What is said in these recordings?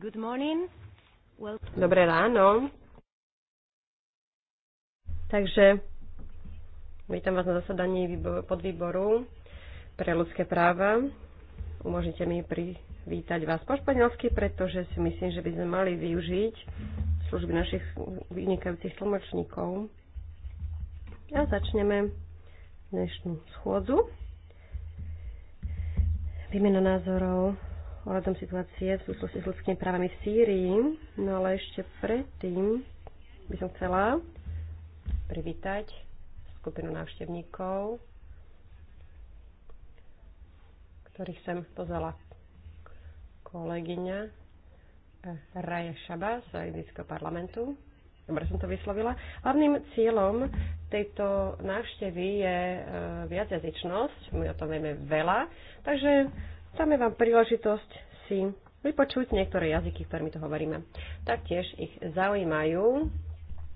Good morning. Dobré ráno. Takže vítam vás na zasadaní podvýboru pre ľudské práva. Umožnite mi privítať vás po španielsky, pretože si myslím, že by sme mali využiť služby našich vynikajúcich tlmočníkov. A začneme dnešnú schôdzu. Výmena názorov ohľadom situácie v súvislosti s ľudskými právami v Sýrii. No ale ešte predtým by som chcela privítať skupinu návštevníkov, ktorých sem pozvala kolegyňa eh, Raja Šaba z Indického parlamentu. Dobre som to vyslovila. Hlavným cieľom tejto návštevy je eh, viacjazyčnosť. My o tom vieme veľa. Takže Dáme vám príležitosť si vypočuť niektoré jazyky, ktorými to hovoríme. Taktiež ich zaujímajú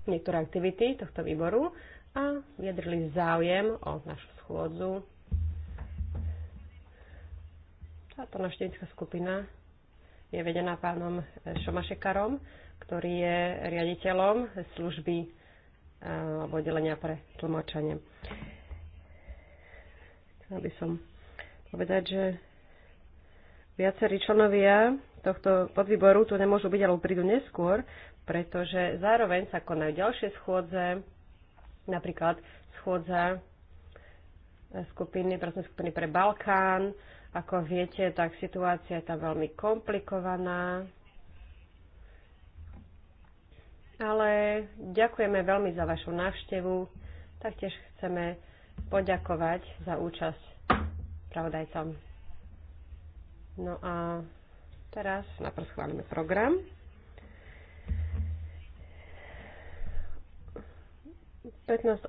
niektoré aktivity tohto výboru a vyjadrili záujem o našu schôdzu. Táto návštevnícka skupina je vedená pánom Šomašekarom, ktorý je riaditeľom služby eh, alebo oddelenia pre tlmočanie. Chcela by som povedať, že Viacerí členovia tohto podvýboru tu nemôžu byť, alebo prídu neskôr, pretože zároveň sa konajú ďalšie schôdze, napríklad schôdza skupiny, pracovnej skupiny pre Balkán. Ako viete, tak situácia je tam veľmi komplikovaná. Ale ďakujeme veľmi za vašu návštevu. Taktiež chceme poďakovať za účasť pravodajcom. No a teraz najprv schválime program.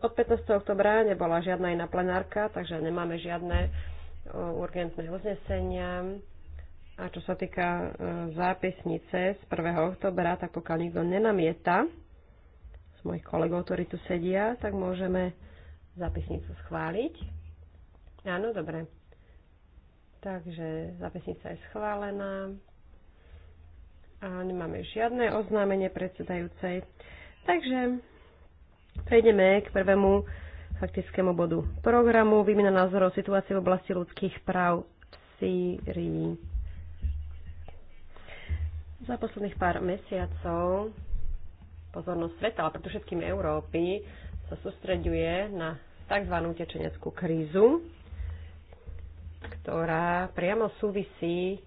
od 15. oktobra nebola žiadna iná plenárka, takže nemáme žiadne e, urgentné uznesenia. A čo sa týka e, zápisnice z 1. oktobra, tak pokiaľ nikto nenamieta z mojich kolegov, ktorí tu sedia, tak môžeme zápisnicu schváliť. Áno, dobre. Takže zápisnica je schválená. A nemáme žiadne oznámenie predsedajúcej. Takže prejdeme k prvému faktickému bodu programu. Výmena názorov situácie v oblasti ľudských práv v Sýrii. Za posledných pár mesiacov pozornosť sveta, ale preto všetkým Európy, sa sústreďuje na tzv. tečeneckú krízu ktorá priamo súvisí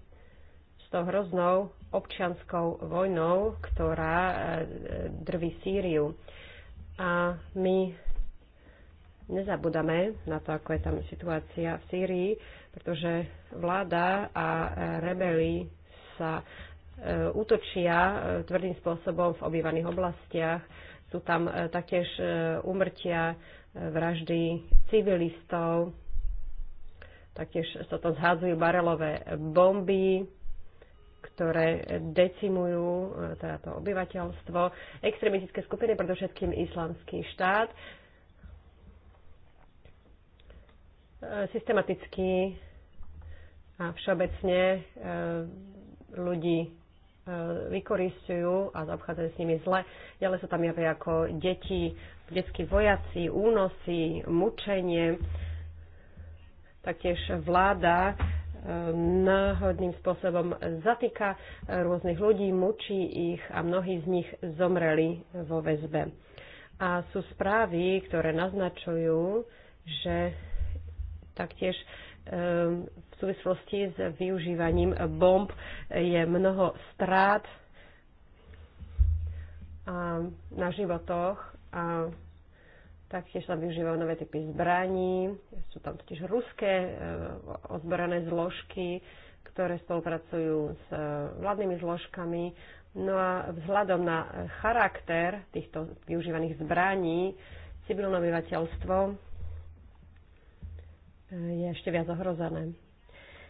s tou hroznou občianskou vojnou, ktorá e, drví Sýriu. A my nezabudame na to, ako je tam situácia v Sýrii, pretože vláda a e, rebeli sa e, útočia tvrdým spôsobom v obývaných oblastiach. Sú tam taktiež úmrtia, vraždy civilistov, Taktiež sa tam zhádzajú barelové bomby, ktoré decimujú e, teda to obyvateľstvo, extremistické skupiny, predovšetkým islamský štát. E, systematicky a všeobecne e, ľudí vykoristujú a zaobchádzajú s nimi zle. Ďalej sa tam javia ako deti, detskí vojaci, únosy, mučenie taktiež vláda e, náhodným spôsobom zatýka rôznych ľudí, mučí ich a mnohí z nich zomreli vo väzbe. A sú správy, ktoré naznačujú, že taktiež e, v súvislosti s využívaním bomb je mnoho strát na životoch a Taktiež sa využívajú nové typy zbraní, sú tam totiž ruské e, ozbrané zložky, ktoré spolupracujú s e, vládnymi zložkami. No a vzhľadom na charakter týchto využívaných zbraní, civilné obyvateľstvo e, je ešte viac ohrozené.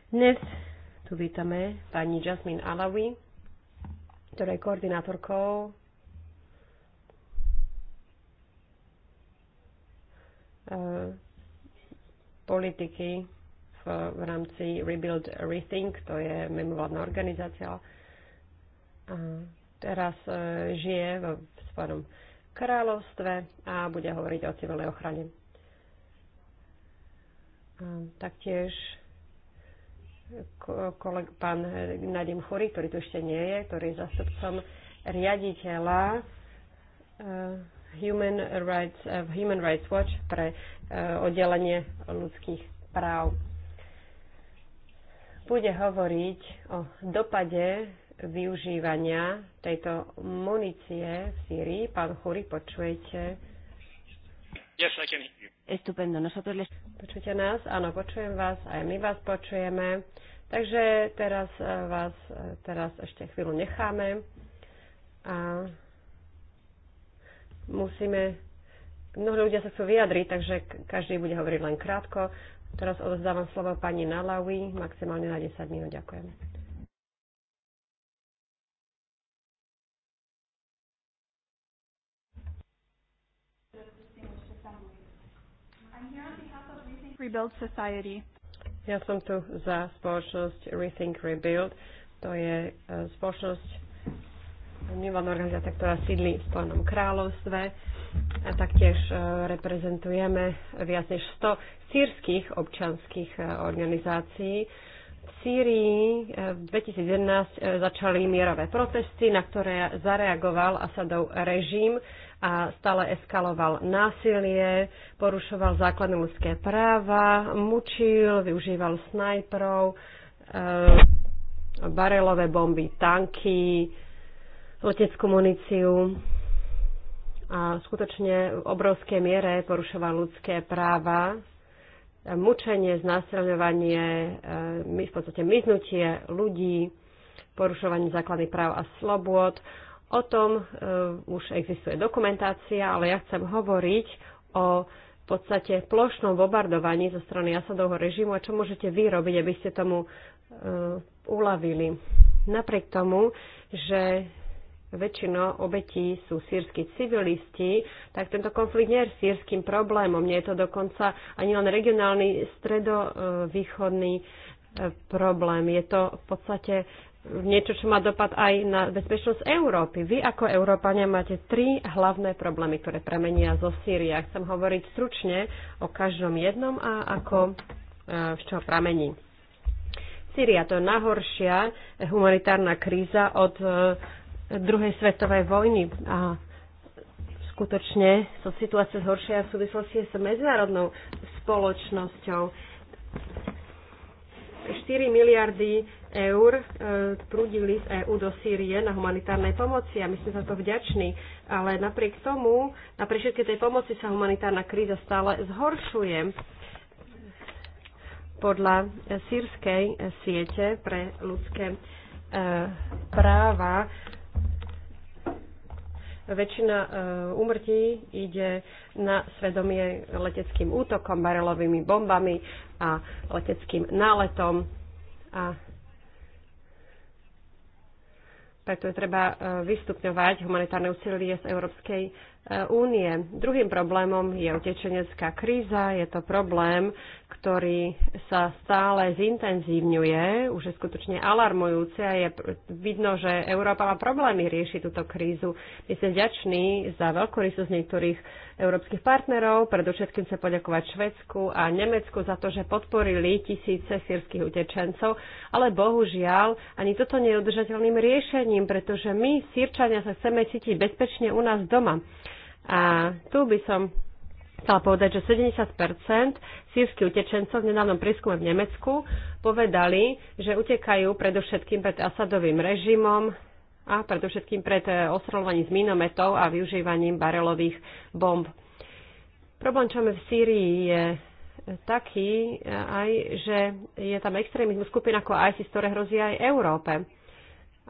Dnes tu vítame pani Jasmine Alawi, ktorá je koordinátorkou Eh, politiky v, v rámci Rebuild Rethink, to je memovaná organizácia. A teraz eh, žije v Spojenom kráľovstve a bude hovoriť o civilnej ochrane. A taktiež koleg, pán Nadim Chory, ktorý tu ešte nie je, ktorý je zastupcom riaditeľa eh, Human Rights, v eh, Human Rights Watch pre eh, oddelenie ľudských práv. Bude hovoriť o dopade využívania tejto munície v Sýrii. Pán Chury, počujete? Yes, I can hear you. Estupendo. Nosotros les... Počujete nás? Áno, počujem vás, aj my vás počujeme. Takže teraz eh, vás teraz ešte chvíľu necháme a musíme... Mnoho ľudia sa chcú vyjadriť, takže každý bude hovoriť len krátko. Teraz odozdávam slovo pani Nalawi, maximálne na 10 minút. Ďakujem. Rebuild Society. Ja som tu za spoločnosť Rethink Rebuild. To je e, spoločnosť mimovládna organizácia, ktorá sídli v Spojenom kráľovstve a taktiež e, reprezentujeme viac než 100 sírskych občanských e, organizácií. V Sýrii e, v 2011 začali mierové protesty, na ktoré zareagoval Asadov režim a stále eskaloval násilie, porušoval základné ľudské práva, mučil, využíval snajprov, barelové bomby, tanky, leteckú muníciu a skutočne v obrovskej miere porušoval ľudské práva, mučenie, znásilňovanie, eh, v podstate myznutie ľudí, porušovanie základných práv a slobôd. O tom eh, už existuje dokumentácia, ale ja chcem hovoriť o v podstate plošnom bombardovaní zo strany Asadovho režimu a čo môžete vy robiť, aby ste tomu eh, uľavili. Napriek tomu, že väčšinou obetí sú sírsky civilisti, tak tento konflikt nie je sírským problémom. Nie je to dokonca ani len regionálny stredovýchodný e, problém. Je to v podstate niečo, čo má dopad aj na bezpečnosť Európy. Vy ako Európania máte tri hlavné problémy, ktoré premenia zo Sýrie. Chcem hovoriť stručne o každom jednom a ako e, z čoho pramení. Sýria to je najhoršia humanitárna kríza od e, druhej svetovej vojny a skutočne sa so situácia zhoršia v súvislosti s medzinárodnou spoločnosťou. 4 miliardy eur e, prúdili z EÚ do Sýrie na humanitárnej pomoci a my sme za to vďační. Ale napriek tomu, napriek všetkej tej pomoci sa humanitárna kríza stále zhoršuje. Podľa sírskej siete pre ľudské e, práva Väčšina e, úmrtí ide na svedomie leteckým útokom, barelovými bombami a leteckým náletom. A preto je treba e, vystupňovať humanitárne úsilie z Európskej Eh, únie. Druhým problémom je utečenecká kríza. Je to problém, ktorý sa stále zintenzívňuje, už je skutočne alarmujúce a je vidno, že Európa má problémy riešiť túto krízu. My sme vďační za veľkorysosť niektorých európskych partnerov. Predovšetkým sa poďakovať Švedsku a Nemecku za to, že podporili tisíce sírskych utečencov, ale bohužiaľ ani toto nie je udržateľným riešením, pretože my, sírčania, sa chceme cítiť bezpečne u nás doma. A tu by som chcela povedať, že 70 sírskych utečencov v nedávnom prískume v Nemecku povedali, že utekajú predovšetkým pred Asadovým režimom a predovšetkým pred e, osrolovaním z minometov a využívaním barelových bomb. Problém, čo máme v Sýrii, je taký e, aj, že je tam extrémizmus skupina ako ISIS, ktoré hrozí aj Európe.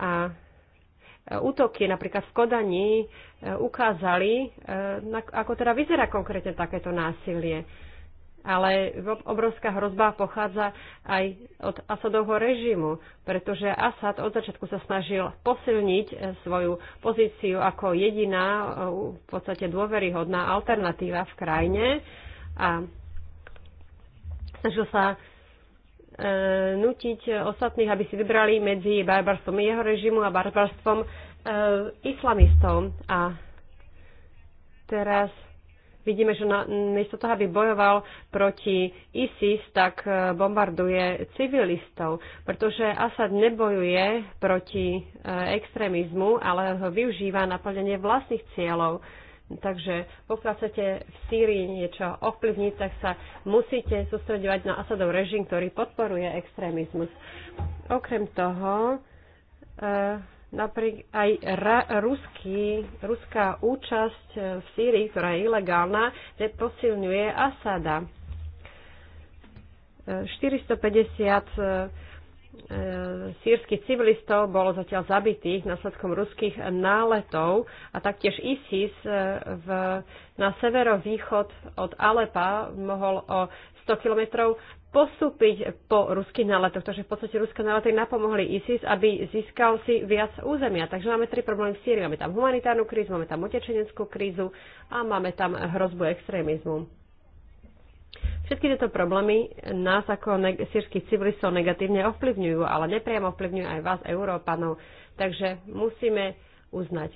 A E, útoky napríklad v Kodani e, ukázali, e, ako teda vyzerá konkrétne takéto násilie. Ale obrovská hrozba pochádza aj od Asadovho režimu, pretože Asad od začiatku sa snažil posilniť svoju pozíciu ako jediná v podstate dôveryhodná alternatíva v krajine a snažil sa Eh, nutiť ostatných, aby si vybrali medzi barbarstvom jeho režimu a barbarstvom eh, islamistov. A teraz vidíme, že na, miesto toho, aby bojoval proti ISIS, tak eh, bombarduje civilistov, pretože Asad nebojuje proti extrémizmu, ale ho využíva na plnenie vlastných cieľov. Takže pokiaľ chcete v Sýrii niečo ovplyvniť, tak sa musíte sústredovať na Asadov režim, ktorý podporuje extrémizmus. Okrem toho, eh, napríklad aj ra, ruský, ruská účasť v Sýrii, ktorá je ilegálna, že posilňuje Asada. 450 eh, E, sírskych civilistov bolo zatiaľ zabitých následkom ruských náletov a taktiež ISIS e, v, na severovýchod od Alepa mohol o 100 kilometrov postúpiť po ruských náletoch. Takže v podstate ruské nálety napomohli ISIS, aby získal si viac územia. Takže máme tri problémy v Sýrii. Máme tam humanitárnu krízu, máme tam utečeneckú krízu a máme tam hrozbu extrémizmu. Všetky tieto problémy nás ako neg- sírskych civilistov negatívne ovplyvňujú, ale nepriamo ovplyvňujú aj vás, Európanov. Takže musíme uznať,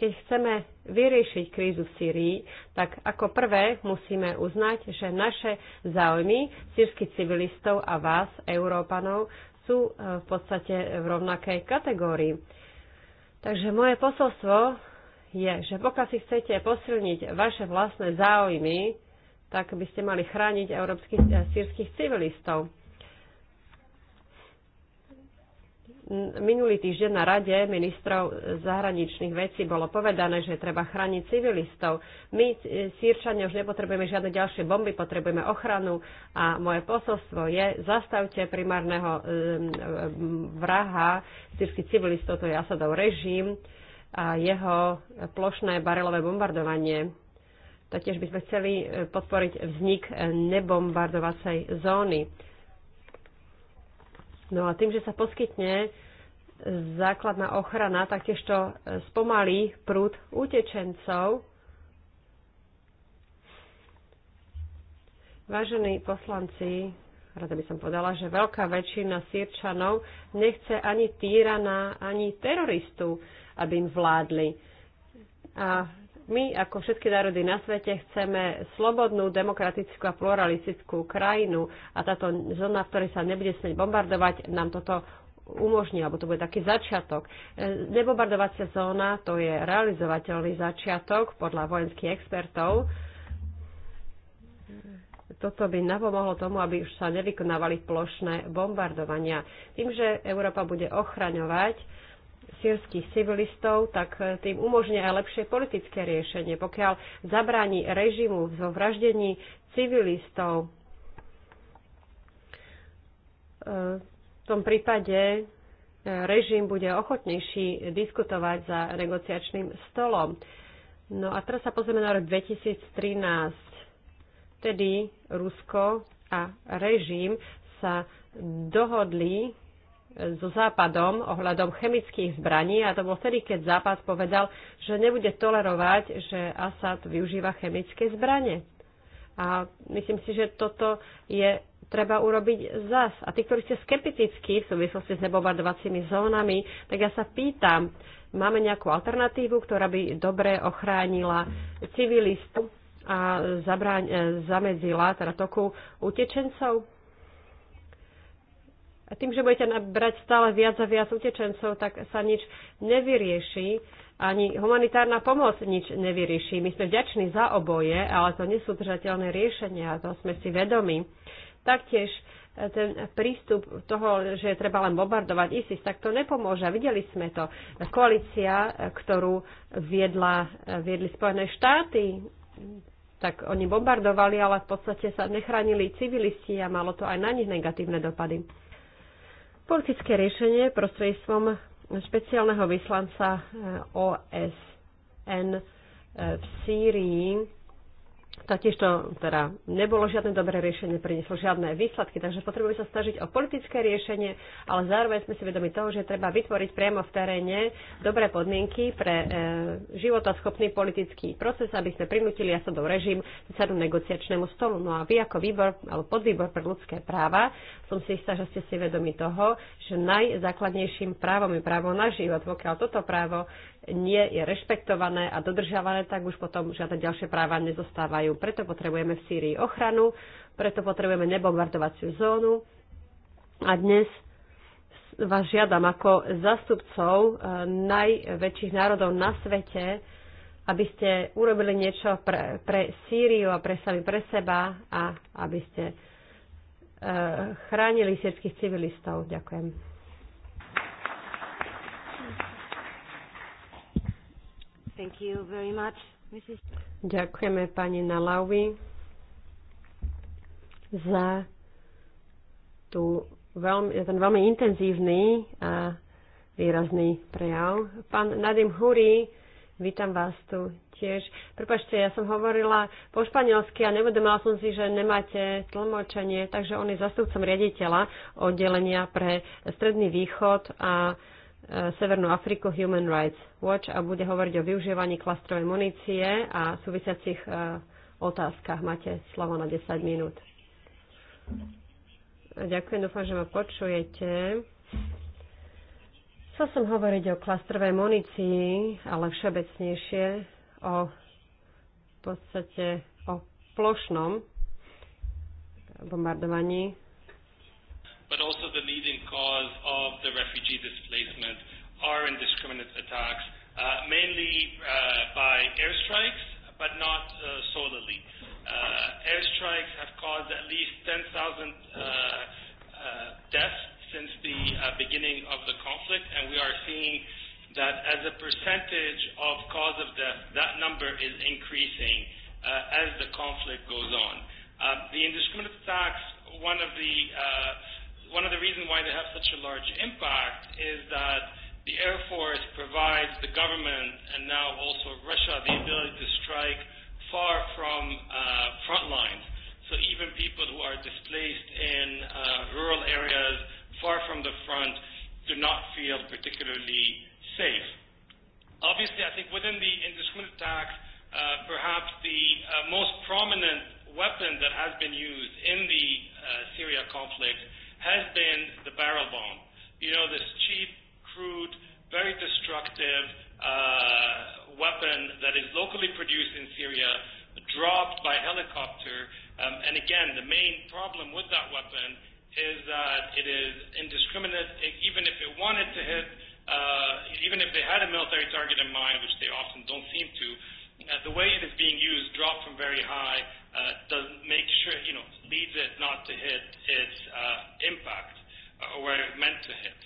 keď chceme vyriešiť krízu v Sýrii, tak ako prvé musíme uznať, že naše záujmy sírskych civilistov a vás, Európanov, sú e, v podstate v rovnakej kategórii. Takže moje posolstvo je, že pokiaľ si chcete posilniť vaše vlastné záujmy, tak by ste mali chrániť európskych eh, sírskych civilistov. Minulý týždeň na Rade ministrov zahraničných vecí bolo povedané, že treba chrániť civilistov. My, eh, sírčania, už nepotrebujeme žiadne ďalšie bomby, potrebujeme ochranu a moje posolstvo je, zastavte primárneho eh, vraha sírskych civilistov, to je Asadov režim a jeho plošné barelové bombardovanie Taktiež by sme chceli e, podporiť vznik e, nebombardovacej zóny. No a tým, že sa poskytne e, základná ochrana, taktiež to spomalí prúd utečencov. Vážení poslanci, rada by som povedala, že veľká väčšina sírčanov nechce ani týrana, ani teroristu, aby im vládli. A my, ako všetky národy na svete, chceme slobodnú, demokratickú a pluralistickú krajinu a táto zóna, v ktorej sa nebude smieť bombardovať, nám toto umožní, alebo to bude taký začiatok. E, Nebombardovacia zóna to je realizovateľný začiatok podľa vojenských expertov. Toto by napomohlo tomu, aby už sa nevykonávali plošné bombardovania. Tým, že Európa bude ochraňovať sírskych civilistov, tak e, tým umožňuje aj lepšie politické riešenie. Pokiaľ zabráni režimu vo vraždení civilistov, e, v tom prípade e, režim bude ochotnejší diskutovať za negociačným stolom. No a teraz sa pozrieme na rok 2013. Vtedy Rusko a režim sa dohodli so Západom ohľadom chemických zbraní a to bol vtedy, keď Západ povedal, že nebude tolerovať, že Asad využíva chemické zbranie. A myslím si, že toto je treba urobiť zas. A tí, ktorí ste skeptickí v súvislosti s nebombardovacími zónami, tak ja sa pýtam, máme nejakú alternatívu, ktorá by dobre ochránila civilistu a zabraň, e, zamedzila teda toku utečencov? A tým, že budete brať stále viac a viac utečencov, tak sa nič nevyrieši. Ani humanitárna pomoc nič nevyrieši. My sme vďační za oboje, ale to nie sú držateľné riešenia, to sme si vedomi. Taktiež e, ten prístup toho, že je treba len bombardovať ISIS, tak to nepomôže. Videli sme to. Koalícia, e, ktorú viedla, e, viedli Spojené štáty, tak oni bombardovali, ale v podstate sa nechránili civilisti a malo to aj na nich negatívne dopady politické riešenie prostredstvom špeciálneho vyslanca eh, OSN eh, v Sýrii Totiž to teda nebolo žiadne dobré riešenie, prinieslo žiadne výsledky, takže potrebujeme sa snažiť o politické riešenie, ale zároveň sme si vedomi toho, že treba vytvoriť priamo v teréne dobré podmienky pre e, životaschopný politický proces, aby sme prinútili Asadov režim sadu negociačnému stolu. No a vy ako výbor alebo podvýbor pre ľudské práva som si istá, že ste si vedomi toho, že najzákladnejším právom je právo na život. Pokiaľ toto právo nie je rešpektované a dodržiavané, tak už potom žiadne ďalšie práva nezostávajú. Preto potrebujeme v Sýrii ochranu, preto potrebujeme nebombardovaciu zónu. A dnes vás žiadam ako zastupcov eh, najväčších národov na svete, aby ste urobili niečo pre, pre Sýriu a pre sami pre seba a aby ste eh, chránili sírských civilistov. Ďakujem. Thank you very much, Mrs. Ďakujeme pani Nalawi za tú veľmi, ten veľmi intenzívny a výrazný prejav. Pán Nadim Huri, vítam vás tu tiež. Prepačte, ja som hovorila po španielsky a nevedomala som si, že nemáte tlmočenie, takže on je zastupcom riaditeľa oddelenia pre Stredný východ a Eh, Severnú Afriku Human Rights Watch a bude hovoriť o využívaní klastrovej munície a súvisiacich eh, otázkach. Máte slovo na 10 minút. Ďakujem, dúfam, že ma počujete. Chcel som hovoriť o klastrovej munícii, ale všeobecnejšie o v podstate o plošnom bombardovaní but also the leading cause of the refugee displacement are indiscriminate attacks, uh, mainly uh, by airstrikes, but not uh, solely. Uh, airstrikes have caused at least 10,000 uh, uh, deaths since the uh, beginning of the conflict, and we are seeing that as a percentage of cause of death, that number is increasing uh, as the conflict goes on. Uh, the indiscriminate attacks, one of the uh, one of the reasons why they have such a large impact is that the Air Force provides the government and now also Russia the ability to strike far from uh, front lines. So even people who are displaced in uh, rural areas far from the front do not feel particularly safe. Obviously, I think within the indiscriminate attacks, uh, perhaps the uh, most prominent weapon that has been used in the uh, Syria conflict has been the barrel bomb. You know, this cheap, crude, very destructive uh, weapon that is locally produced in Syria, dropped by helicopter. Um, and again, the main problem with that weapon is that it is indiscriminate. Even if it wanted to hit, uh, even if they had a military target in mind, which they often don't seem to, uh, the way it is being used, dropped from very high, uh, does make sure, you know, leads it not to hit its uh, impact uh, or where it meant to hit.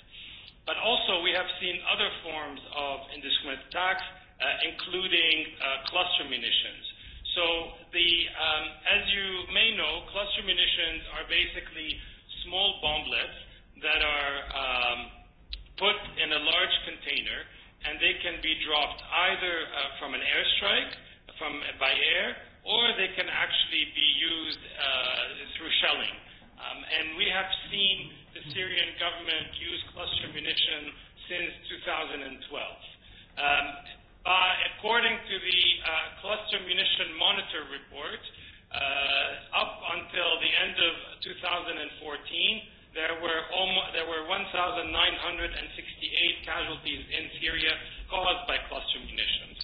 But also we have seen other forms of indiscriminate attacks, uh, including uh, cluster munitions. So the, um, as you may know, cluster munitions are basically small bomblets that are um, put in a large container, and they can be dropped either uh, from an airstrike, from by air, or they can actually be used uh, through shelling. Um, and we have seen the Syrian government use cluster munition since 2012. Um, by, uh, according to the uh, cluster munition monitor report, uh, up until the end of 2014, there were almost, there were 1,968 casualties in Syria caused by cluster munitions.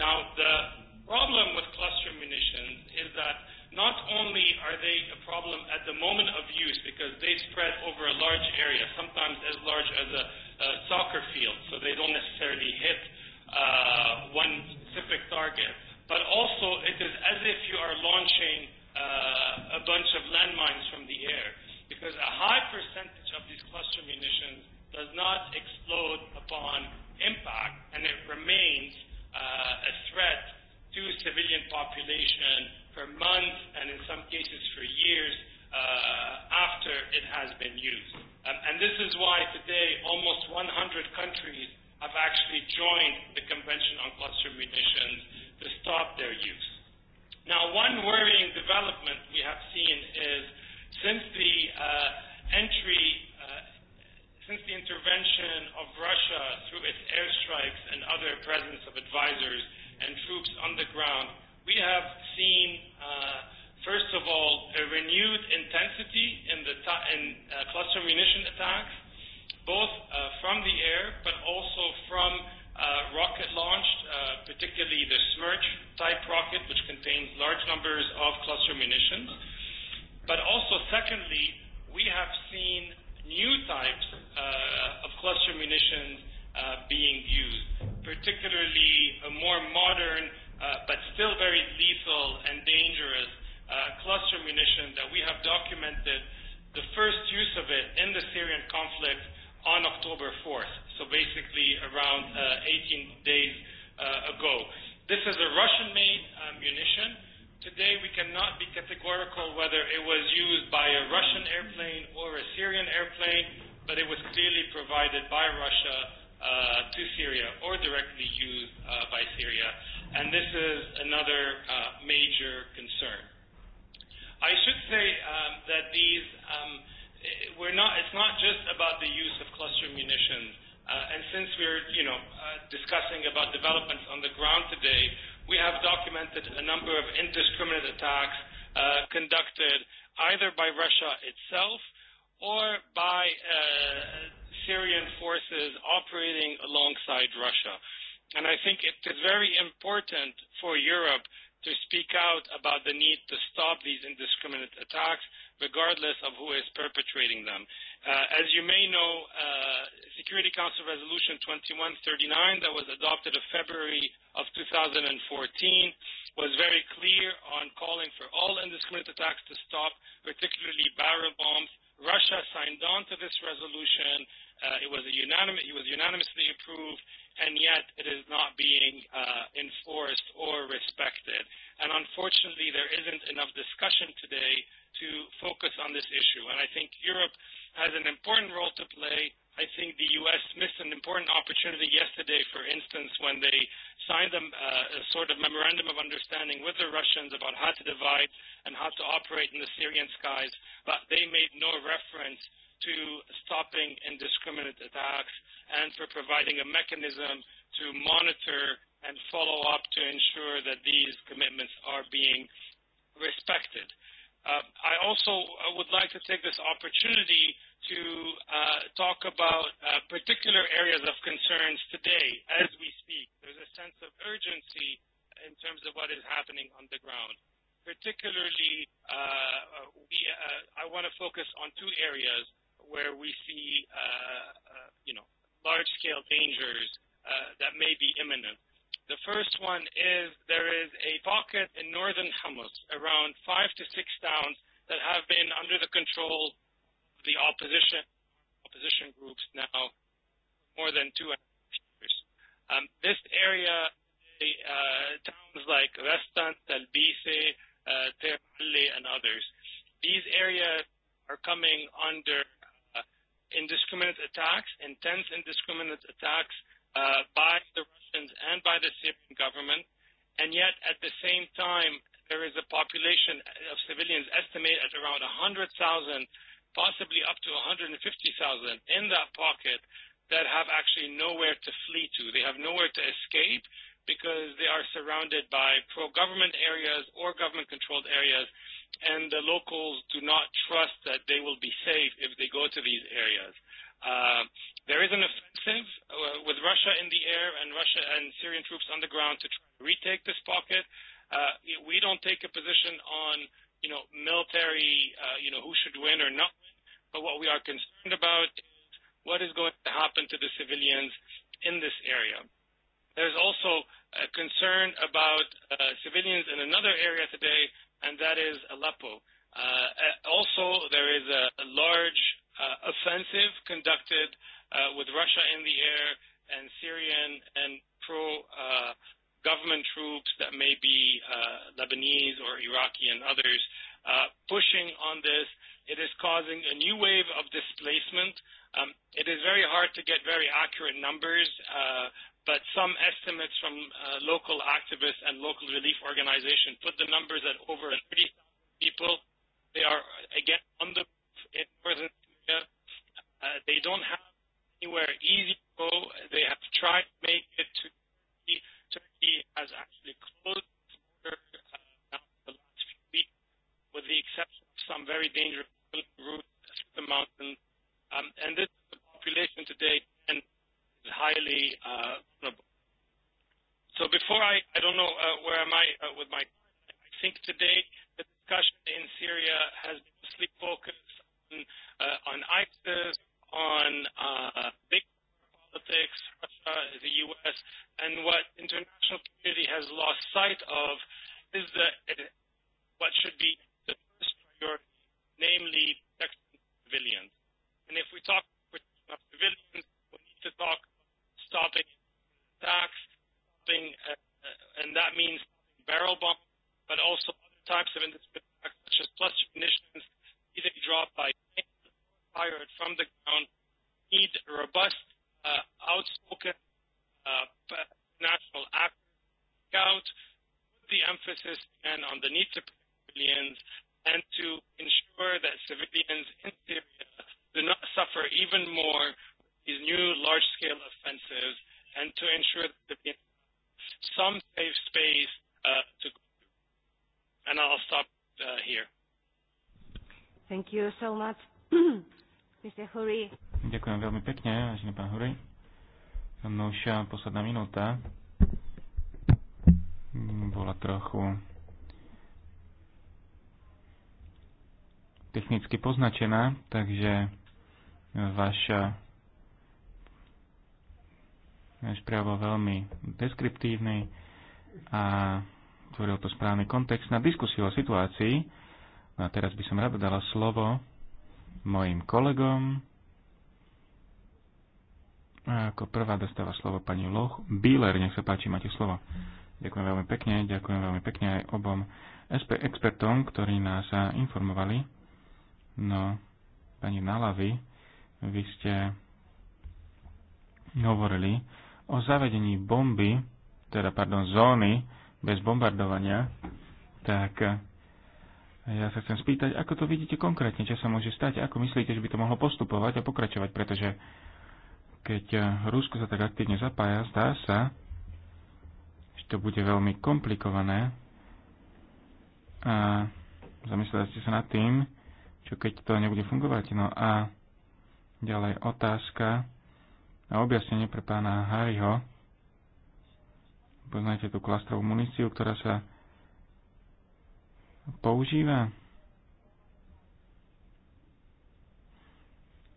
Now the problem with cluster munitions is that not only are they a problem at the moment of use because they spread over a large area, sometimes as large as a, a soccer field, so they don't necessarily hit uh, one specific target, but also it is as if you are launching uh, a bunch of landmines from the air because a high percentage of these cluster munitions does not explode upon impact and it remains civilian population for months and in some cases for years uh, after it has been used. Um, and this is why today almost 100 countries have actually joined the Convention on Cluster Munitions to stop their use. Now, one worrying development we have seen is since the uh, entry, uh, since the intervention of Russia through its airstrikes and other presence of advisors and troops on the ground, we have seen, uh, first of all, a renewed intensity in, the ta- in uh, cluster munition attacks, both uh, from the air but also from uh, rocket launched, uh, particularly the smirch type rocket, which contains large numbers of cluster munitions. But also, secondly, we have seen new types uh, of cluster munitions uh, being used, particularly a more modern uh, but still very lethal and dangerous uh, cluster munition that we have documented the first use of it in the Syrian conflict on October 4th, so basically around uh, 18 days uh, ago. This is a Russian-made uh, munition. Today we cannot be categorical whether it was used by a Russian airplane or a Syrian airplane, but it was clearly provided by Russia uh, to Syria or directly used uh, by Syria. And this is another uh, major concern. I should say um, that these, um, eh, we're not, it's not just about the use of cluster munitions. Uh, and since we're, you know, uh, discussing about developments on the ground today, we have documented a number of indiscriminate attacks uh, conducted either by Russia itself or by uh, Syrian forces operating alongside Russia. And I think it is very important for Europe to speak out about the need to stop these indiscriminate attacks, regardless of who is perpetrating them. Uh, as you may know, uh, Security Council Resolution 2139 that was adopted in February of 2014 was very clear on calling for all indiscriminate attacks to stop, particularly barrel bombs. Russia signed on to this resolution Uh, it was a unanimous, it was unanimously approved, and yet it is not being uh, enforced or respected. And unfortunately, there isn't enough discussion today to focus on this issue. And I think Europe has an important role to play. I think the U.S. missed an important opportunity yesterday, for instance, when they signed a, uh, a sort of memorandum of understanding with the Russians about how to divide and how to operate in the Syrian skies, but they made no reference to stopping indiscriminate attacks and for providing a mechanism to monitor and follow up to ensure that these commitments are being respected. Uh, I also uh, would like to take this opportunity to uh, talk about uh, particular areas of concerns today as we speak. There's a sense of urgency in terms of what is happening on the ground. Particularly, uh, uh we, uh, I want to focus on two areas where we see, uh, uh, you know, large-scale dangers uh, that may be imminent. The first one is there is a pocket in northern Hamas, around five to six towns that have been under the control of the opposition opposition groups now more than two and a half years. Um, this area, uh, towns like Restan, Talbise, uh, Termalli, and others, these areas are coming under indiscriminate attacks, intense indiscriminate attacks uh, by the Russians and by the Syrian government. And yet, at the same time, there is a population of civilians estimated at around 100,000, possibly up to 150,000 in that pocket that have actually nowhere to flee to. They have nowhere to escape because they are surrounded by pro-government areas or government-controlled areas and the locals do not trust that they will be safe if they go to these areas. Uh, there is an offensive uh, with Russia in the air and Russia and Syrian troops on the ground to try to retake this pocket. Uh, we don't take a position on, you know, military, uh, you know, who should win or not win. But what we are concerned about is what is going to happen to the civilians in this area. There's also a concern about uh, civilians in another area today and that is Aleppo. Uh, eh, also, there is a, a large uh, offensive conducted uh, with Russia in the air and Syrian and pro uh, government troops that may be uh, Lebanese or Iraqi and others uh, pushing on this. It is causing a new wave of displacement. Um, it is very hard to get very accurate numbers. Uh, but some estimates from uh, local activists and local relief organizations put the numbers at over 30,000 people. They are, again, on the roof in northern Syria. Uh, they don't have anywhere easy to go. They have tried to make it to Turkey. Turkey has actually closed its border uh, now the last few weeks, with the exception of some very dangerous routes through the mountains. Um, and this is the population today, and is highly uh, so before I, I don't know uh, where am I uh, with my, I think today the discussion in Syria has been mostly focused on, uh, on ISIS, on uh, big politics, Russia, the U.S., and what international community has lost sight of is the, what should be the first priority, namely protection of civilians. And if we talk of civilians, to talk stopping tax, stopping, uh, and that means barrel bomb, but also other types of industry tax, such as plus munitions, either dropped by fired from the ground, need robust, uh, outspoken uh, national actors out with the emphasis and on the need to protect civilians and to ensure that civilians in Syria do not suffer even more these new large-scale offensives and to ensure that we have some safe space uh, to go and I'll stop uh, here. Thank you so much, Mr. Hurry. Ďakujem veľmi pekne, vážený pán Hurry. No už uh, posledná minúta bola trochu technicky poznačená, takže uh, vaša uh, správa veľmi deskriptívny a tvoril to správny kontext na diskusiu o situácii. No a teraz by som rada dala slovo mojim kolegom. A ako prvá dostáva slovo pani Loch. Bíler, nech sa páči, máte slovo. Ďakujem veľmi pekne, ďakujem veľmi pekne aj obom SP expertom, ktorí nás informovali. No, pani Nalavy, vy ste hovorili o zavedení bomby, teda pardon, zóny bez bombardovania, tak eh, ja sa chcem spýtať, ako to vidíte konkrétne, čo sa môže stať, ako myslíte, že by to mohlo postupovať a pokračovať, pretože keď eh, Rusko sa tak aktívne zapája, zdá sa, že to bude veľmi komplikované a zamysleli ste sa nad tým, čo keď to nebude fungovať. No a ďalej otázka, na objasnenie pre pána Harryho. Poznáte tú klastrovú muníciu, ktorá sa používa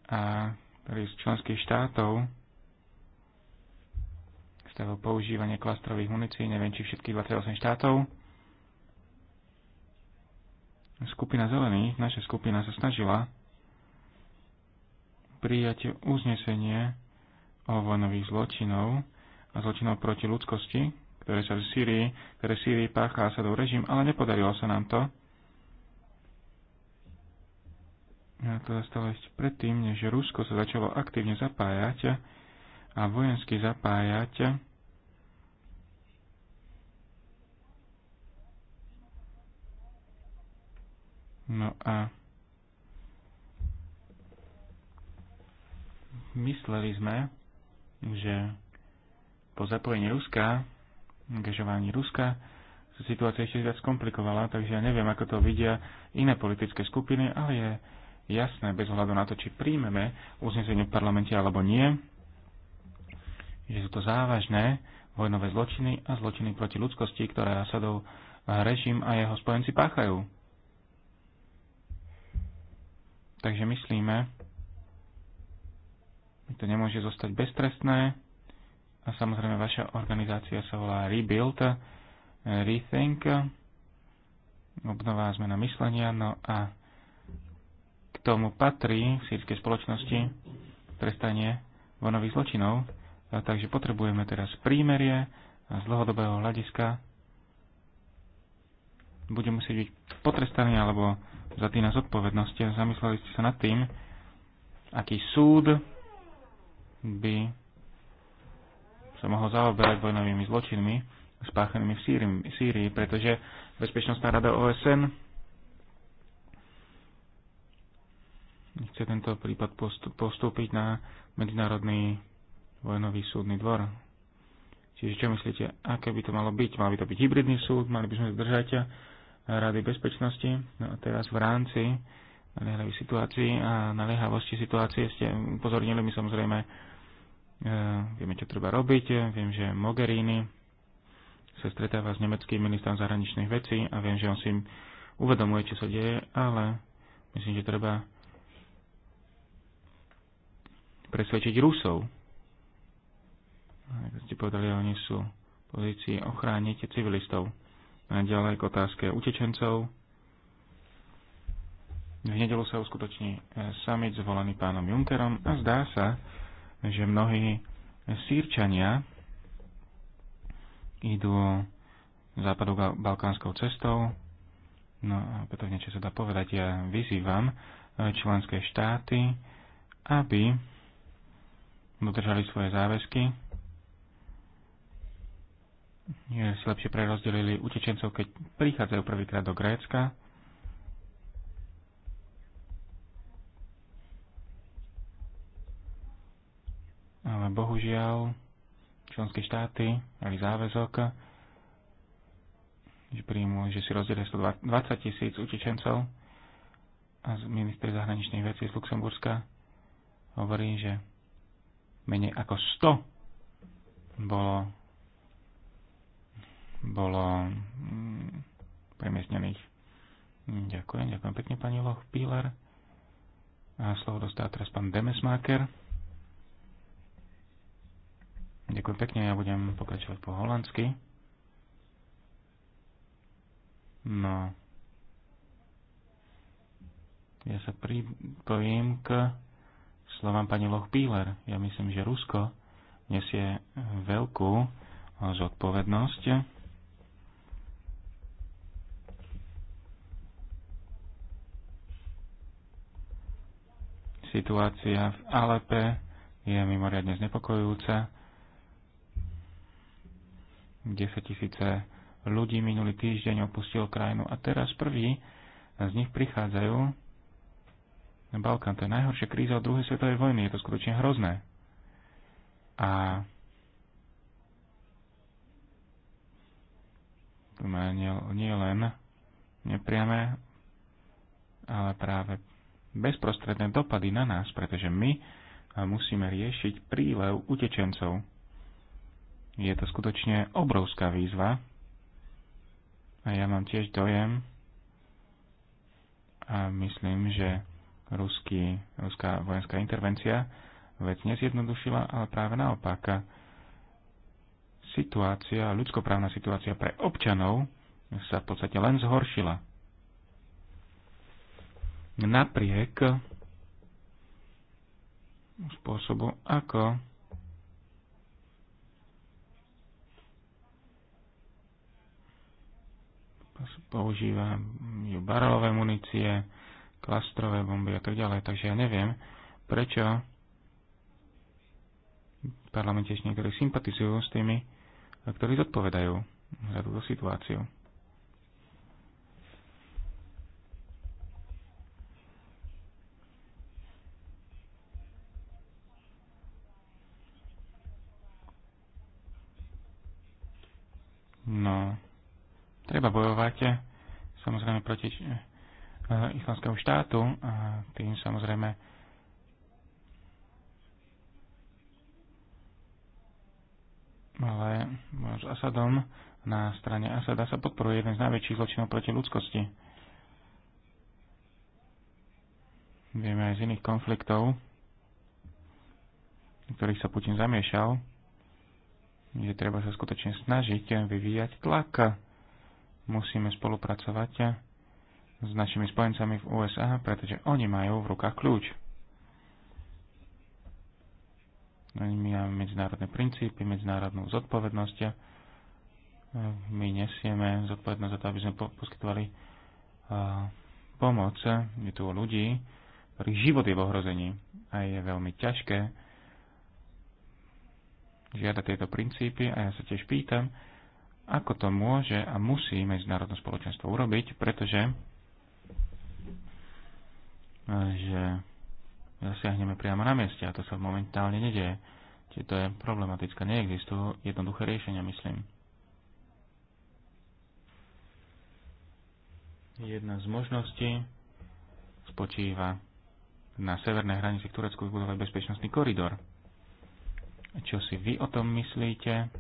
a ktorý z členských štátov stavil používanie klastrových munícií, neviem, či všetkých 28 štátov. Skupina zelených, naša skupina sa snažila prijať uznesenie o vojnových zločinov a zločinov proti ľudskosti, ktoré sa v Sýrii, ktoré v Sýrii páchá Asadov režim, ale nepodarilo sa nám to. A to zastalo ešte predtým, než Rusko sa začalo aktívne zapájať a vojensky zapájať No a mysleli sme, že po zapojení Ruska, angažovaní Ruska, sa situácia ešte viac komplikovala, takže ja neviem, ako to vidia iné politické skupiny, ale je jasné, bez ohľadu na to, či príjmeme uznesenie v parlamente alebo nie, že sú to závažné vojnové zločiny a zločiny proti ľudskosti, ktoré Asadov režim a jeho spojenci páchajú. Takže myslíme, to nemôže zostať beztrestné. A samozrejme, vaša organizácia sa volá Rebuild, eh, Rethink, obnová zmena myslenia, no a k tomu patrí v sírskej spoločnosti trestanie vonových zločinov, a takže potrebujeme teraz prímerie a z dlhodobého hľadiska bude musieť byť potrestaný alebo za tým na zodpovednosti. Zamysleli ste sa nad tým, aký súd by sa mohol zaoberať vojnovými zločinmi spáchanými v Sýrii, pretože Bezpečnostná rada OSN chce tento prípad postúpiť na Medzinárodný vojnový súdny dvor. Čiže čo myslíte, aké by to malo byť? Mal by to byť hybridný súd, mali by sme zdržať Rady bezpečnosti. No a teraz v rámci naliehavých situácii a naliehavosti situácie ste upozornili mi samozrejme E, vieme, čo treba robiť. Viem, že Mogherini sa stretáva s nemeckým ministrom zahraničných vecí a viem, že on si uvedomuje, čo sa deje, ale myslím, že treba presvedčiť Rusov. Ako ste povedali, oni sú v pozícii ochrániť civilistov. A ďalej k otázke utečencov. V nedelu sa uskutoční e, summit zvolený pánom Junckerom a zdá sa, že mnohí sírčania idú západu balkánskou cestou. No a preto niečo sa dá povedať. Ja vyzývam e, členské štáty, aby dodržali svoje záväzky, že si lepšie prerozdelili utečencov, keď prichádzajú prvýkrát do Grécka, ale bohužiaľ členské štáty mali záväzok, že príjmu, že si rozdelia 120 tisíc utečencov a minister zahraničných vecí z Luxemburska hovorí, že menej ako 100 bolo, bolo mm, premiestnených. Ďakujem, ďakujem pekne pani Loch Píler. A slovo dostá teraz pán Demesmaker. Ďakujem pekne, ja budem pokračovať po holandsky. No. Ja sa pripojím k slovám pani Píler. Ja myslím, že Rusko nesie veľkú zodpovednosť. Situácia v Alepe je mimoriadne znepokojujúca 10 tisíce ľudí minulý týždeň opustil krajinu a teraz prví z nich prichádzajú na Balkán. To je najhoršia kríza od druhej svetovej vojny. Je to skutočne hrozné. A tu má nie, nie len nepriame, ale práve bezprostredné dopady na nás, pretože my musíme riešiť prílev utečencov. Je to skutočne obrovská výzva a ja mám tiež dojem a myslím, že ruský, ruská vojenská intervencia vec nezjednodušila, ale práve naopak situácia, ľudskoprávna situácia pre občanov sa v podstate len zhoršila. Napriek spôsobu, ako používa barelové munície, klastrové bomby a tak ďalej. Takže ja neviem, prečo v parlamente ešte niektorí sympatizujú s tými, ktorí zodpovedajú za túto situáciu. No. Treba bojovať eh, samozrejme proti eh, eh, islamskému štátu a tým samozrejme ale s Asadom na strane Asada sa podporuje jeden z najväčších zločinov proti ľudskosti. Vieme aj z iných konfliktov, v ktorých sa Putin zamiešal, že treba sa skutočne snažiť vyvíjať tlak musíme spolupracovať s našimi spojencami v USA, pretože oni majú v rukách kľúč. Oni no, máme medzinárodné princípy, medzinárodnú zodpovednosť. My nesieme zodpovednosť za to, aby sme poskytovali pomoc. Je tu o ľudí, ktorých život je v ohrození a je veľmi ťažké žiada tieto princípy a ja sa tiež pýtam, ako to môže a musí medzinárodné spoločenstvo urobiť, pretože že zasiahneme priamo na mieste a to sa momentálne nedieje. Čiže to je problematické. Neexistujú jednoduché riešenia, myslím. Jedna z možností spočíva na severnej hranici v Turecku vybudovať bezpečnostný koridor. Čo si vy o tom myslíte?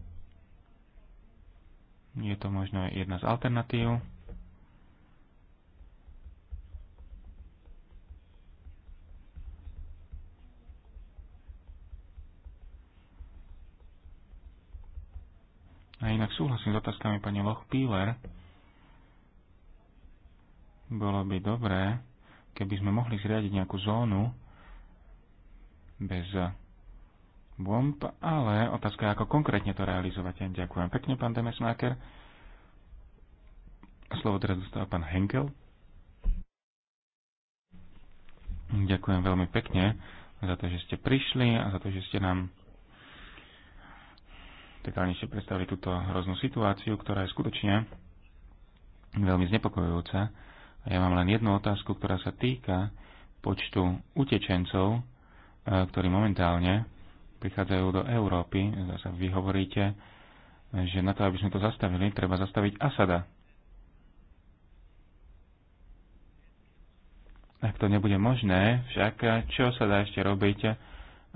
Je to možno jedna z alternatív. A inak súhlasím s otázkami pani Loch Píler. Bolo by dobré, keby sme mohli zriadiť nejakú zónu bez bomb, ale otázka je, ako konkrétne to realizovať. Ďakujem pekne, pán Demesmaker. Slovo teraz dostáva pán Henkel. Ďakujem veľmi pekne za to, že ste prišli a za to, že ste nám detálnejšie predstavili túto hroznú situáciu, ktorá je skutočne veľmi znepokojujúca. A ja mám len jednu otázku, ktorá sa týka počtu utečencov, e, ktorí momentálne prichádzajú do Európy. Zase vy hovoríte, že na to, aby sme to zastavili, treba zastaviť Asada. Ak to nebude možné, však čo sa dá ešte robiť,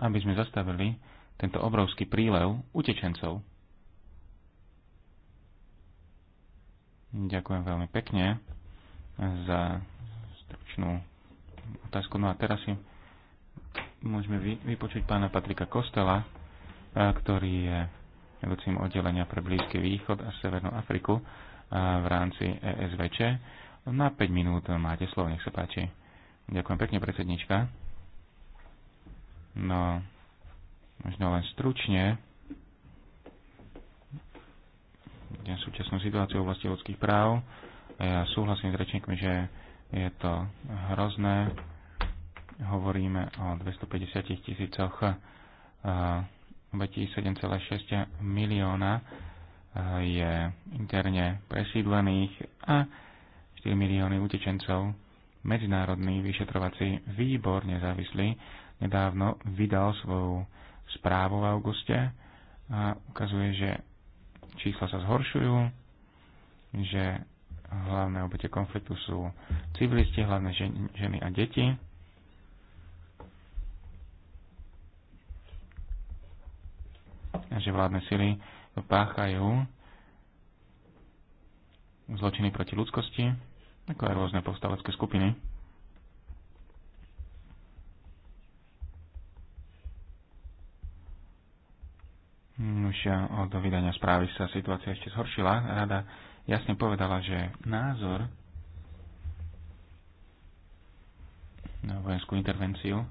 aby sme zastavili tento obrovský prílev utečencov? Ďakujem veľmi pekne za stručnú otázku. No a teraz im môžeme vypočuť pána Patrika Kostela, ktorý je vedúcim oddelenia pre Blízky východ a Severnú Afriku v rámci ESVČ. Na 5 minút máte slovo, nech sa páči. Ďakujem pekne, predsednička. No, možno len stručne. Ja súčasnú situáciu v oblasti ľudských práv. Ja súhlasím s rečníkmi, že je to hrozné hovoríme o 250 tisícoch obetí eh, 7,6 milióna eh, je interne presídlených a 4 milióny utečencov. Medzinárodný vyšetrovací výbor nezávislý nedávno vydal svoju správu v auguste a ukazuje, že čísla sa zhoršujú, že hlavné obete konfliktu sú civilisti, hlavné ženy a deti Vlastne, že vládne sily páchajú zločiny proti ľudskosti, ako aj rôzne povstalecké skupiny. Už od vydania správy sa situácia ešte zhoršila. Rada jasne povedala, že názor na vojenskú intervenciu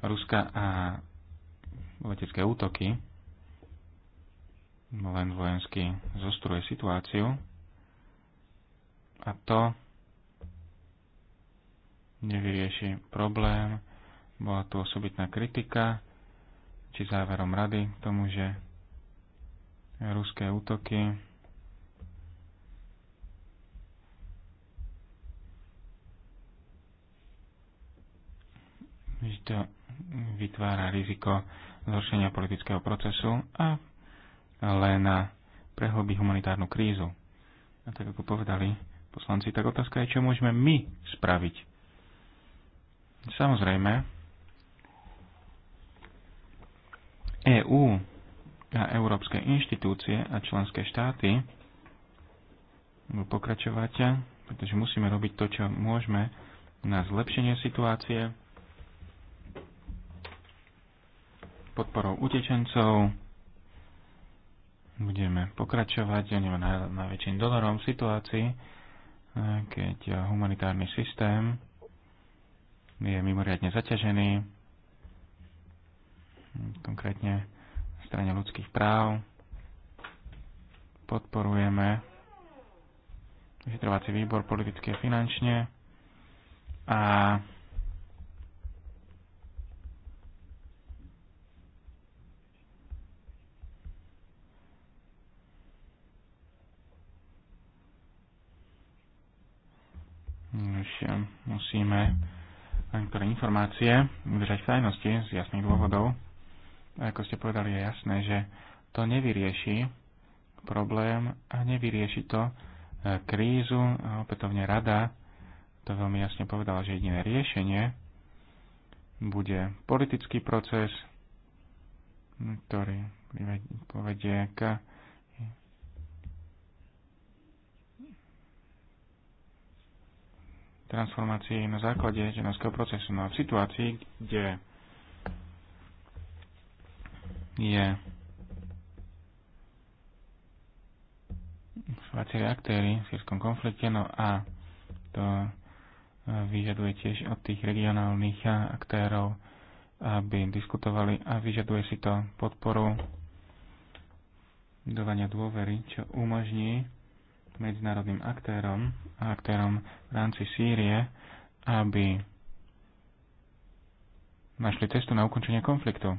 Ruska a letecké útoky No, len vojensky zostruje situáciu a to nevyrieši problém. Bola tu osobitná kritika či záverom rady k tomu, že ruské útoky že to vytvára riziko zhoršenia politického procesu a len prehlbí humanitárnu krízu. A tak ako povedali poslanci, tak otázka je, čo môžeme my spraviť. Samozrejme, EÚ a európske inštitúcie a členské štáty budú pokračovať, pretože musíme robiť to, čo môžeme na zlepšenie situácie, podporou utečencov, budeme pokračovať, ja na najväčším dolorom v situácii, eh, keď eh, humanitárny systém je mimoriadne zaťažený, konkrétne v strane ľudských práv. Podporujeme vyšetrovací výbor politicky a finančne a Už eh, musíme niektoré informácie udržať v tajnosti z jasných dôvodov. A ako ste povedali, je jasné, že to nevyrieši problém a nevyrieši to eh, krízu. A opätovne rada to veľmi jasne povedala, že jediné riešenie bude politický proces, ktorý povedie k transformácii na základe ženovského procesu. No a v situácii, kde je viacerí aktéry v sírskom konflikte, no a to e, vyžaduje tiež od tých regionálnych aktérov, aby diskutovali a vyžaduje si to podporu dovania dôvery, čo umožní medzinárodným aktérom a aktérom v rámci Sýrie, aby našli cestu na ukončenie konfliktu.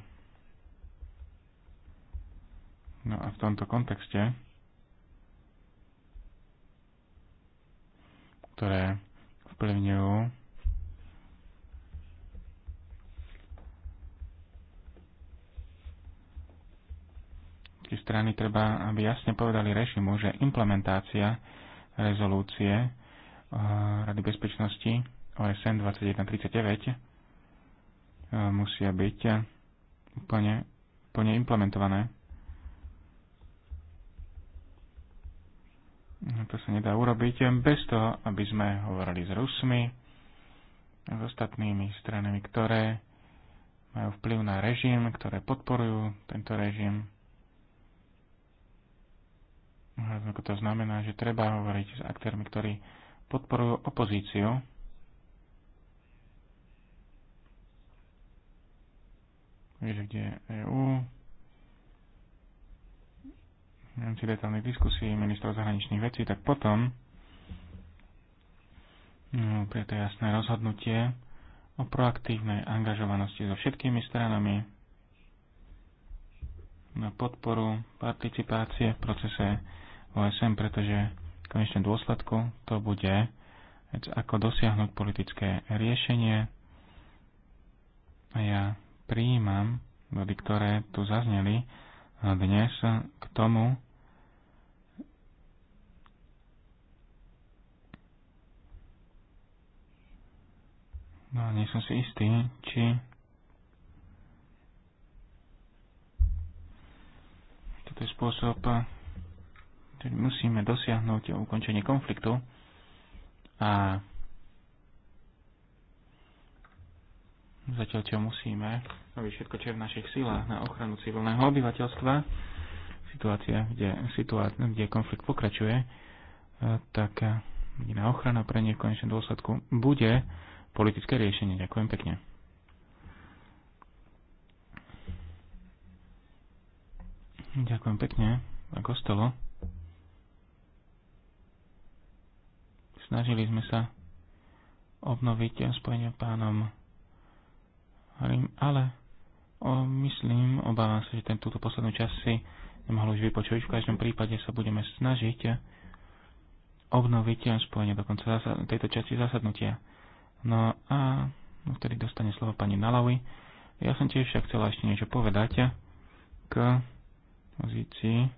No a v tomto kontexte, ktoré vplyvňujú Všetky strany treba, aby jasne povedali režimu, že implementácia rezolúcie eh, Rady bezpečnosti OSN 2139 eh, musia byť úplne, úplne implementované. No, to sa nedá urobiť bez toho, aby sme hovorili s Rusmi, s ostatnými stranami, ktoré majú vplyv na režim, ktoré podporujú tento režim ako to znamená, že treba hovoriť s aktérmi, ktorí podporujú opozíciu. Vieš, kde je EU. V rámci detálnej diskusie ministrov zahraničných vecí, tak potom no, pri je jasné rozhodnutie o proaktívnej angažovanosti so všetkými stranami na podporu participácie v procese OSN, pretože v konečnom dôsledku to bude ako dosiahnuť politické riešenie. A ja prijímam body, ktoré tu zazneli dnes k tomu, No, nie som si istý, či toto je spôsob, Čiže musíme dosiahnuť ukončenie konfliktu a zatiaľ čo musíme robiť všetko, čo je v našich silách na ochranu civilného obyvateľstva, situácia, kde, situá- kde konflikt pokračuje, e, tak e, jediná ochrana pre ne v konečnom dôsledku bude politické riešenie. Ďakujem pekne. Ďakujem pekne, pán Kostelo. Snažili sme sa obnoviť spojenie pánom Harim, ale o, myslím, obávam sa, že ten, túto poslednú časť si nemohol už vypočuť. V každom prípade sa budeme snažiť obnoviť spojenie do konca tejto časti zasadnutia. No a vtedy dostane slovo pani Nalawi. Ja som tiež však chcela ešte niečo povedať k pozícii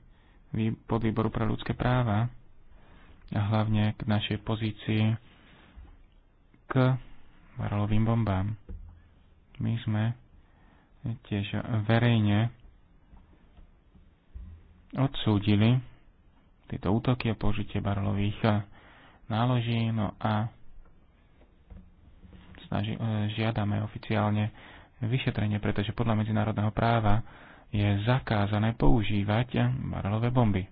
výboru pre ľudské práva a hlavne k našej pozícii k varolovým bombám. My sme tiež verejne odsúdili tieto útoky a použitie barlových náloží, no a snaži, e, žiadame oficiálne vyšetrenie, pretože podľa medzinárodného práva je zakázané používať barlové bomby.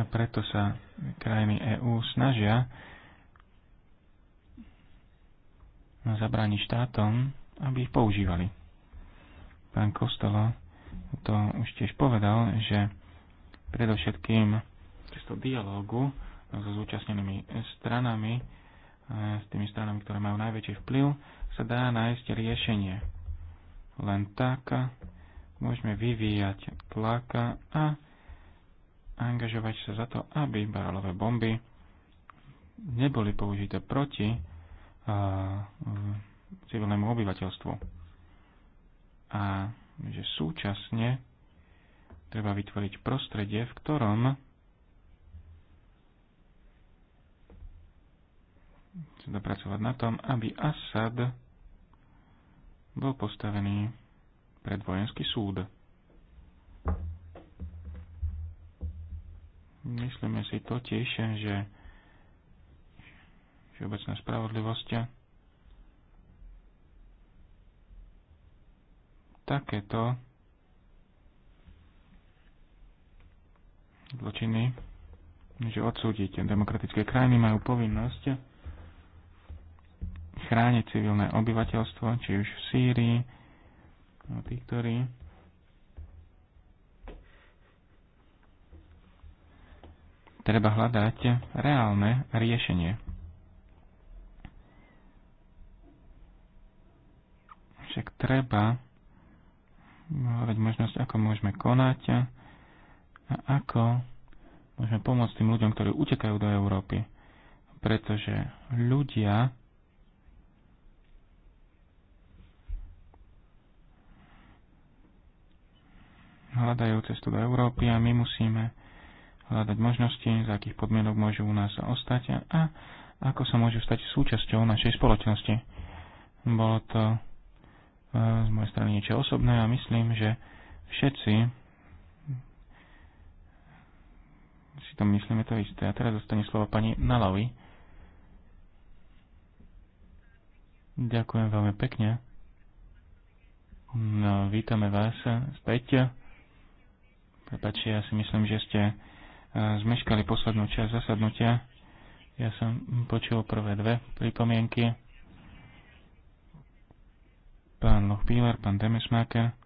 A preto sa krajiny EÚ snažia zabrániť štátom, aby ich používali. Pán Kostolo to už tiež povedal, že predovšetkým cestou dialógu so zúčastnenými stranami, s tými stranami, ktoré majú najväčší vplyv, sa dá nájsť riešenie. Len tak môžeme vyvíjať tlaka a angažovať sa za to, aby barálové bomby neboli použité proti mm, civilnému obyvateľstvu. A že súčasne treba vytvoriť prostredie, v ktorom sa pracovať na tom, aby Assad bol postavený pred vojenský súd. Myslíme si totiž, že všeobecná spravodlivosť takéto zločiny, že odsúdiť demokratické krajiny majú povinnosť chrániť civilné obyvateľstvo, či už v Sýrii, tých, ktorí treba hľadať reálne riešenie. Však treba hľadať možnosť, ako môžeme konať a ako môžeme pomôcť tým ľuďom, ktorí utekajú do Európy. Pretože ľudia hľadajú cestu do Európy a my musíme hľadať možnosti, za akých podmienok môžu u nás ostať a ako sa môžu stať súčasťou našej spoločnosti. Bolo to e, z mojej strany niečo osobné a myslím, že všetci si to myslíme to isté. A teraz zostane slovo pani Nalavi. Ďakujem veľmi pekne. No, vítame vás späť. Prepačte, ja si myslím, že ste zmeškali poslednú časť zasadnutia. Ja som počul prvé dve pripomienky. Pán Lochbíler, pán Demesmaker,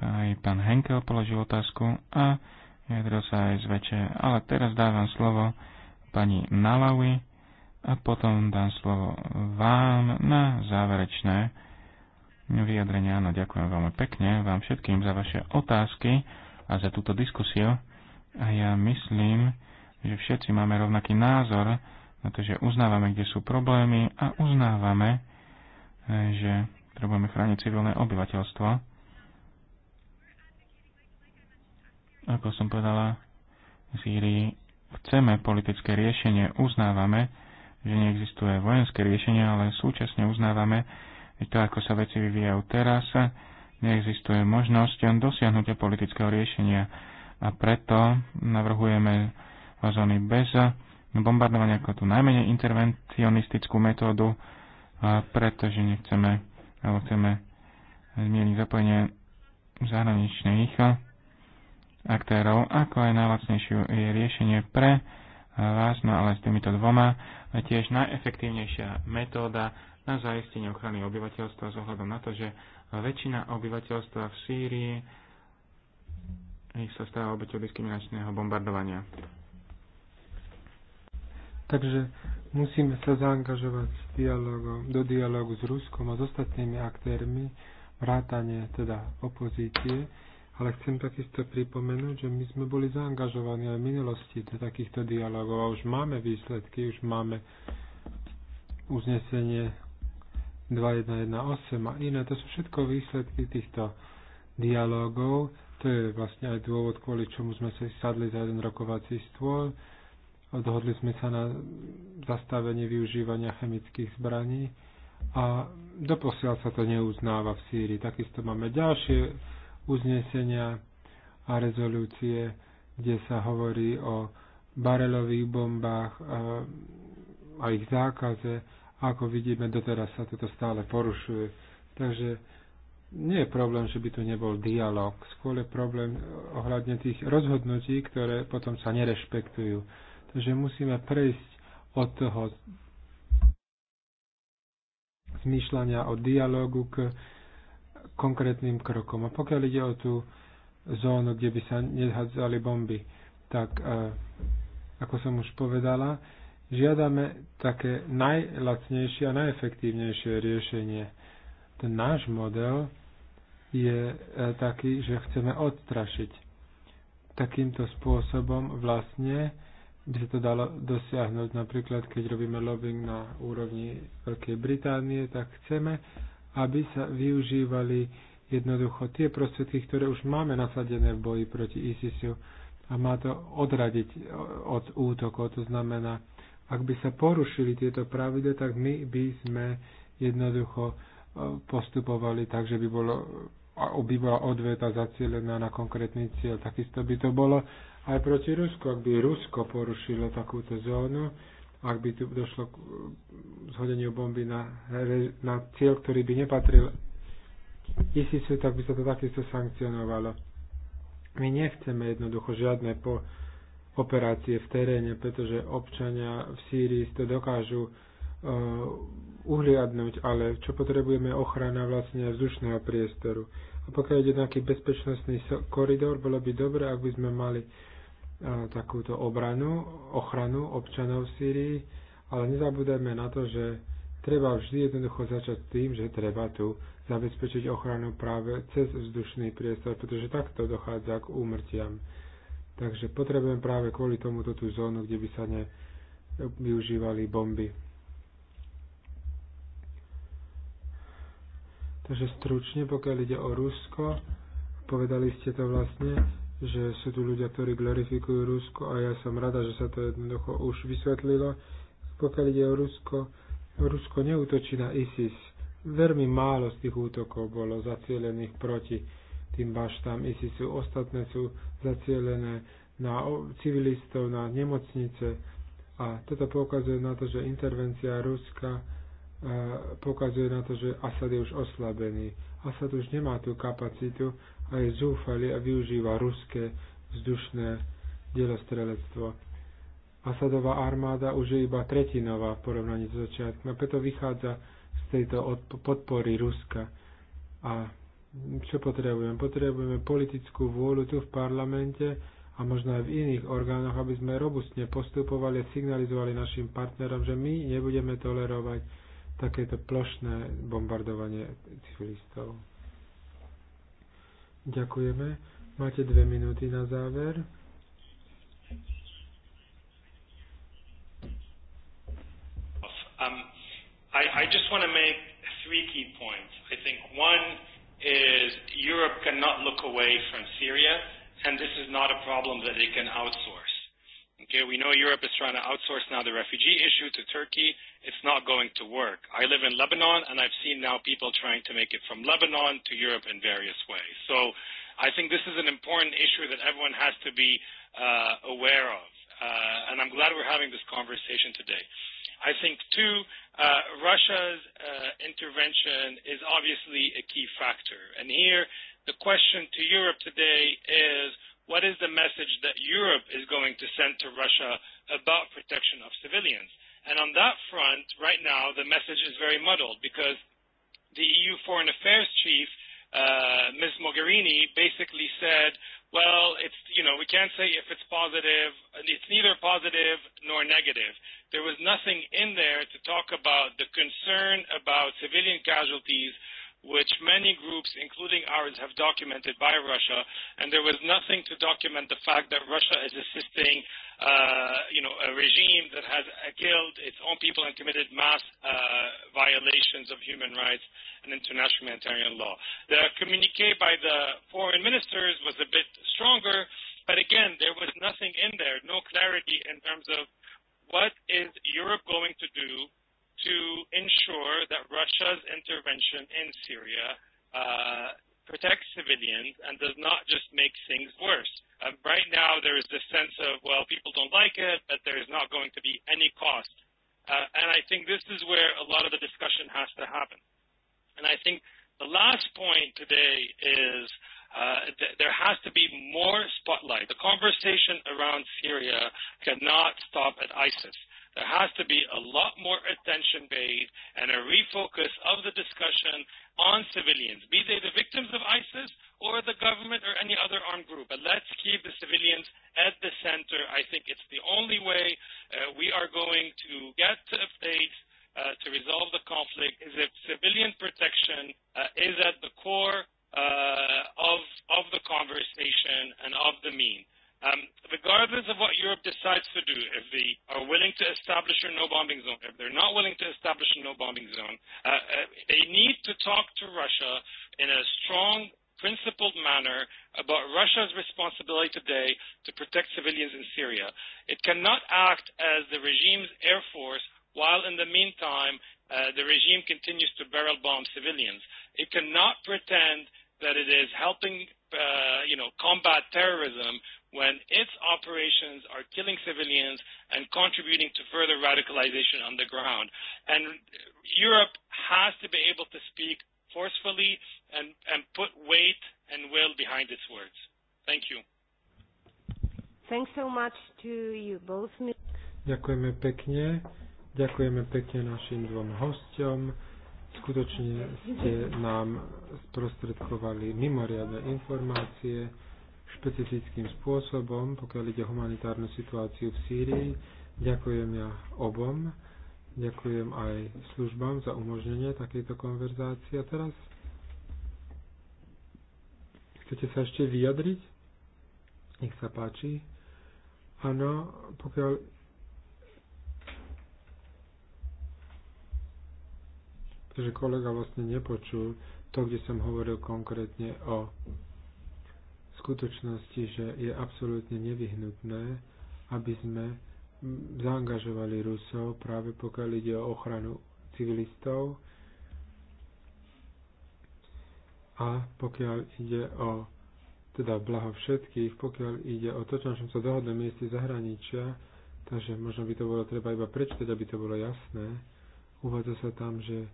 aj pán Henkel položil otázku a vyjadril sa aj zväčšie. Ale teraz dávam slovo pani Nalawi a potom dám slovo vám na záverečné vyjadrenia. Áno, ďakujem veľmi pekne vám všetkým za vaše otázky a za túto diskusiu. A ja myslím, že všetci máme rovnaký názor pretože uznávame, kde sú problémy a uznávame, že trebujeme chrániť civilné obyvateľstvo. Ako som povedala, v Sýrii chceme politické riešenie, uznávame, že neexistuje vojenské riešenie, ale súčasne uznávame, že to, ako sa veci vyvíjajú teraz, neexistuje možnosť dosiahnutia politického riešenia a preto navrhujeme zóny bez bombardovania ako tú najmenej intervencionistickú metódu, pretože nechceme, alebo chceme zmierniť zapojenie zahraničných aktérov, ako aj najlacnejšie je riešenie pre vás, no ale s týmito dvoma a tiež najefektívnejšia metóda na zaistenie ochrany obyvateľstva s ohľadom na to, že väčšina obyvateľstva v Sýrii ich sa stáva obeťou diskriminačného bombardovania. Takže musíme sa zaangažovať dialogu, do dialogu s Ruskom a s ostatnými aktérmi, vrátane teda opozície, ale chcem takisto pripomenúť, že my sme boli zaangažovaní aj v minulosti do takýchto dialogov a už máme výsledky, už máme uznesenie 2118 a iné. To sú všetko výsledky týchto dialogov to je vlastne aj dôvod, kvôli čomu sme si sadli za jeden rokovací stôl. Dohodli sme sa na zastavenie využívania chemických zbraní a doposiaľ sa to neuznáva v Sýrii. Takisto máme ďalšie uznesenia a rezolúcie, kde sa hovorí o barelových bombách a ich zákaze. Ako vidíme, doteraz sa toto stále porušuje. Takže nie je problém, že by tu nebol dialog, skôr je problém ohľadne tých rozhodnutí, ktoré potom sa nerešpektujú. Takže musíme prejsť od toho zmýšľania o dialogu k konkrétnym krokom. A pokiaľ ide o tú zónu, kde by sa nezhadzali bomby, tak e, ako som už povedala, žiadame také najlacnejšie a najefektívnejšie riešenie. Ten náš model je e, taký, že chceme odstrašiť. Takýmto spôsobom vlastne by sa to dalo dosiahnuť. Napríklad, keď robíme lobbying na úrovni Veľkej Británie, tak chceme, aby sa využívali jednoducho tie prostriedky, ktoré už máme nasadené v boji proti ISISu a má to odradiť e, od útokov. To znamená, ak by sa porušili tieto pravidla, tak my by sme jednoducho postupovali tak, že by, bolo, aby bola odveta zacielená na konkrétny cieľ. Takisto by to bolo aj proti Rusku, ak by Rusko porušilo takúto zónu, ak by tu došlo k eh, zhodeniu bomby na, na cieľ, ktorý by nepatril ISISu, tak by sa to takisto sankcionovalo. My nechceme jednoducho žiadne po operácie v teréne, pretože občania v Sýrii to dokážu Eh, uhliadnúť, ale čo potrebujeme ochrana vlastne vzdušného priestoru. A pokiaľ ide nejaký bezpečnostný koridor, bolo by dobre, ak by sme mali eh, takúto obranu, ochranu občanov v Sýrii, ale nezabúdajme na to, že treba vždy jednoducho začať tým, že treba tu zabezpečiť ochranu práve cez vzdušný priestor, pretože takto dochádza k úmrtiam. Takže potrebujem práve kvôli tomuto tú zónu, kde by sa nevyužívali bomby. Takže stručne, pokiaľ ide o Rusko, povedali ste to vlastne, že sú tu ľudia, ktorí glorifikujú Rusko a ja som rada, že sa to jednoducho už vysvetlilo. Pokiaľ ide o Rusko, Rusko neútočí na ISIS. Veľmi málo z tých útokov bolo zacielených proti tým baštám ISISu. Ostatné sú zacielené na civilistov, na nemocnice. A toto poukazuje na to, že intervencia Ruska pokazuje na to, že Asad je už oslabený. Asad už nemá tú kapacitu a je zúfalý a využíva ruské vzdušné dielostrelectvo. Asadová armáda už je iba tretinová v porovnaní s začiatkom a preto vychádza z tejto podpory Ruska. A čo potrebujeme? Potrebujeme politickú vôľu tu v parlamente a možno aj v iných orgánoch, aby sme robustne postupovali a signalizovali našim partnerom, že my nebudeme tolerovať takéto plošné bombardovanie civilistov. Ďakujeme. Máte dve minúty na záver. Um, I, I just want to make three key points. I think one is Europe cannot look away from Syria, and this is not a problem that it can outsource Okay, we know Europe is trying to outsource now the refugee issue to Turkey. It's not going to work. I live in Lebanon, and I've seen now people trying to make it from Lebanon to Europe in various ways. So I think this is an important issue that everyone has to be uh, aware of. Uh, and I'm glad we're having this conversation today. I think, too, uh, Russia's uh, intervention is obviously a key factor. And here, the question to Europe today is – What is the message that Europe is going to send to Russia about protection of civilians? And on that front, right now, the message is very muddled because the EU foreign affairs chief, uh, Ms. Mogherini, basically said, well, it's, you know, we can't say if it's positive. It's neither positive nor negative. There was nothing in there to talk about the concern about civilian casualties which many groups, including ours, have documented by Russia, and there was nothing to document the fact that Russia is assisting uh, you know, a regime that has killed its own people and committed mass uh, violations of human rights and international humanitarian law. The communique by the foreign ministers was a bit stronger, but again, there was nothing in there, no clarity in terms of what is Europe going to do to ensure that Russia's intervention in Syria uh, protects civilians and does not just make things worse. Um, right now, there is this sense of, well, people don't like it, but there is not going to be any cost. Uh, and I think this is where a lot of the discussion has to happen. And I think the last point today is uh, th- there has to be more spotlight. The conversation around Syria cannot stop at ISIS There has to be a lot more attention paid and a refocus of the discussion on civilians, be they the victims of ISIS or the government or any other armed group. But let's keep the civilians at the center. I think it's the only way uh, we are going to get to a place uh, to resolve the conflict is if civilian protection uh, is at the core uh, of, of the conversation and of the mean. Um, regardless of what Europe decides to do, if they are willing to establish a no-bombing zone, if they're not willing to establish a no-bombing zone, uh, uh, they need to talk to Russia in a strong, principled manner about Russia's responsibility today to protect civilians in Syria. It cannot act as the regime's air force while in the meantime uh, the regime continues to barrel bomb civilians. It cannot pretend that it is helping uh, you know, combat terrorism when its operations are killing civilians and contributing to further radicalization on the ground. And Europe has to be able to speak forcefully and, and put weight and will behind its words. Thank you. Thanks so much to you both. Ďakujeme pekne. Ďakujeme pekne našim dvom hosťom. Skutočne ste nám sprostredkovali mimoriadne informácie špecifickým spôsobom, pokiaľ ide o humanitárnu situáciu v Sýrii. Ďakujem ja obom, ďakujem aj službám za umožnenie takejto konverzácie. A teraz chcete sa ešte vyjadriť? Nech sa páči. Áno, pokiaľ pretože kolega vlastne nepočul to, kde som hovoril konkrétne o skutočnosti, že je absolútne nevyhnutné, aby sme zaangažovali Rusov práve pokiaľ ide o ochranu civilistov a pokiaľ ide o teda blaho všetkých, pokiaľ ide o to, čo som sa dohodli miesti zahraničia, takže možno by to bolo treba iba prečítať, aby to bolo jasné. Uvádza sa tam, že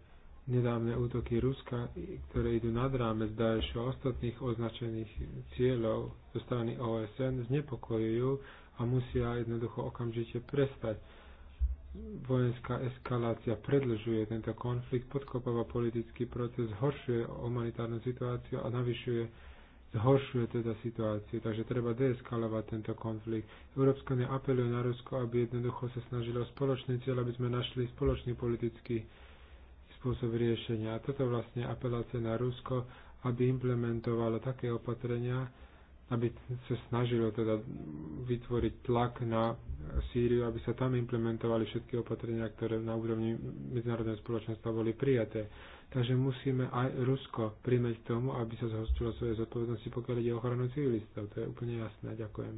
nedávne útoky Ruska, ktoré idú nad rámec Daešu ostatných označených cieľov zo strany OSN, znepokojujú a musia jednoducho okamžite prestať. Vojenská eskalácia predlžuje tento konflikt, podkopáva politický proces, zhoršuje humanitárnu situáciu a navyšuje zhoršuje teda situáciu, takže treba deeskalovať tento konflikt. Európska unia apeluje na Rusko, aby jednoducho sa snažilo spoločný cieľ, aby sme našli spoločný politický spôsob riešenia. A toto vlastne apelácia na Rusko, aby implementovalo také opatrenia, aby sa snažilo teda vytvoriť tlak na Sýriu, aby sa tam implementovali všetky opatrenia, ktoré na úrovni medzinárodného spoločenstva boli prijaté. Takže musíme aj Rusko primeť k tomu, aby sa zhostilo svoje zodpovednosti, pokiaľ ide o ochranu civilistov. To je úplne jasné. Ďakujem.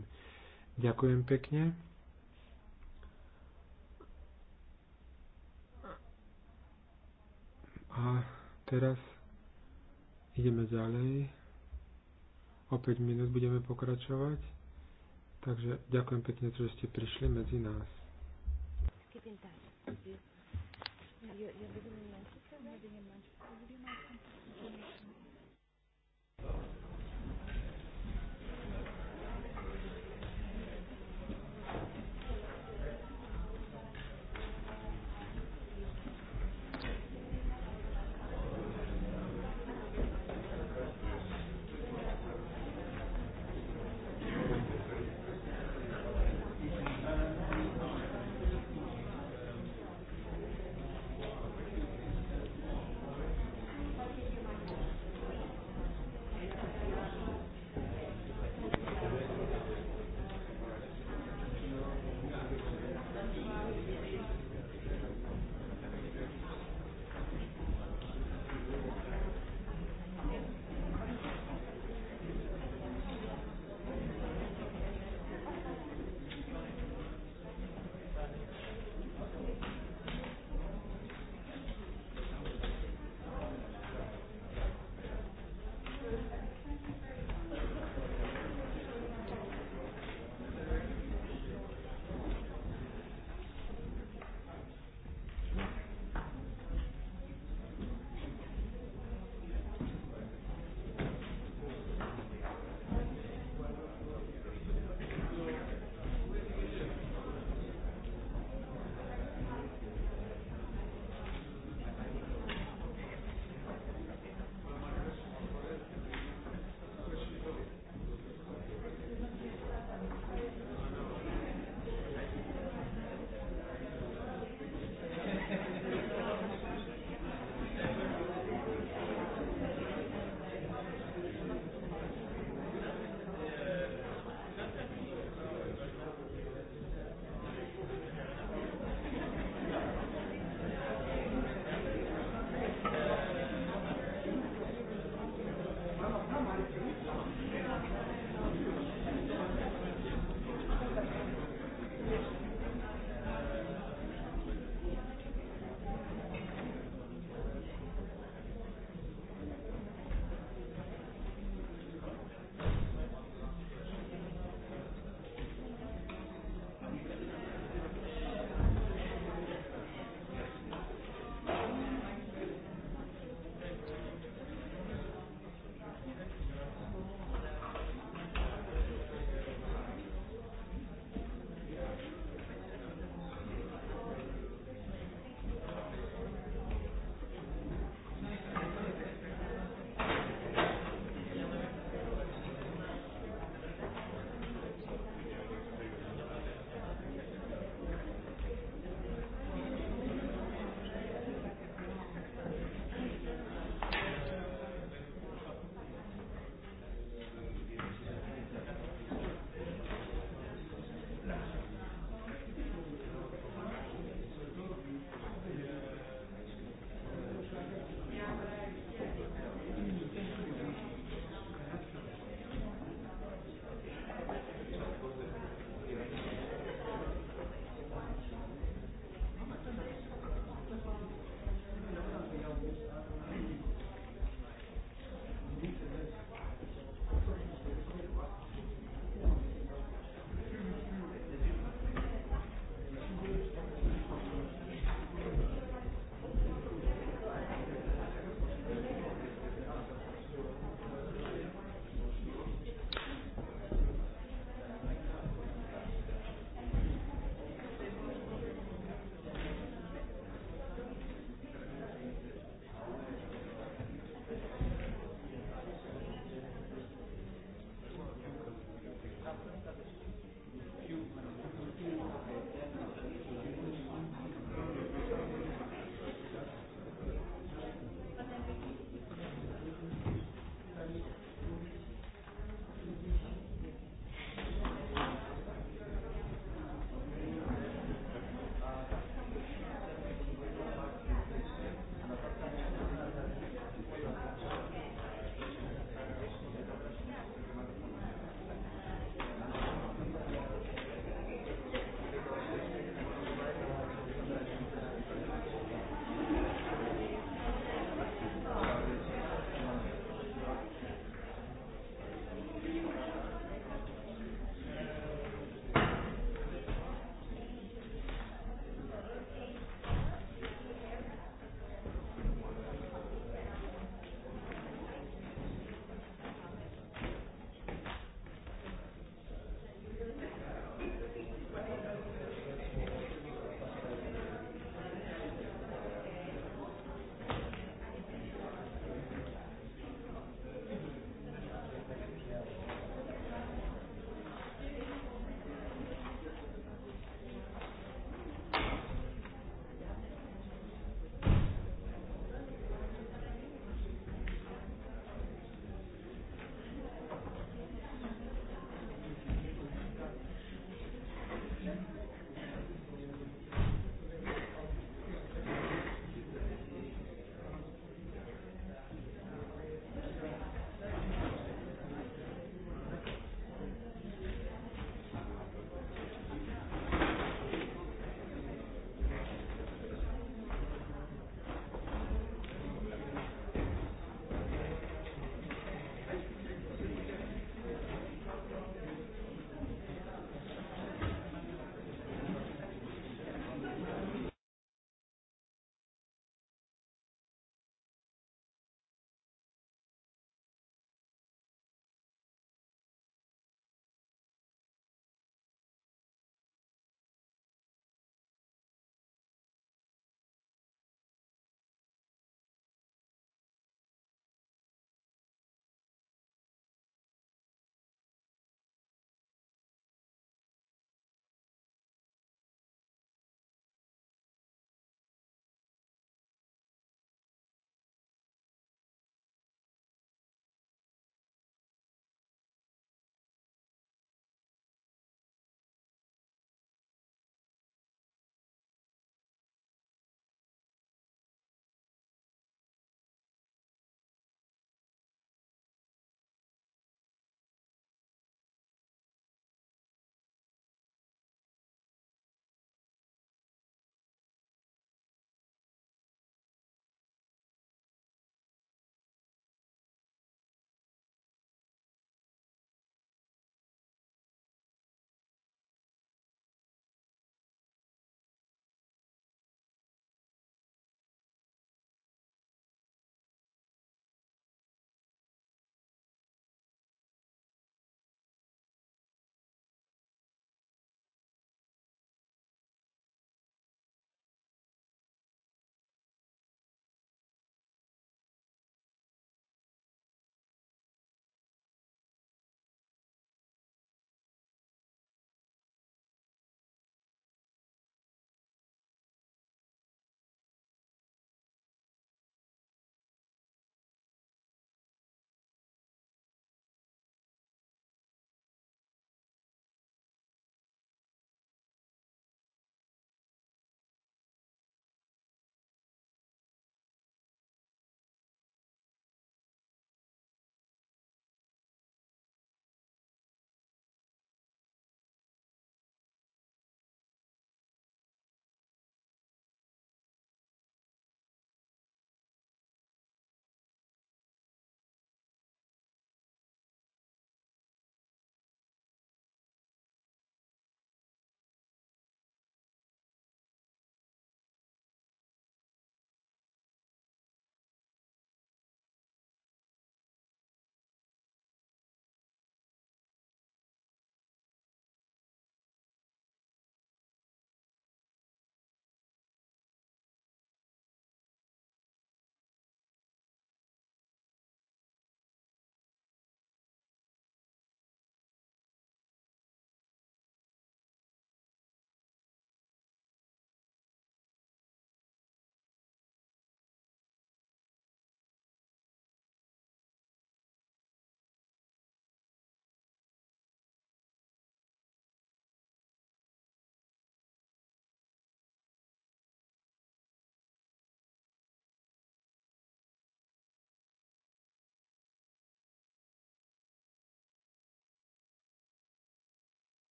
Ďakujem pekne. A teraz ideme ďalej. O 5 minút budeme pokračovať. Takže ďakujem pekne, že ste prišli medzi nás. Keep in touch. You, you, you're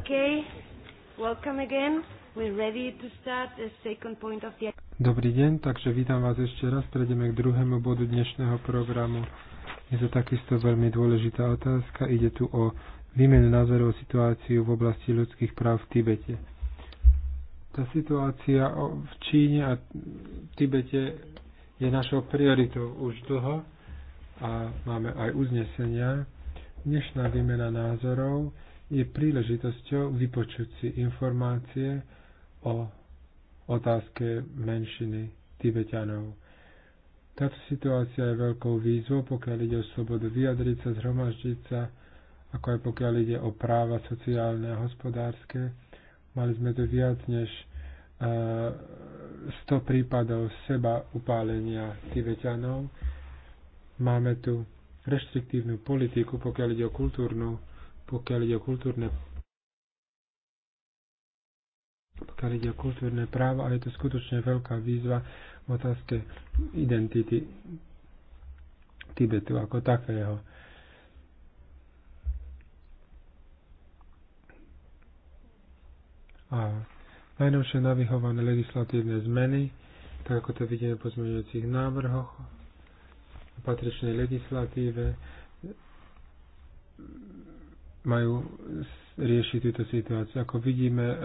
Okay. Welcome again. We're ready to start the second point of the... Dobrý deň, takže vítam vás ešte raz. Prejdeme k druhému bodu dnešného programu. Je to takisto veľmi dôležitá otázka. Ide tu o výmenu názorov o situáciu v oblasti ľudských práv v Tibete. Tá situácia v Číne a v Tibete je našou prioritou už dlho a máme aj uznesenia. Dnešná výmena názorov je príležitosťou vypočuť si informácie o otázke menšiny Tibetanov. Táto situácia je veľkou výzvou, pokiaľ ide o slobodu vyjadriť sa, zhromaždiť sa, ako aj pokiaľ ide o práva sociálne a hospodárske. Mali sme tu viac než 100 e, prípadov seba upálenia Tibetanov. Máme tu reštriktívnu politiku, pokiaľ ide o kultúrnu pokiaľ ide o kultúrne pokiaľ ide o kultúrne práva a je to skutočne veľká výzva v otázke identity Tibetu ako takého. A najnovšie navyhované legislatívne zmeny, tak ako to vidíme v zmenujúcich návrhoch, patričnej legislatíve, majú riešiť túto situáciu. Ako vidíme, e,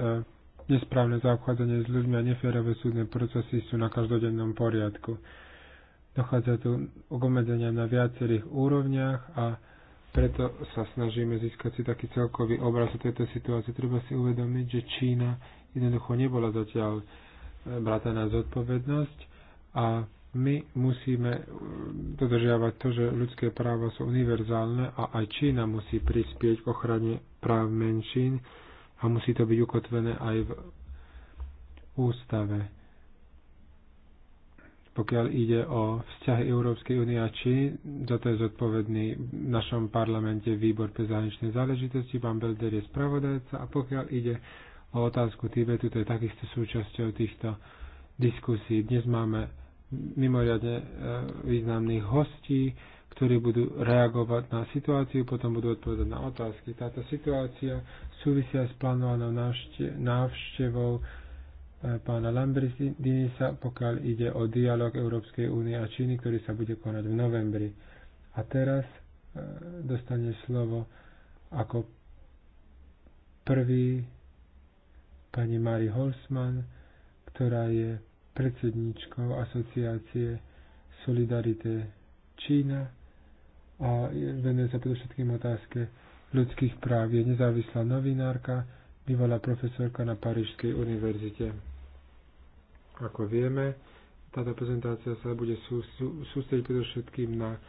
nesprávne zaobchádzanie s ľuďmi a neférové súdne procesy sú na každodennom poriadku. Dochádza tu k obmedzeniam na viacerých úrovniach a preto sa snažíme získať si taký celkový obraz o tejto situácii. Treba si uvedomiť, že Čína jednoducho nebola zatiaľ e, brataná zodpovednosť a my musíme e, dodržiavať to, že ľudské práva sú univerzálne a aj Čína musí prispieť k ochrane práv menšín a musí to byť ukotvené aj v ústave. Pokiaľ ide o vzťahy Európskej únie a Číny, za to je zodpovedný v našom parlamente výbor pre zahraničné záležitosti, pán Belder je spravodajca a pokiaľ ide o otázku Tibetu, to je takisto súčasťou týchto diskusí. Dnes máme mimoriadne e, významných hostí, ktorí budú reagovať na situáciu, potom budú odpovedať na otázky. Táto situácia súvisia s plánovanou návštevou e, pána Lambrinisa, pokiaľ ide o dialog Európskej únie a Číny, ktorý sa bude konať v novembri. A teraz e, dostane slovo ako prvý pani Mari Holzman, ktorá je predsedničkou asociácie Solidarité Čína a venuje sa predovšetkým otázke ľudských práv. Je nezávislá novinárka, bývalá profesorka na Parížskej univerzite. Ako vieme, táto prezentácia sa bude sústrediť predovšetkým na e,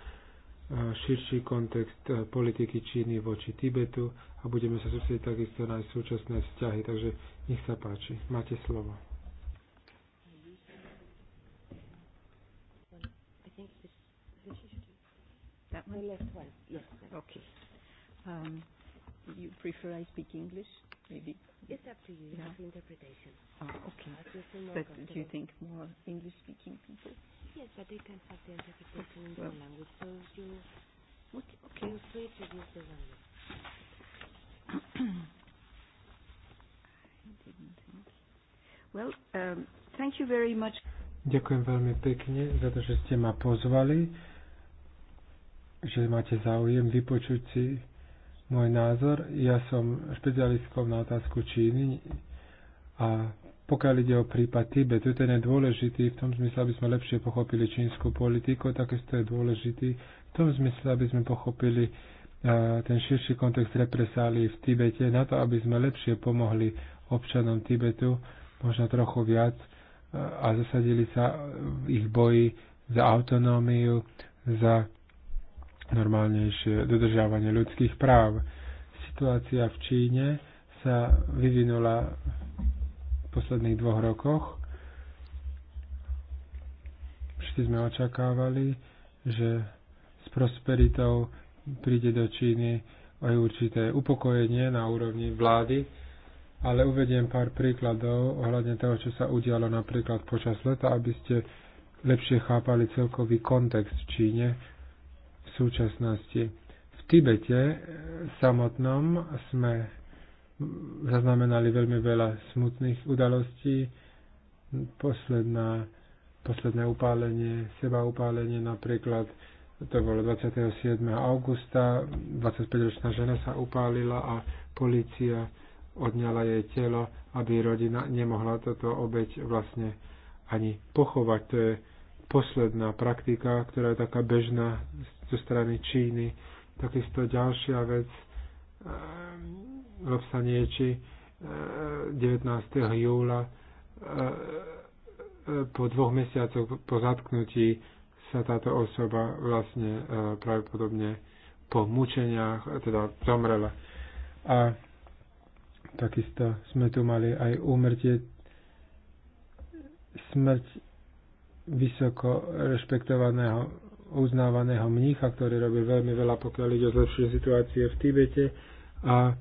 širší kontext e, politiky Číny voči Tibetu a budeme sa sústrediť takisto na aj súčasné vzťahy. Takže nech sa páči, máte slovo. My left one. Yes. Okay. Um, you prefer I speak English, maybe? It's up to you. You yeah. have interpretation. Ah, okay. But do you think more English-speaking people? Yes, but they can have the interpretation okay. in well. their language. So you, okay, okay. you're free to use the language. Well, um, thank you very much. Ďakujem veľmi pekne za to, že ste ma pozvali že máte záujem vypočuť si môj názor. Ja som špecialistkou na otázku Číny a pokiaľ ide o prípad Tibetu, ten je dôležitý v tom zmysle, aby sme lepšie pochopili čínsku politiku, takisto je dôležitý v tom zmysle, aby sme pochopili ten širší kontext represálí v Tibete, na to, aby sme lepšie pomohli občanom Tibetu, možno trochu viac, a zasadili sa v ich boji za autonómiu, za normálnejšie dodržiavanie ľudských práv. Situácia v Číne sa vyvinula v posledných dvoch rokoch. Všetci sme očakávali, že s prosperitou príde do Číny aj určité upokojenie na úrovni vlády, ale uvediem pár príkladov ohľadne toho, čo sa udialo napríklad počas leta, aby ste lepšie chápali celkový kontext v Číne, súčasnosti. V Tibete samotnom sme zaznamenali veľmi veľa smutných udalostí. Posledná, posledné upálenie, seba upálenie napríklad, to bolo 27. augusta, 25-ročná žena sa upálila a policia odňala jej telo, aby rodina nemohla toto obeď vlastne ani pochovať. To je posledná praktika, ktorá je taká bežná z zo strany Číny. Takisto ďalšia vec, sa Nieči 19. Eh, júla eh, eh, po dvoch mesiacoch po zatknutí sa táto osoba vlastne pravdepodobne po mučeniach teda zomrela. A takisto sme tu mali aj úmrtie smrť vysoko rešpektovaného uznávaného mnícha, ktorý robil veľmi veľa, pokiaľ ide o zlepšenie situácie v Tibete a,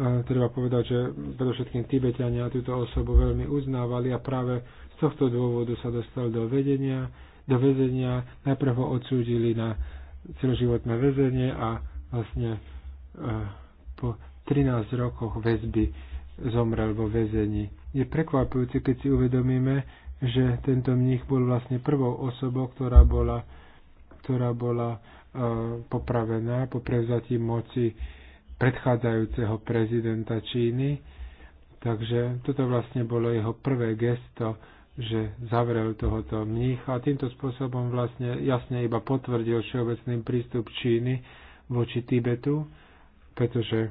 a treba povedať, že predovšetkým Tibetania túto osobu veľmi uznávali a práve z tohto dôvodu sa dostal do vedenia, do väzenia, najprv ho odsúdili na celoživotné väzenie a vlastne po 13 rokoch väzby zomrel vo väzení. Je prekvapujúce, keď si uvedomíme, že tento mních bol vlastne prvou osobou, ktorá bola ktorá bola e, popravená po prevzatí moci predchádzajúceho prezidenta Číny. Takže toto vlastne bolo jeho prvé gesto, že zavrel tohoto mnícha a týmto spôsobom vlastne jasne iba potvrdil všeobecný prístup Číny voči Tibetu, pretože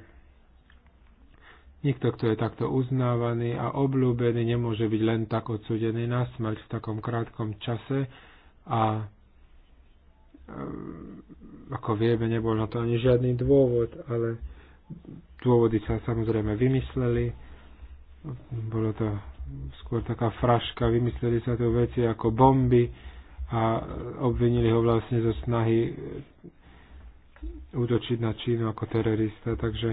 nikto, kto je takto uznávaný a obľúbený, nemôže byť len tak odsudený na smrť v takom krátkom čase a Ehm, ako vieme, nebol na to ani žiadny dôvod, ale dôvody sa samozrejme vymysleli. Bolo to skôr taká fraška, vymysleli sa tu veci ako bomby a obvinili ho vlastne zo snahy útočiť na Čínu ako terorista. Takže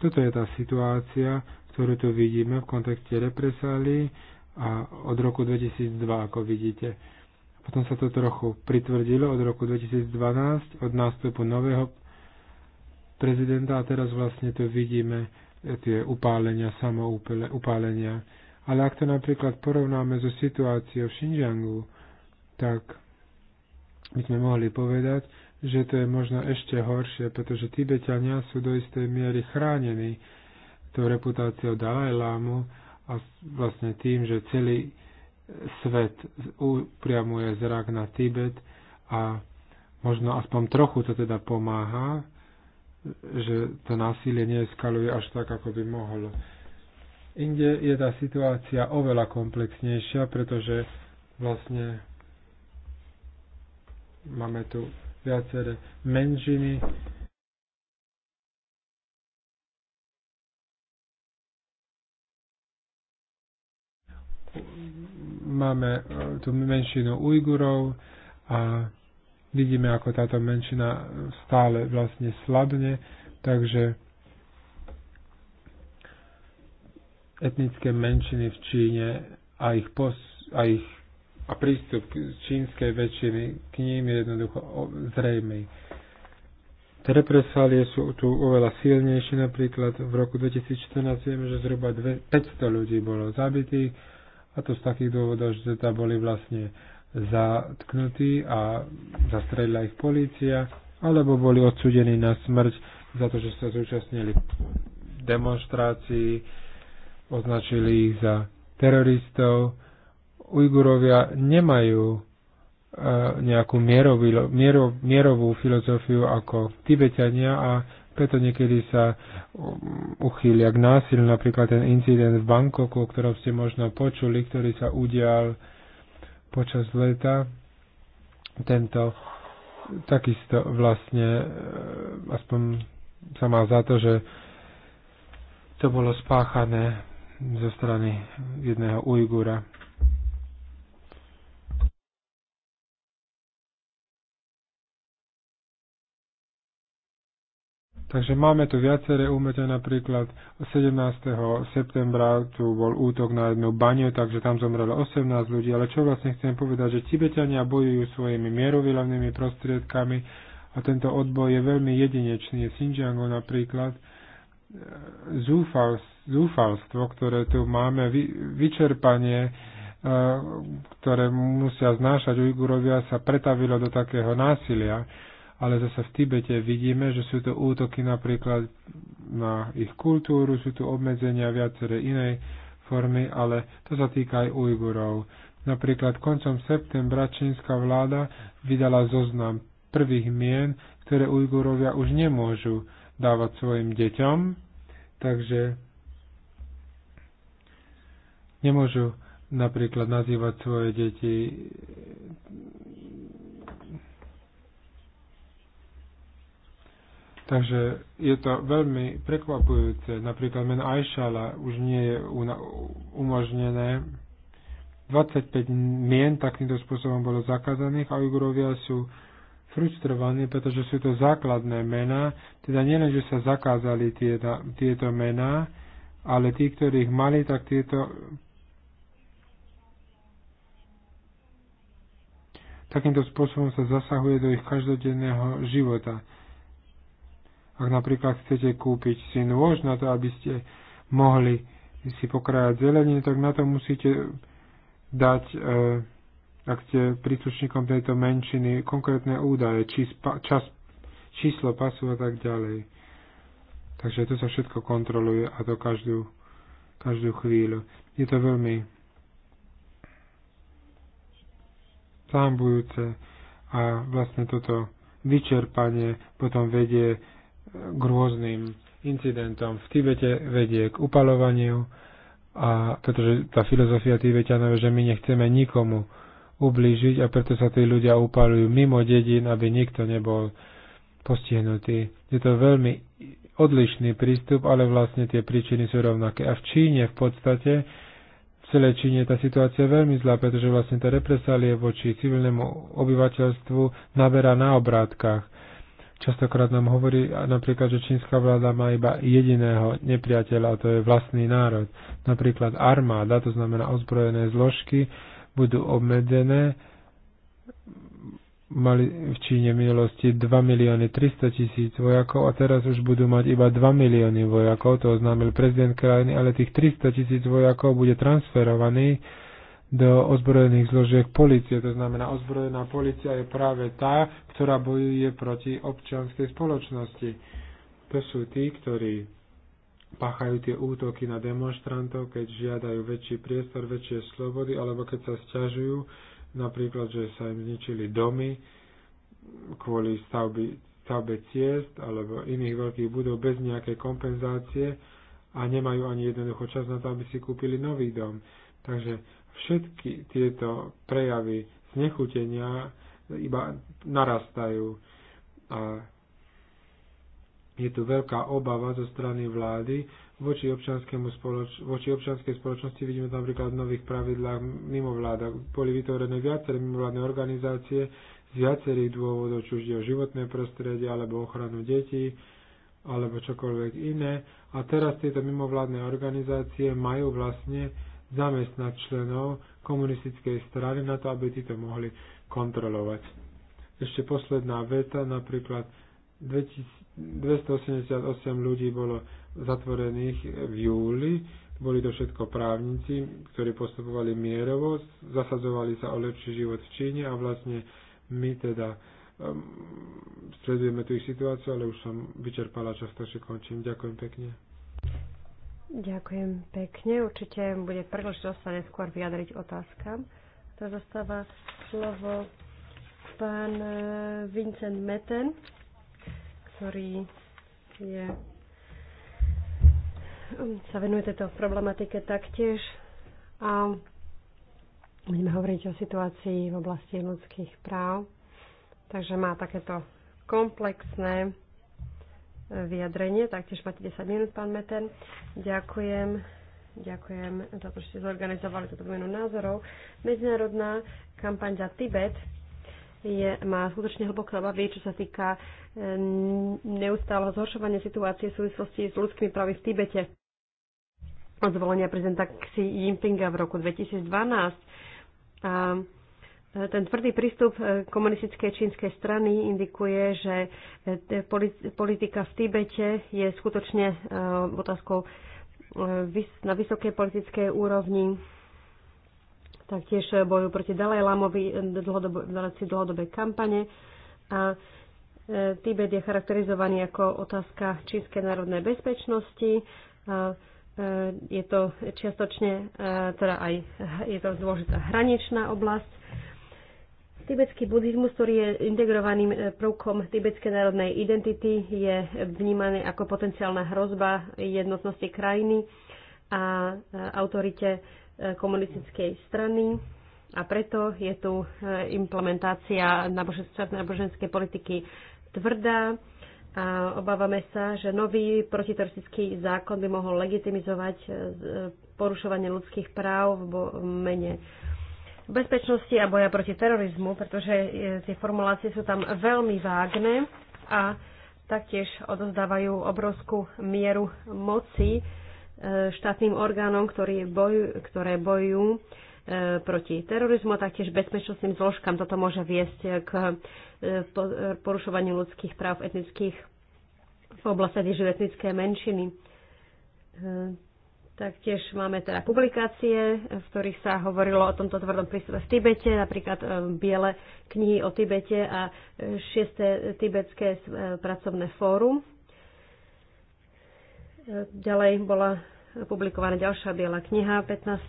toto je tá situácia, ktorú tu vidíme v kontexte represálií a od roku 2002, ako vidíte. Potom sa to trochu pritvrdilo od roku 2012, od nástupu nového prezidenta a teraz vlastne tu vidíme e, tie upálenia, samoupálenia. Ale ak to napríklad porovnáme so situáciou v Xinjiangu, tak by sme mohli povedať, že to je možno ešte horšie, pretože Tibetania sú do istej miery chránení tou reputáciou Dalaj Lámu a vlastne tým, že celý svet upriamuje zrak na Tibet a možno aspoň trochu to teda pomáha, že to násilie neeskaluje až tak, ako by mohlo. Inde je tá situácia oveľa komplexnejšia, pretože vlastne máme tu viaceré menšiny, Máme e, tú menšinu Ujgurov a vidíme, ako táto menšina stále vlastne slabne, takže etnické menšiny v Číne a ich, pos, a ich a prístup čínskej väčšiny k ním je jednoducho zrejmý. Represálie sú tu oveľa silnejšie, napríklad v roku 2014 vieme, že zhruba 500 ľudí bolo zabitých, a to z takých dôvodov, že teda boli vlastne zatknutí a zastrelila ich polícia, alebo boli odsudení na smrť za to, že sa zúčastnili demonstrácií, označili ich za teroristov. Ujgurovia nemajú e, nejakú mierovú, mierovú filozofiu ako Tibetania a preto niekedy sa um, uchýlia k násilu, napríklad ten incident v Bankoku, o ktorom ste možno počuli, ktorý sa udial počas leta. Tento takisto vlastne, eh, aspoň sa má za to, že to bolo spáchané zo strany jedného Ujgura. Takže máme tu viaceré úmete, napríklad 17. septembra tu bol útok na jednu baňu, takže tam zomrelo 18 ľudí, ale čo vlastne chcem povedať, že Tibetania bojujú svojimi mierovilovnými prostriedkami a tento odboj je veľmi jedinečný. V Xinjiangu napríklad e, zúfalstvo, ktoré tu máme, vyčerpanie, e, ktoré musia znášať Ujgurovia, sa pretavilo do takého násilia ale zase v Tibete vidíme, že sú to útoky napríklad na ich kultúru, sú tu obmedzenia viaceré inej formy, ale to sa týka aj Ujgurov. Napríklad koncom septembra čínska vláda vydala zoznam prvých mien, ktoré Ujgurovia už nemôžu dávať svojim deťom, takže nemôžu napríklad nazývať svoje deti Takže je to veľmi prekvapujúce. Napríklad meno Ajšala už nie je umožnené. 25 mien takýmto spôsobom bolo zakázaných a Ujgurovia sú frustrovaní, pretože sú to základné mená. Teda nielen, že sa zakázali tieta, tieto mená, ale tí, ktorí ich mali, tak tieto takýmto spôsobom sa zasahuje do ich každodenného života. Ak napríklad chcete kúpiť si nôž na to, aby ste mohli si pokrajať zeleninu, tak na to musíte dať, e, ak ste príslušníkom tejto menšiny, konkrétne údaje, čas, číslo pasu a tak ďalej. Takže to sa všetko kontroluje a to každú, každú chvíľu. Je to veľmi zahambujúce a vlastne toto vyčerpanie potom vedie k rôznym incidentom. V Tibete vedie k upalovaniu, a pretože tá filozofia Tibetanov je, že my nechceme nikomu ublížiť a preto sa tí ľudia upalujú mimo dedín, aby nikto nebol postihnutý. Je to veľmi odlišný prístup, ale vlastne tie príčiny sú rovnaké. A v Číne v podstate, v celej Číne je tá situácia veľmi zlá, pretože vlastne tá represálie voči civilnému obyvateľstvu naberá na obrátkach. Častokrát nám hovorí napríklad, že čínska vláda má iba jediného nepriateľa, a to je vlastný národ. Napríklad armáda, to znamená ozbrojené zložky, budú obmedzené. Mali v Číne v minulosti 2 milióny 300 tisíc vojakov a teraz už budú mať iba 2 milióny vojakov, to oznámil prezident krajiny, ale tých 300 tisíc vojakov bude transferovaných do ozbrojených zložiek policie. To znamená, ozbrojená policia je práve tá, ktorá bojuje proti občianskej spoločnosti. To sú tí, ktorí páchajú tie útoky na demonstrantov, keď žiadajú väčší priestor, väčšie slobody, alebo keď sa sťažujú, napríklad, že sa im zničili domy kvôli stavby, stavbe ciest alebo iných veľkých budov bez nejakej kompenzácie a nemajú ani jednoducho čas na to, aby si kúpili nový dom. Takže všetky tieto prejavy znechutenia iba narastajú. A je tu veľká obava zo strany vlády voči, občanskému spoloč- voči občanskej spoločnosti. Vidíme to napríklad v nových pravidlách mimo vláda. Boli vytvorené viaceré mimovládne organizácie z viacerých dôvodov, či už je o životné prostredie, alebo ochranu detí, alebo čokoľvek iné. A teraz tieto mimovládne organizácie majú vlastne zamestnať členov komunistickej strany na to, aby títo mohli kontrolovať. Ešte posledná veta, napríklad 288 ľudí bolo zatvorených v júli, boli to všetko právnici, ktorí postupovali mierovo, zasadzovali sa o lepší život v Číne a vlastne my teda um, sledujeme tú ich situáciu, ale už som vyčerpala čas, takže končím. Ďakujem pekne. Ďakujem pekne. Určite bude príležitosť sa neskôr vyjadriť otázkam. Teraz zostáva slovo pán e, Vincent Meten, ktorý je, sa venuje tejto problematike taktiež a budeme hovoriť o situácii v oblasti ľudských práv. Takže má takéto komplexné vyjadrenie. Taktiež máte 10 minút, pán Meten. Ďakujem. Ďakujem za to, že ste zorganizovali túto výmenu názorov. Medzinárodná kampaň za Tibet je, má skutočne hlboké obavy, čo sa týka e, neustáleho zhoršovania situácie v súvislosti s ľudskými právy v Tibete. Od zvolenia prezidenta Xi Jinpinga v roku 2012 a ten tvrdý prístup e, komunistickej čínskej strany indikuje, že e, politika v Tibete je skutočne e, otázkou na vysokej politickej úrovni. Taktiež bojujú proti Dalaj Lamovi dlhodobej kampane. A Tibet je charakterizovaný ako otázka čínskej národnej bezpečnosti. je to čiastočne, teda aj je to dôležitá hraničná oblasť Tibetský buddhizmus, ktorý je integrovaným e, prvkom tibetskej národnej identity, je vnímaný ako potenciálna hrozba jednotnosti krajiny a e, autorite e, komunistickej strany. A preto je tu implementácia náboženskej politiky tvrdá a obávame sa, že nový protiteroristický zákon by mohol legitimizovať porušovanie ľudských práv v mene bezpečnosti a boja proti terorizmu, pretože e, tie formulácie sú tam veľmi vágne a taktiež odozdávajú obrovskú mieru moci e, štátnym orgánom, ktoré bojujú, ktoré e, bojujú proti terorizmu a taktiež bezpečnostným zložkám. Toto môže viesť k porušovaniu ľudských práv etnických v oblasti, kde etnické menšiny Taktiež máme teda publikácie, v ktorých sa hovorilo o tomto tvrdom prístupe v Tibete, napríklad e, biele knihy o Tibete a e, šieste tibetské e, pracovné fórum. Ďalej bola publikovaná ďalšia biela kniha 15.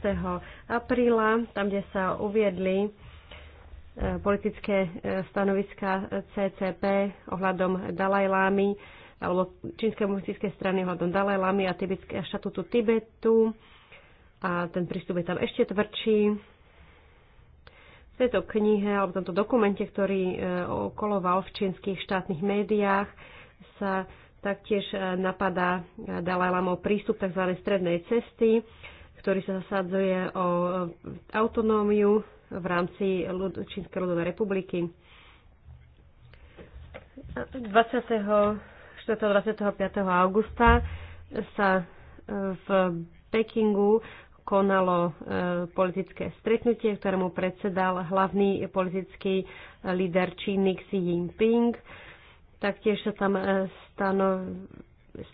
apríla, tam, kde sa uviedli politické stanoviska CCP ohľadom Dalajlámy alebo čínskej komunistickej strany hľadom Dalaj Lamy a tibetského štatutu Tibetu. A ten prístup je tam ešte tvrdší. V tejto knihe alebo v tomto dokumente, ktorý e, okoloval v čínskych štátnych médiách, sa taktiež e, napadá e, Dalaj Lamov prístup tzv. strednej cesty, ktorý sa zasadzuje o autonómiu v rámci Čínskej ľudovej republiky. 20. 25. augusta sa e, v Pekingu konalo e, politické stretnutie, ktorému predsedal hlavný politický e, líder Číny Xi Jinping. Taktiež sa tam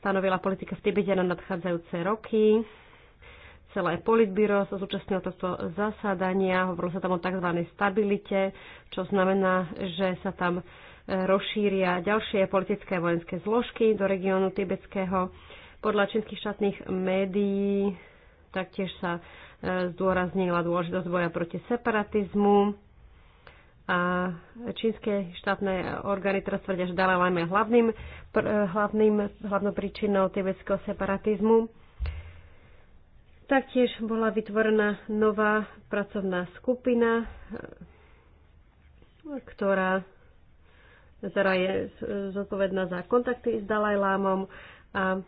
stanovila politika v Tibete na nadchádzajúce roky celé politbyro sa zúčastnilo tohto zasadania, hovorilo sa tam o tzv. stabilite, čo znamená, že sa tam rozšíria ďalšie politické vojenské zložky do regiónu tibetského. Podľa čínskych štátnych médií taktiež sa e, zdôraznila dôležitosť boja proti separatizmu. A čínske štátne orgány teraz tvrdia, že Dalaj Lama je hlavným, e, hlavným, hlavnou príčinou tibetského separatizmu. Taktiež bola vytvorená nová pracovná skupina, e, ktorá ktorá je zodpovedná za kontakty s Lámom. a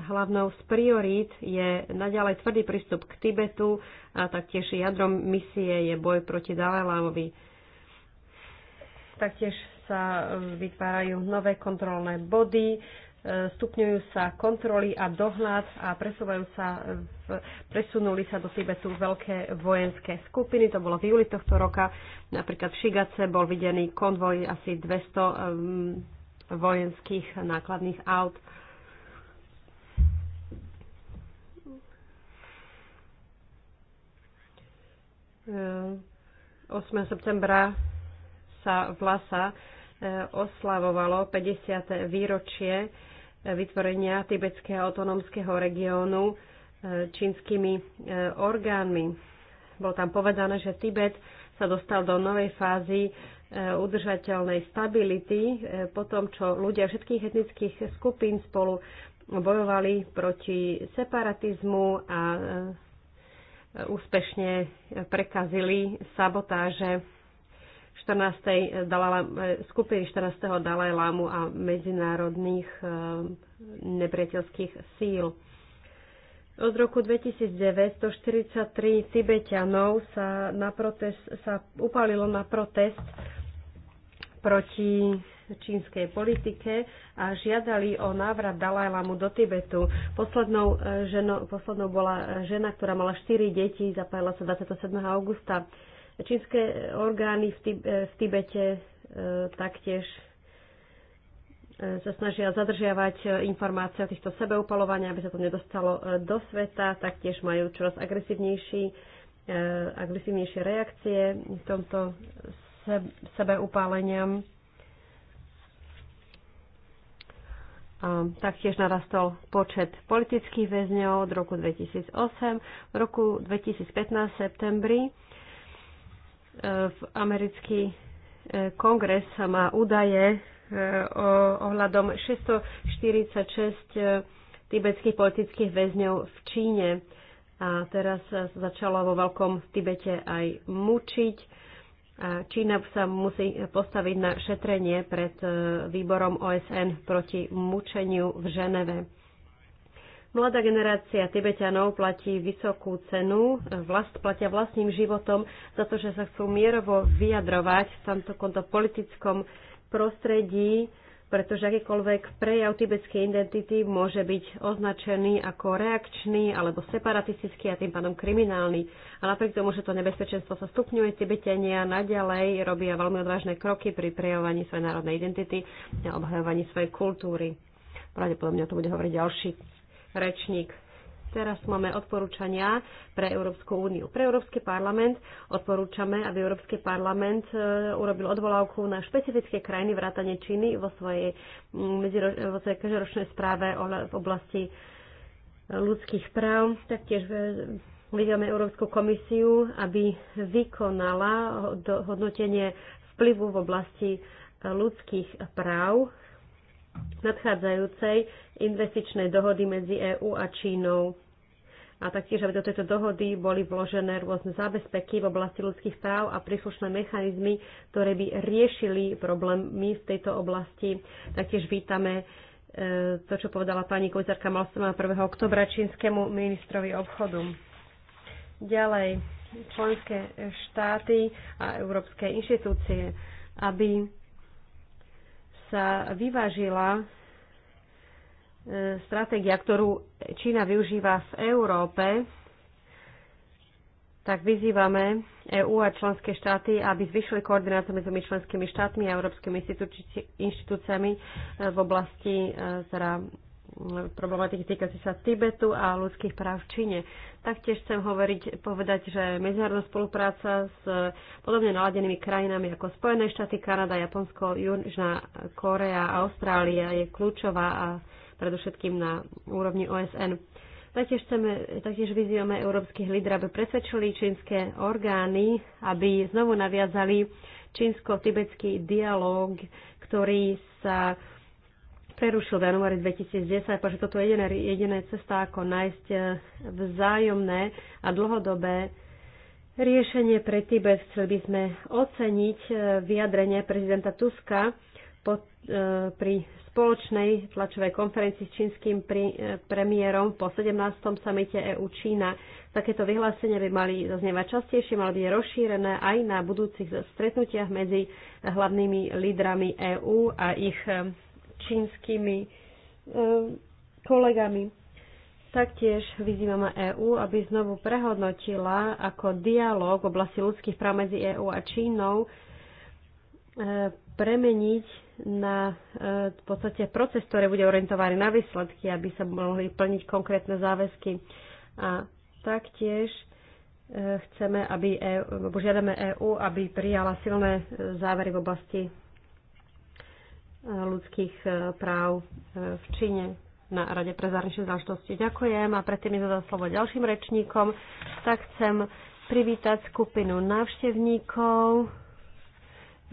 hlavnou z priorít je naďalej tvrdý prístup k Tibetu a taktiež jadrom misie je boj proti Lámovi. Taktiež sa vytvárajú nové kontrolné body stupňujú sa kontroly a dohľad a presúvajú sa v, presunuli sa do Tibetu veľké vojenské skupiny. To bolo v júli tohto roka. Napríklad v Šigace bol videný konvoj asi 200 um, vojenských nákladných aut. Um, 8. septembra sa v Lasa oslavovalo 50. výročie vytvorenia tibetského autonómskeho regiónu e, čínskymi e, orgánmi. Bolo tam povedané, že Tibet sa dostal do novej fázy e, udržateľnej stability po tom, čo ľudia všetkých etnických skupín spolu bojovali proti separatizmu a úspešne prekazili sabotáže 14. Eh, Dalala, eh, skupiny 14. Dalaj Lámu a medzinárodných eh, nepriateľských síl. Od roku 2009 143 Tibetanov sa, na protest, sa upálilo na protest proti čínskej politike a žiadali o návrat Dalajlamu do Tibetu. Poslednou, ženo, poslednou bola žena, ktorá mala 4 deti, zapájala sa 27. augusta Čínske orgány v e, Tibete e, taktiež e, sa snažia zadržiavať informácie o týchto sebeupalovania, aby sa to nedostalo do sveta, taktiež majú čoraz agresívnejší, agresívnejšie reakcie v tomto sebeupáleniam. taktiež narastol počet politických väzňov od roku 2008. V roku 2015 septembri v americký e, kongres má údaje e, ohľadom 646 e, tibetských politických väzňov v Číne. A teraz sa začalo vo Veľkom Tibete aj mučiť. A Čína sa musí postaviť na šetrenie pred výborom OSN proti mučeniu v Ženeve. Mladá generácia Tibetanov platí vysokú cenu, vlast, platia vlastným životom za to, že sa chcú mierovo vyjadrovať v tomto politickom prostredí, pretože akýkoľvek prejav tibetskej identity môže byť označený ako reakčný alebo separatistický a tým pádom kriminálny. A napriek tomu, že to nebezpečenstvo sa stupňuje, Tibetania naďalej robia veľmi odvážne kroky pri prejavovaní svojej národnej identity a obhajovaní svojej kultúry. Pravdepodobne o tom bude hovoriť ďalší rečník. Teraz máme odporúčania pre Európsku úniu. Pre Európsky parlament odporúčame, aby Európsky parlament e, urobil odvolávku na špecifické krajiny vrátane Číny vo svojej, vo svojej každoročnej správe v oblasti ľudských práv. Taktiež e, vyzývame Európsku komisiu, aby vykonala hodnotenie vplyvu v oblasti ľudských práv nadchádzajúcej investičnej dohody medzi EÚ a Čínou a taktiež, aby do tejto dohody boli vložené rôzne zábezpeky v oblasti ľudských práv a príslušné mechanizmy, ktoré by riešili problémy v tejto oblasti. Taktiež vítame e, to, čo povedala pani komisárka Malstrom 1. oktobra čínskemu ministrovi obchodu. Ďalej, členské štáty a európske inštitúcie, aby sa vyvážila e, stratégia, ktorú Čína využíva v Európe, tak vyzývame EÚ a členské štáty, aby zvyšili koordináciu medzi členskými štátmi a európskymi inštitúciami e, v oblasti e, teda problematiky týkajúce sa Tibetu a ľudských práv v Číne. Taktiež chcem hovoriť, povedať, že medzinárodná spolupráca s podobne naladenými krajinami ako Spojené štáty, Kanada, Japonsko, Južná Korea a Austrália je kľúčová a predovšetkým na úrovni OSN. Taktiež, chceme, taktiež vyzývame európskych lídrov, aby presvedčili čínske orgány, aby znovu naviazali čínsko-tibetský dialog, ktorý sa prerušil v januári 2010, pretože toto je jediná, jediné cesta, ako nájsť e, vzájomné a dlhodobé riešenie pre Tibet. Chceli by sme oceniť e, vyjadrenie prezidenta Tuska pod, e, pri spoločnej tlačovej konferencii s čínskym pri, e, premiérom po 17. samite EU-Čína. Takéto vyhlásenie by mali zaznievať častejšie, mali byť rozšírené aj na budúcich stretnutiach medzi hlavnými lídrami EÚ a ich e, čínskymi e, kolegami. Taktiež vyzývame EÚ, aby znovu prehodnotila, ako dialog v oblasti ľudských práv medzi EÚ a Čínou e, premeniť na e, v podstate proces, ktorý bude orientovaný na výsledky, aby sa mohli plniť konkrétne záväzky. A taktiež chceme, aby EU, žiadame EÚ, aby prijala silné závery v oblasti ľudských e, práv e, v Číne na Rade pre zahraničné záležitosti. Ďakujem a predtým mi zadá slovo ďalším rečníkom. Tak chcem privítať skupinu návštevníkov.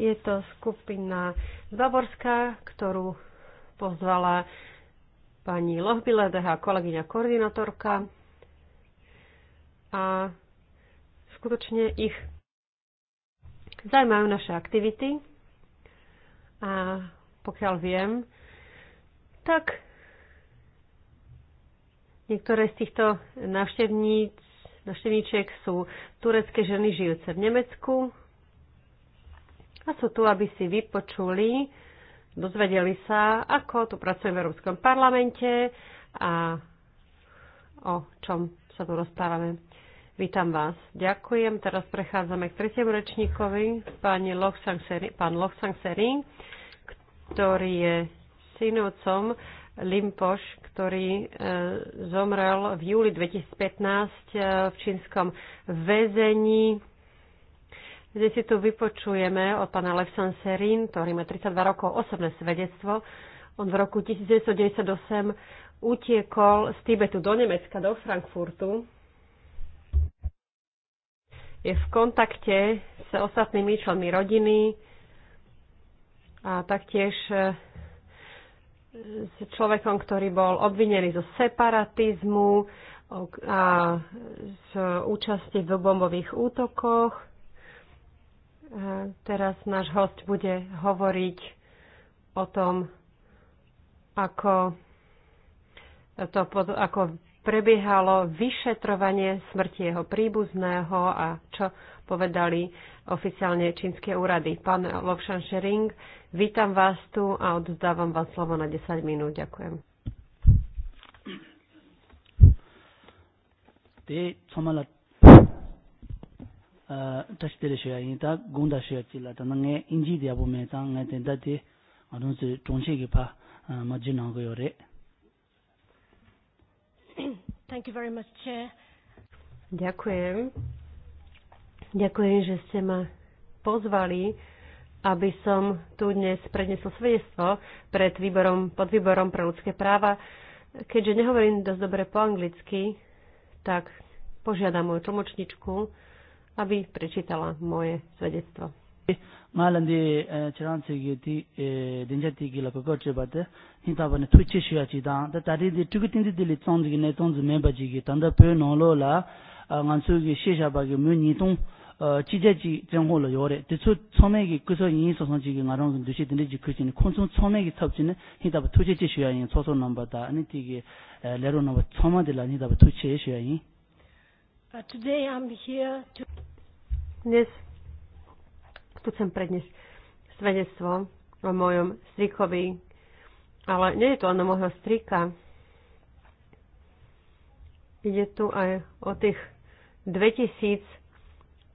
Je to skupina z Bavorska, ktorú pozvala pani Lohbile, DH kolegyňa koordinátorka. A skutočne ich zaujímajú naše aktivity a pokiaľ viem, tak niektoré z týchto návštevníc, návštevníčiek sú turecké ženy žijúce v Nemecku a sú tu, aby si vypočuli, dozvedeli sa, ako tu pracujem v Európskom parlamente a o čom sa tu rozprávame. Vítam vás. Ďakujem. Teraz prechádzame k tretiemu rečníkovi, pán Lochsang Sering ktorý je synovcom Limpoš, ktorý e, zomrel v júli 2015 e, v čínskom väzení. Zde si tu vypočujeme od pána Levson Serin, ktorý má 32 rokov osobné svedectvo. On v roku 1998 utiekol z Tibetu do Nemecka, do Frankfurtu. Je v kontakte s ostatnými členmi rodiny, a taktiež e, s človekom, ktorý bol obvinený zo separatizmu a z účasti v bombových útokoch. E, teraz náš host bude hovoriť o tom, ako, to, ako prebiehalo vyšetrovanie smrti jeho príbuzného a čo povedali oficiálne čínske úrady. Pán Lovšan Šering, vítam vás tu a odozdávam vám slovo na 10 minút. Ďakujem. Thank you very much, Chair. ďakujem. Ďakujem, že ste ma pozvali, aby som tu dnes prednesol svedectvo pred výborom, pod výborom pre ľudské práva. Keďže nehovorím dosť dobre po anglicky, tak požiadam moju tlmočničku, aby prečítala moje svedectvo. Malandi ti gi la che chi da da di di tsong gi ne tsong ji gi pe no lo la gi ba gi mu ni tong 어 지제지 정호로 요래 대초 처음에기 그서 인소선 지기 나랑 도시 된지 그진 콘손 처음에기 탑지는 히다부 투제지 쉬어야인 소소 넘버다 아니 되게 레로 넘버 처음에들 히다부 투제 쉬야인 Today I'm here to this tu chcem predniesť svedectvo o mojom strikovi, ale nie je to len o môjho strika. Ide tu aj o tých 2000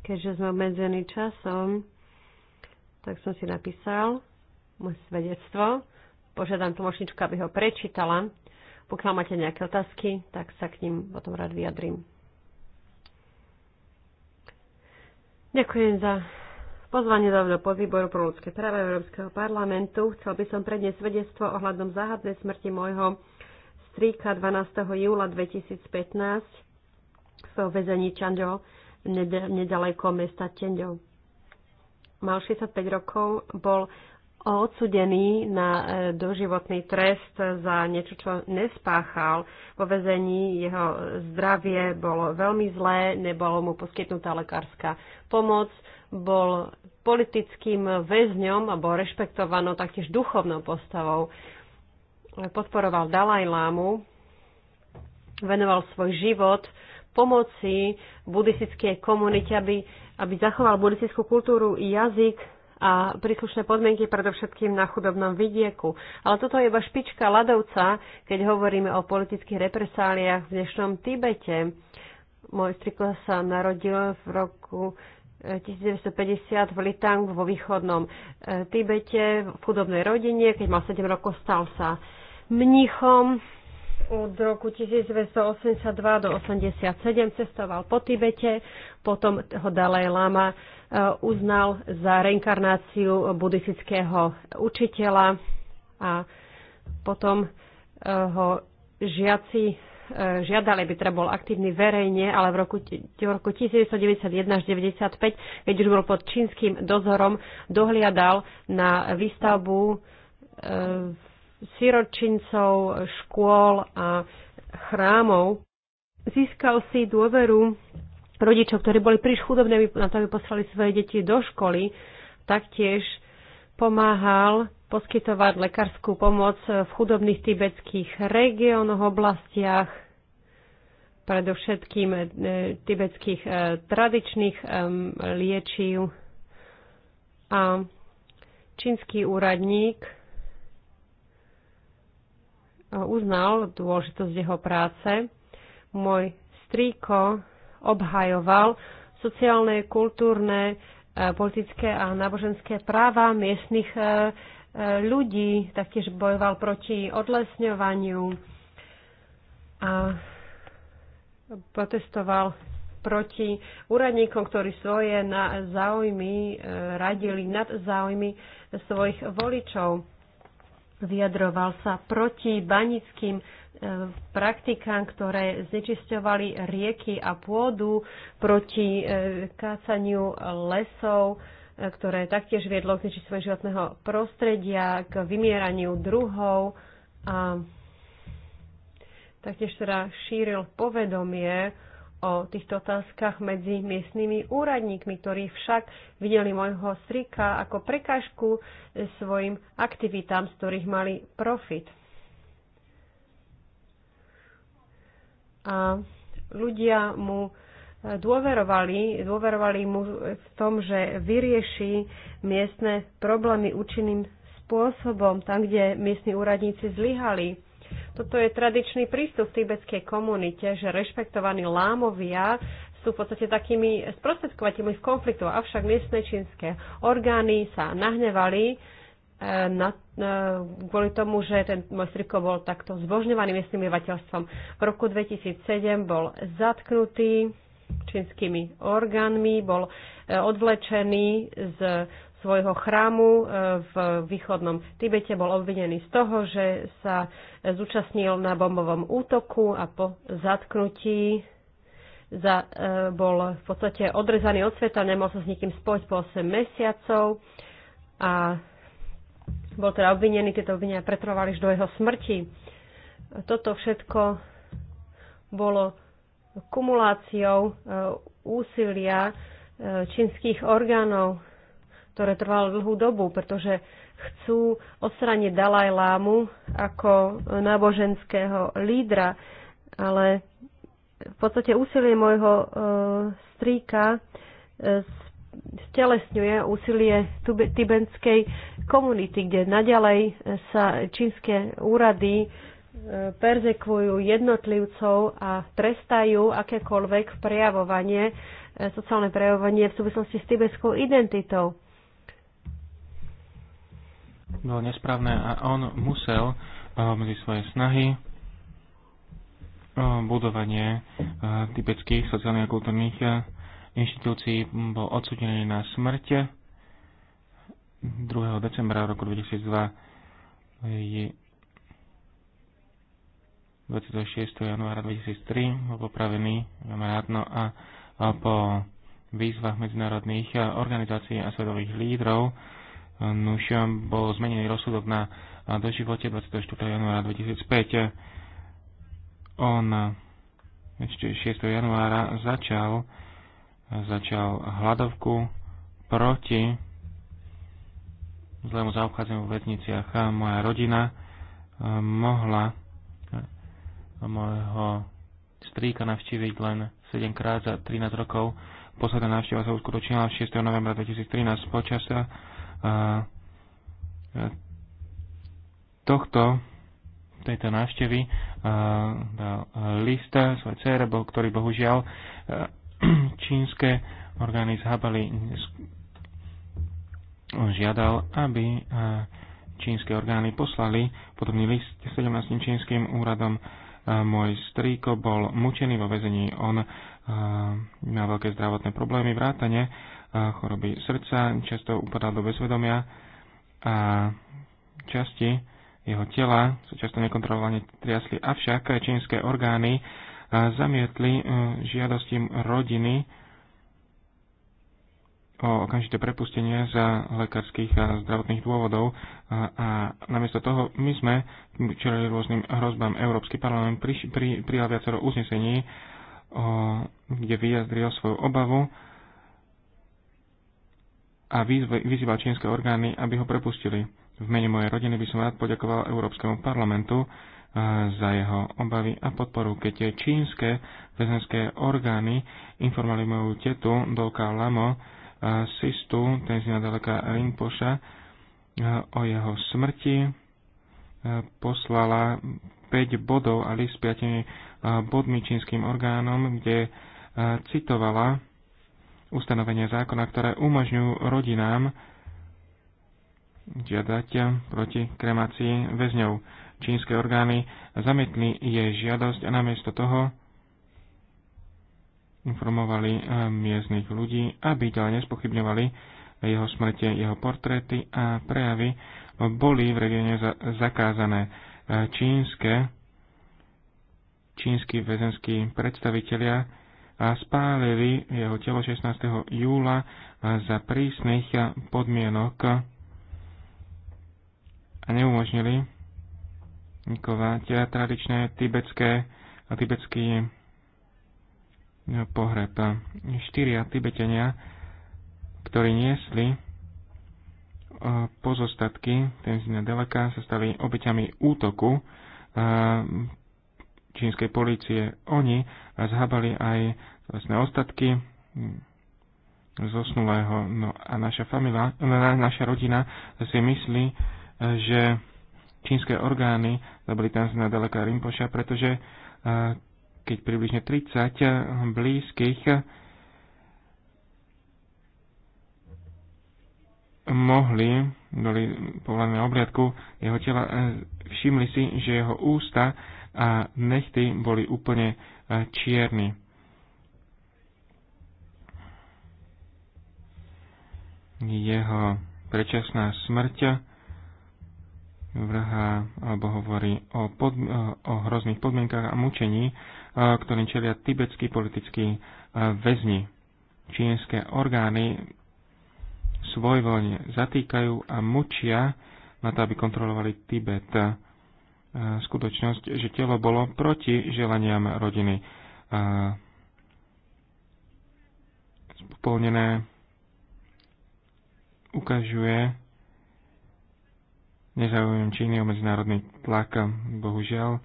Keďže sme obmedzení časom, tak som si napísal moje svedectvo. Požiadam tlmočničku, aby ho prečítala. Pokiaľ máte nejaké otázky, tak sa k ním potom rád vyjadrím. Ďakujem za pozvanie do výboru pro ľudské práva Európskeho parlamentu. Chcel by som predniesť svedectvo ohľadom záhadnej smrti môjho strýka 12. júla 2015 v väzení Čanďo nedaleko mesta Tenďov. Mal 65 rokov, bol odsudený na e, doživotný trest za niečo, čo nespáchal. Vo vezení jeho zdravie bolo veľmi zlé, nebolo mu poskytnutá lekárska pomoc, bol politickým väzňom a bol rešpektovanou taktiež duchovnou postavou. Podporoval Dalaj Lámu, venoval svoj život pomoci buddhistickej komunite, aby, aby zachoval buddhistickú kultúru, i jazyk a príslušné podmienky predovšetkým na chudobnom vidieku. Ale toto je iba špička ľadovca, keď hovoríme o politických represáliách v dnešnom Tibete. Môj striko sa narodil v roku 1950 eh, v Litang vo východnom eh, Tibete v chudobnej rodine. Keď mal 7 rokov, stal sa mnichom od roku 1982 do 1987 cestoval po Tibete, potom ho Dalaj Lama e, uznal za reinkarnáciu buddhistického učiteľa a potom e, ho žiaci e, žiadali, aby teda bol aktívny verejne, ale v roku, v roku 1991 až 1995, keď už bol pod čínskym dozorom, dohliadal na výstavbu v siročincov, škôl a chrámov. Získal si dôveru rodičov, ktorí boli príliš chudobní na to, aby poslali svoje deti do školy. Taktiež pomáhal poskytovať lekárskú pomoc v chudobných tibetských regiónoch, oblastiach, predovšetkým e, tibetských e, tradičných e, liečiv. A čínsky úradník uznal dôležitosť jeho práce. Môj strýko obhajoval sociálne, kultúrne, e, politické a náboženské práva miestnych e, e, ľudí, taktiež bojoval proti odlesňovaniu a protestoval proti úradníkom, ktorí svoje záujmy radili nad záujmy svojich voličov vyjadroval sa proti banickým e, praktikám, ktoré znečisťovali rieky a pôdu, proti e, kácaniu lesov, e, ktoré taktiež viedlo k znečisťovaniu životného prostredia, k vymieraniu druhov a taktiež teda šíril povedomie o týchto otázkach medzi miestnymi úradníkmi, ktorí však videli môjho strika ako prekažku svojim aktivitám, z ktorých mali profit. A ľudia mu dôverovali, dôverovali mu v tom, že vyrieši miestne problémy účinným spôsobom, tam, kde miestni úradníci zlyhali toto je tradičný prístup v tibetskej komunite, že rešpektovaní lámovia sú v podstate takými sprostredkovateľmi v konfliktu. Avšak miestne čínske orgány sa nahnevali e, na, na, e, kvôli tomu, že ten môj striko bol takto zbožňovaný miestnym obyvateľstvom. V roku 2007 bol zatknutý čínskymi orgánmi, bol e, odvlečený z svojho chrámu e, v východnom Tibete bol obvinený z toho, že sa zúčastnil na bombovom útoku a po zatknutí za, e, bol v podstate odrezaný od sveta, nemohol sa s nikým spojiť po 8 mesiacov a bol teda obvinený, tieto obvinenia pretrvali až do jeho smrti. Toto všetko bolo kumuláciou e, úsilia čínskych orgánov ktoré trvalo dlhú dobu, pretože chcú odstrániť Dalaj Lámu ako náboženského lídra, ale v podstate úsilie môjho e, strýka e, stelesňuje úsilie tibetskej komunity, kde naďalej sa čínske úrady e, perzekujú jednotlivcov a trestajú akékoľvek prejavovanie, e, sociálne prejavovanie v súvislosti s tibetskou identitou bolo nesprávne a on musel eh, medzi svoje snahy eh, budovanie eh, tibetských sociálnych a kultúrnych inštitúcií bol odsudený na smrť 2. decembra roku 2002 je 26. januára 2003 bol popravený Rádno a po výzvach medzinárodných organizácií a svetových lídrov Nuž bol zmenený rozsudok na doživote 24. januára 2005. On ešte 6. januára začal, začal hľadovku proti zlému zaobchádzaniu v väzniciach. Moja rodina e, mohla e, môjho strýka navštíviť len 7 krát za 13 rokov. Posledná návšteva sa uskutočnila 6. novembra 2013 počas tohto, tejto návštevy dal list svoj cére, ktorý bohužiaľ čínske orgány zhabali on žiadal, aby čínske orgány poslali podobný list 17. čínskym úradom. Môj strýko bol mučený vo vezení. On mal veľké zdravotné problémy, vrátane choroby srdca, často upadal do bezvedomia a časti jeho tela sa často nekontrolovane triasli. Avšak čínske orgány e, zamietli e, žiadosti rodiny o okamžité prepustenie za lekárskych a zdravotných dôvodov e, a namiesto toho my sme čelili rôznym hrozbám. Európsky parlament pri, pri, pri viacero uznesení, o, kde vyjadril svoju obavu a vyzýval čínske orgány, aby ho prepustili. V mene mojej rodiny by som rád poďakoval Európskemu parlamentu eh, za jeho obavy a podporu, keď tie čínske väzenské orgány informovali moju tetu Dolka Lamo, eh, sistu z Daleka Rinpoša eh, o jeho smrti. Poslala 5 bodov a list s 5 bodmi čínskym orgánom, kde citovala ustanovenia zákona, ktoré umožňujú rodinám žiadať proti kremácii väzňov. Čínske orgány zamietli jej žiadosť a namiesto toho informovali eh, miestnych ľudí, aby ďalej nespochybňovali jeho smrte, jeho portréty a prejavy boli v regióne zakázané. Eh, čínske, čínsky väzenskí predstavitelia a spálili jeho telo 16. júla za prísnych podmienok a neumožnili nikovať tradičné tibetské a tibetský pohreb. Štyria tibetenia, ktorí niesli e, pozostatky Tenzina Delaka, sa stali obeťami útoku e, čínskej policie. Oni zhabali aj vlastné ostatky hm, zosnulého. No a naša, familia, no, naša rodina si myslí, že čínske orgány zabili tanzina daleká Rimpoša, pretože eh, keď približne 30 blízkych mohli, boli povolené obriadku jeho tela, eh, všimli si, že jeho ústa a nechty boli úplne e, čierni. Jeho predčasná smrť vrhá alebo hovorí o, pod, e, o hrozných podmienkách a mučení, e, ktorým čelia tibetskí politickí väzni. Čínske orgány svojvoľne zatýkajú a mučia na to, aby kontrolovali Tibet skutočnosť, že telo bolo proti želaniam rodiny spolnené ukazuje nezáujem Číny o medzinárodný tlak, bohužiaľ,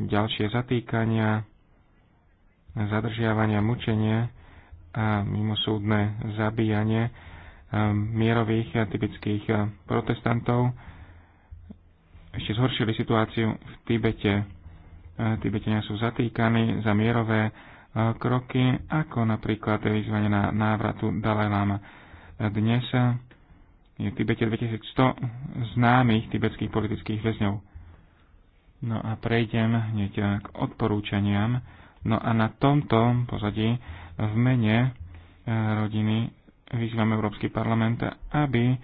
ďalšie zatýkania, zadržiavania, mučenie a mimosúdne zabíjanie mierových a typických protestantov ešte zhoršili situáciu v Tibete. E, Tibetania sú zatýkaní za mierové e, kroky, ako napríklad vyzvanie na návratu Dalaj Lama. E, dnes je v Tibete 2100 známych tibetských politických väzňov. No a prejdem hneď k odporúčaniam. No a na tomto pozadí v mene rodiny vyzývam Európsky parlament, aby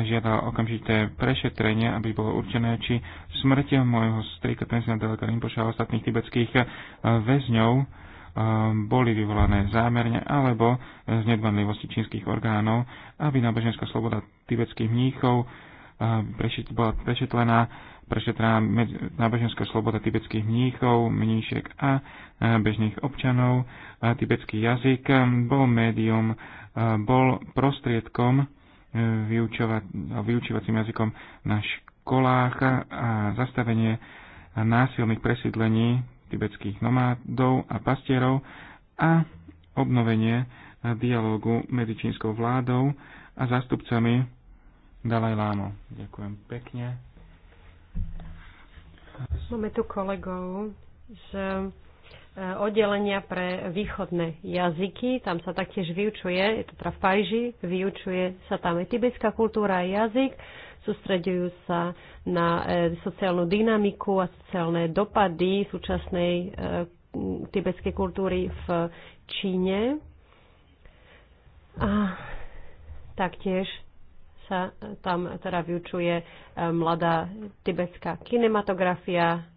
žiadal okamžité prešetrenie, aby bolo určené, či smrť môjho strika Tenzina Delga Rinpocha a ostatných tibetských eh, väzňov eh, boli vyvolané zámerne alebo z nedbanlivosti čínskych orgánov, aby náboženská sloboda tibetských mníchov eh, bola prešetlená, prešetlená náboženská sloboda tibetských mníchov, mníšek a bežných občanov. Tibetský jazyk bol médium, bol prostriedkom No, vyučovacím jazykom na školách a zastavenie násilných presídlení tibetských nomádov a pastierov a obnovenie dialógu medzi čínskou vládou a zástupcami Dalaj Lámo. Ďakujem pekne. Máme tu kolegov že oddelenia pre východné jazyky. Tam sa taktiež vyučuje, je to teda v Paríži, vyučuje sa tam aj tibetská kultúra a jazyk. Sústredujú sa na e, sociálnu dynamiku a sociálne dopady súčasnej e, tibetskej kultúry v Číne. A taktiež sa tam teda vyučuje e, mladá tibetská kinematografia,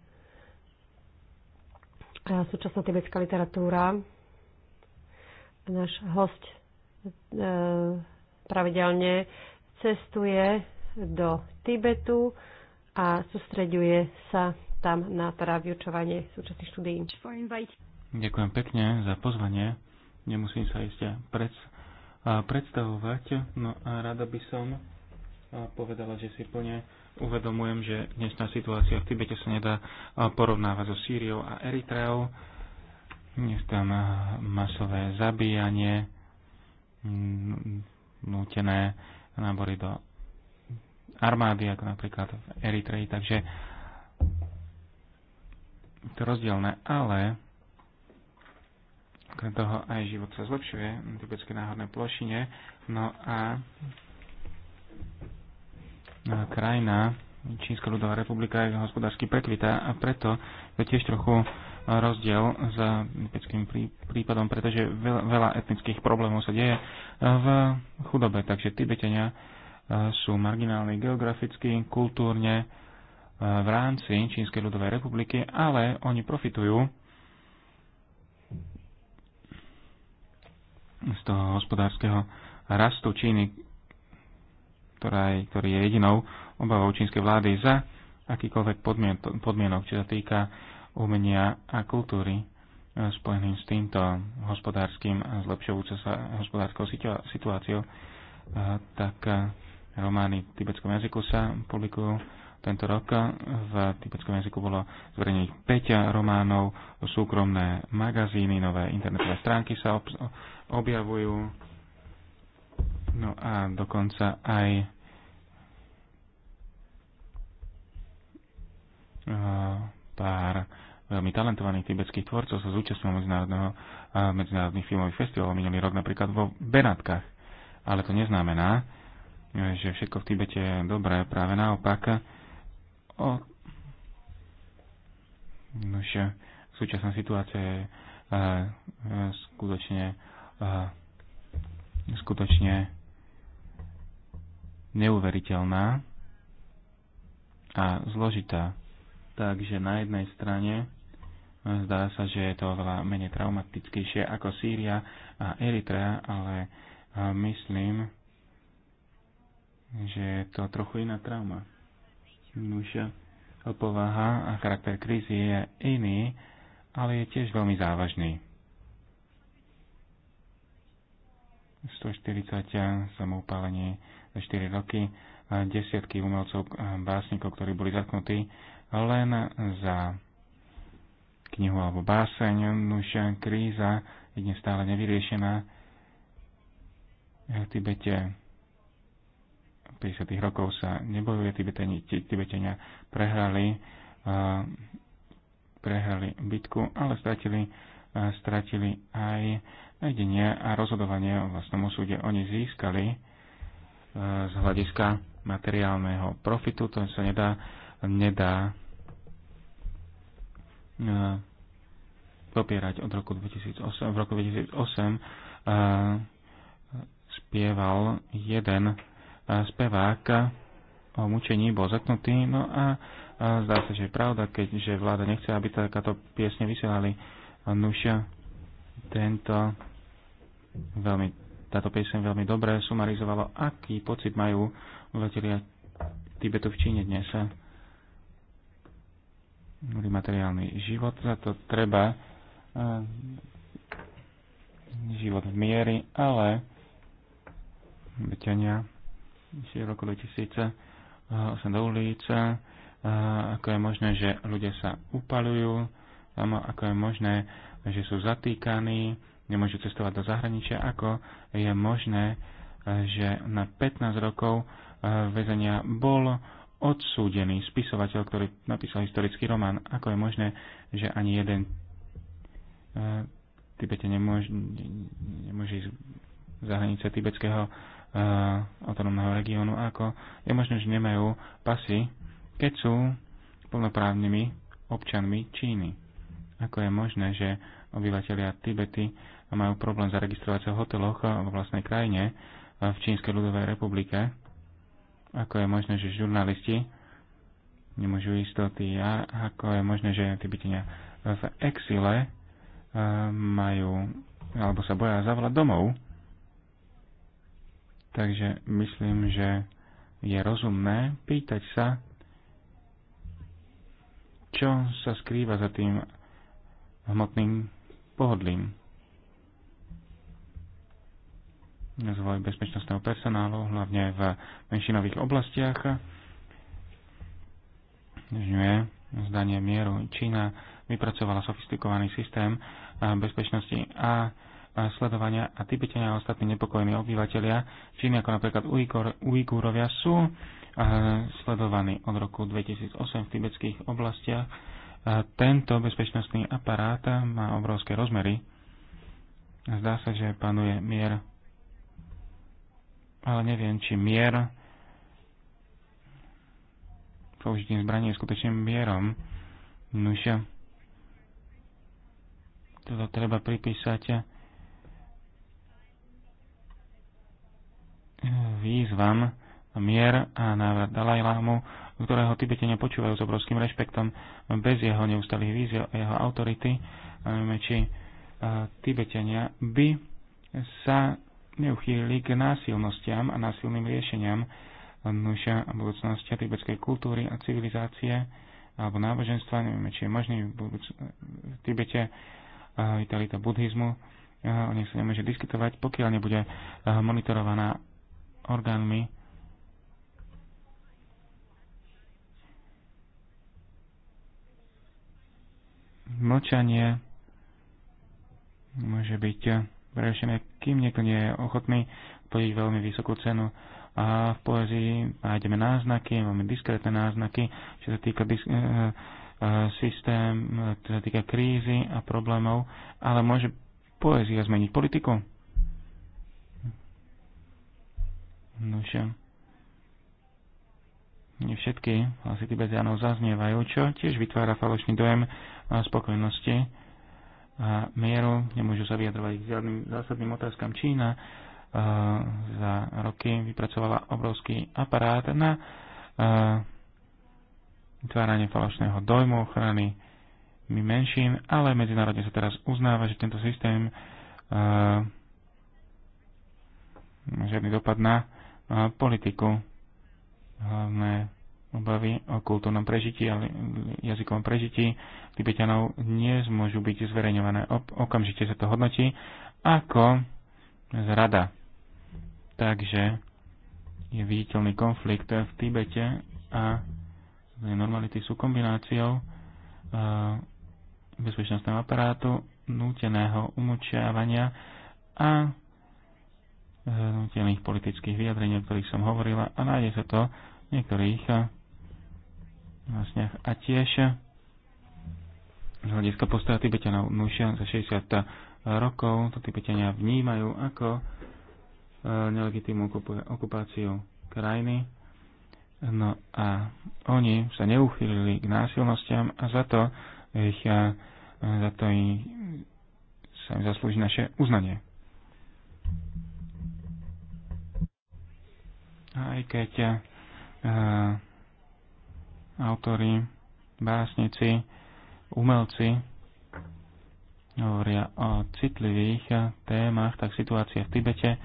súčasná tibetská literatúra. Náš host e, pravidelne cestuje do Tibetu a sústreďuje sa tam na teda vyučovanie súčasných štúdií. Ďakujem pekne za pozvanie. Nemusím sa ešte pred, predstavovať. No a rada by som povedala, že si plne uvedomujem, že dnešná situácia v Tibete sa nedá porovnávať so Sýriou a Eritreou. Je tam masové zabíjanie, nútené nábory do armády, ako napríklad v Eritreji, takže to rozdielne, ale okrem toho aj život sa zlepšuje na tibetskej náhodnej plošine, no a krajina, Čínska ľudová republika je hospodársky prekvitá a preto je tiež trochu rozdiel za etnickým prípadom, pretože veľa etnických problémov sa deje v chudobe. Takže Tibetania e, sú marginálni geograficky, kultúrne e, v rámci Čínskej ľudovej republiky, ale oni profitujú z toho hospodárskeho rastu Číny, ktorá je, ktorý je jedinou obavou čínskej vlády za akýkoľvek podmien, podmienok, čo sa týka umenia a kultúry e, spojeným s týmto hospodárským a zlepšovúco sa hospodárskou situáciou, e, tak e, romány v tibetskom jazyku sa publikujú tento rok. V tibetskom jazyku bolo zverejnených 5 románov, súkromné magazíny, nové internetové stránky sa objavujú, no a dokonca aj pár veľmi talentovaných tibetských tvorcov sa zúčastnilo medzinárodného, medzinárodných filmových festivalov minulý rok napríklad vo Benátkach. Ale to neznamená, že všetko v Tibete je dobré, práve naopak. O... Nož, súčasná situácia je e, skutočne, e, skutočne neuveriteľná a zložitá Takže na jednej strane e, zdá sa, že je to oveľa menej traumatickejšie ako Sýria a Eritrea, ale e, myslím, že je to trochu iná trauma. Nuša povaha a charakter krízy je iný, ale je tiež veľmi závažný. 140 e, samoupálenie za 4 roky, desiatky umelcov, básnikov, ktorí boli zatknutí len za knihu alebo báseň. Nuša kríza je dnes stále nevyriešená v Tibete. 50. rokov sa nebojuje, Tibetania, Tibetania prehrali, prehrali bitku, ale stratili, stratili aj vedenie a rozhodovanie o vlastnom súde Oni získali z hľadiska materiálneho profitu, to sa nedá nedá e, popierať od roku 2008. V roku 2008 e, spieval jeden e, spevák o mučení, bol zatknutý, no a zdá sa, že je pravda, keďže vláda nechce, aby takáto piesne vysielali. Nuša, tento veľmi, táto pieseň veľmi dobre sumarizovalo, aký pocit majú obyvateľia Tibetu v Číne dnes materiálny život, za to treba e, život v miery, ale vyťania si roku 2000 e, sa do ulice, e, ako je možné, že ľudia sa upalujú, ako je možné, že sú zatýkaní, nemôžu cestovať do zahraničia, ako je možné, že na 15 rokov väzenia bol odsúdený spisovateľ, ktorý napísal historický román. Ako je možné, že ani jeden uh, Tibete nemôže, nemôže ísť za hranice tibetského uh, autonómneho regiónu. Ako je možné, že nemajú pasy, keď sú plnoprávnymi občanmi Číny. Ako je možné, že obyvateľia Tibety majú problém zaregistrovať sa v hoteloch vo vlastnej krajine v Čínskej ľudovej republike, ako je možné, že žurnalisti nemôžu istoty a ako je možné, že Tibetania v exile e, majú alebo sa boja zavolať domov. Takže myslím, že je rozumné pýtať sa, čo sa skrýva za tým hmotným pohodlím. rozvoj bezpečnostného personálu, hlavne v menšinových oblastiach. Zňuje zdanie mieru. Čína vypracovala sofistikovaný systém bezpečnosti a sledovania a Tibetania a ostatní nepokojní obyvateľia Číny, ako napríklad Ujgurovia, sú eh, sledovaní od roku 2008 v tibetských oblastiach. Tento bezpečnostný aparát má obrovské rozmery. Zdá sa, že panuje mier ale neviem, či mier použitím zbraní je skutočným mierom. Nuže, toto treba pripísať eh, výzvam mier a návrat Dalaj Lámu, ktorého Tibetania počúvajú s obrovským rešpektom bez jeho neustalých víziev a jeho autority. Či eh, Tibetania by sa neuchýlili k násilnostiam a násilným riešeniam nuša a budúcnosti tibetskej kultúry a civilizácie alebo náboženstva, Neviem, či je možný v, Tibete vitalita buddhizmu. O nej sa nemôže diskutovať, pokiaľ nebude monitorovaná orgánmi mlčanie môže byť prerešené kým niekto nie je ochotný platiť veľmi vysokú cenu. A v poezii nájdeme náznaky, máme diskrétne náznaky, čo sa týka disk- eh, eh, systém, čo sa týka krízy a problémov, ale môže poézia zmeniť politiku? Nože. Nie všetky hlasy Tibetanov zaznievajú, čo tiež vytvára falošný dojem spokojnosti a mieru, nemôžu sa vyjadrovať k žiadnym zásadným otázkam. Čína eh, za roky vypracovala obrovský aparát na eh, vytváranie falošného dojmu ochrany my menšín, ale medzinárodne sa teraz uznáva, že tento systém eh, žiadny dopad na politiku. Hlavné obavy o kultúrnom prežití ale jazykovom prežití Tibetanov nie môžu byť zverejňované. Okamžite sa to hodnotí ako zrada. Takže je viditeľný konflikt v Tibete a normality sú kombináciou e, bezpečnostného aparátu, núteného umúčiavania a e, nutených politických vyjadrení, o ktorých som hovorila a nájde sa to v niektorých vlastne a tiež hľadiska postoja Tibetanov. mužia za 60 e, rokov to Tibetania vnímajú ako e, nelegitímnu okupáciu krajiny. No a oni sa neuchýlili k násilnostiam a za to ich, e, za to ich sa im zaslúži naše uznanie. Aj keď uh, autory, básnici, umelci hovoria o citlivých témach, tak situácia v Tibete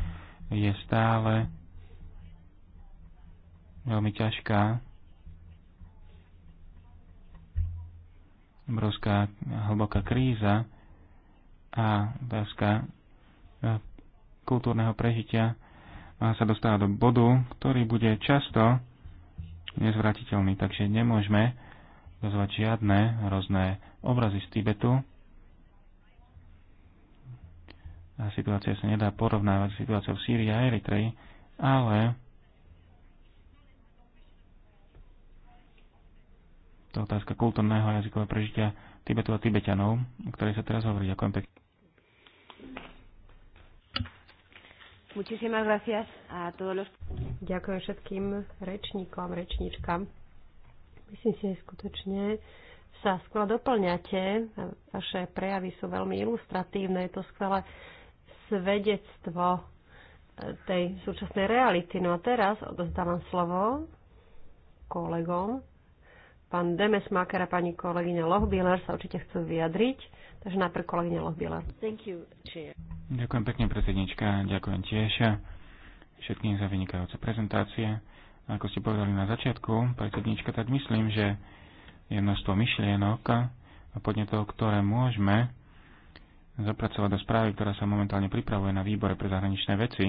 je stále veľmi ťažká. Obrovská hlboká kríza a otázka e, kultúrneho prežitia sa dostáva do bodu, ktorý bude často nezvratiteľný. Takže nemôžeme dozvať žiadne rôzne obrazy z Tibetu. A situácia sa nedá porovnávať s situáciou v Sýrii a Eritreji, ale to otázka kultúrneho a jazykového prežitia Tibetu a Tibetanov, o ktorej sa teraz hovorí. Ďakujem pekne. Muchísimas gracias a todos los... Ďakujem všetkým rečníkom, rečníčkam. Myslím si, že skutočne sa skvelé doplňate. Vaše prejavy sú veľmi ilustratívne. Je to skvelé svedectvo e, tej súčasnej reality. No a teraz odozdávam slovo kolegom. Pán Demesmaker a pani kolegyňa Lohbieler sa určite chcú vyjadriť. Takže najprv kolegyňa Lohbieler. Ďakujem pekne, predsednička. Ďakujem tiež všetkým za vynikajúce prezentácie. Ako ste povedali na začiatku, predsednička, tak myslím, že je množstvo myšlienok a podne toho, ktoré môžeme zapracovať do správy, ktorá sa momentálne pripravuje na výbore pre zahraničné veci.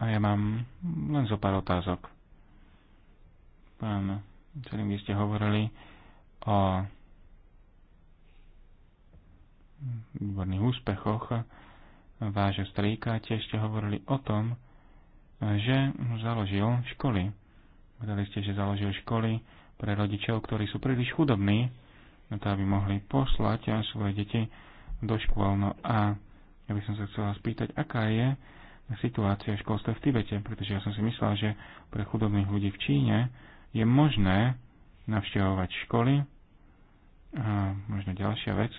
A ja mám len zo pár otázok. Pán celým, kde ste hovorili o výborných úspechoch vášho strýka, tiež ste hovorili o tom, že založil školy. Vedeli ste, že založil školy pre rodičov, ktorí sú príliš chudobní, na to, aby mohli poslať svoje deti do škôl. No a ja by som sa chcela spýtať, aká je situácia v školstve v Tibete, pretože ja som si myslel, že pre chudobných ľudí v Číne je možné navštevovať školy. A možno ďalšia vec,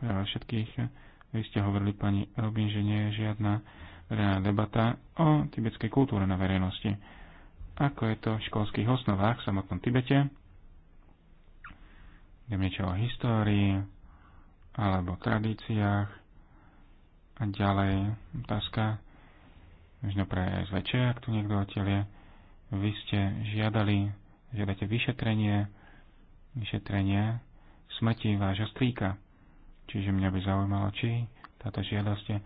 pre všetkých, vy ste hovorili pani Robin, že nie je žiadna verejná debata o tibetskej kultúre na verejnosti. Ako je to v školských osnovách v samotnom Tibete, idem niečo o histórii alebo tradíciách a ďalej otázka možno pre SVČ, ak tu niekto odtiaľ Vy ste žiadali, žiadate vyšetrenie, vyšetrenie smrti vášho strýka. Čiže mňa by zaujímalo, či táto žiadosť je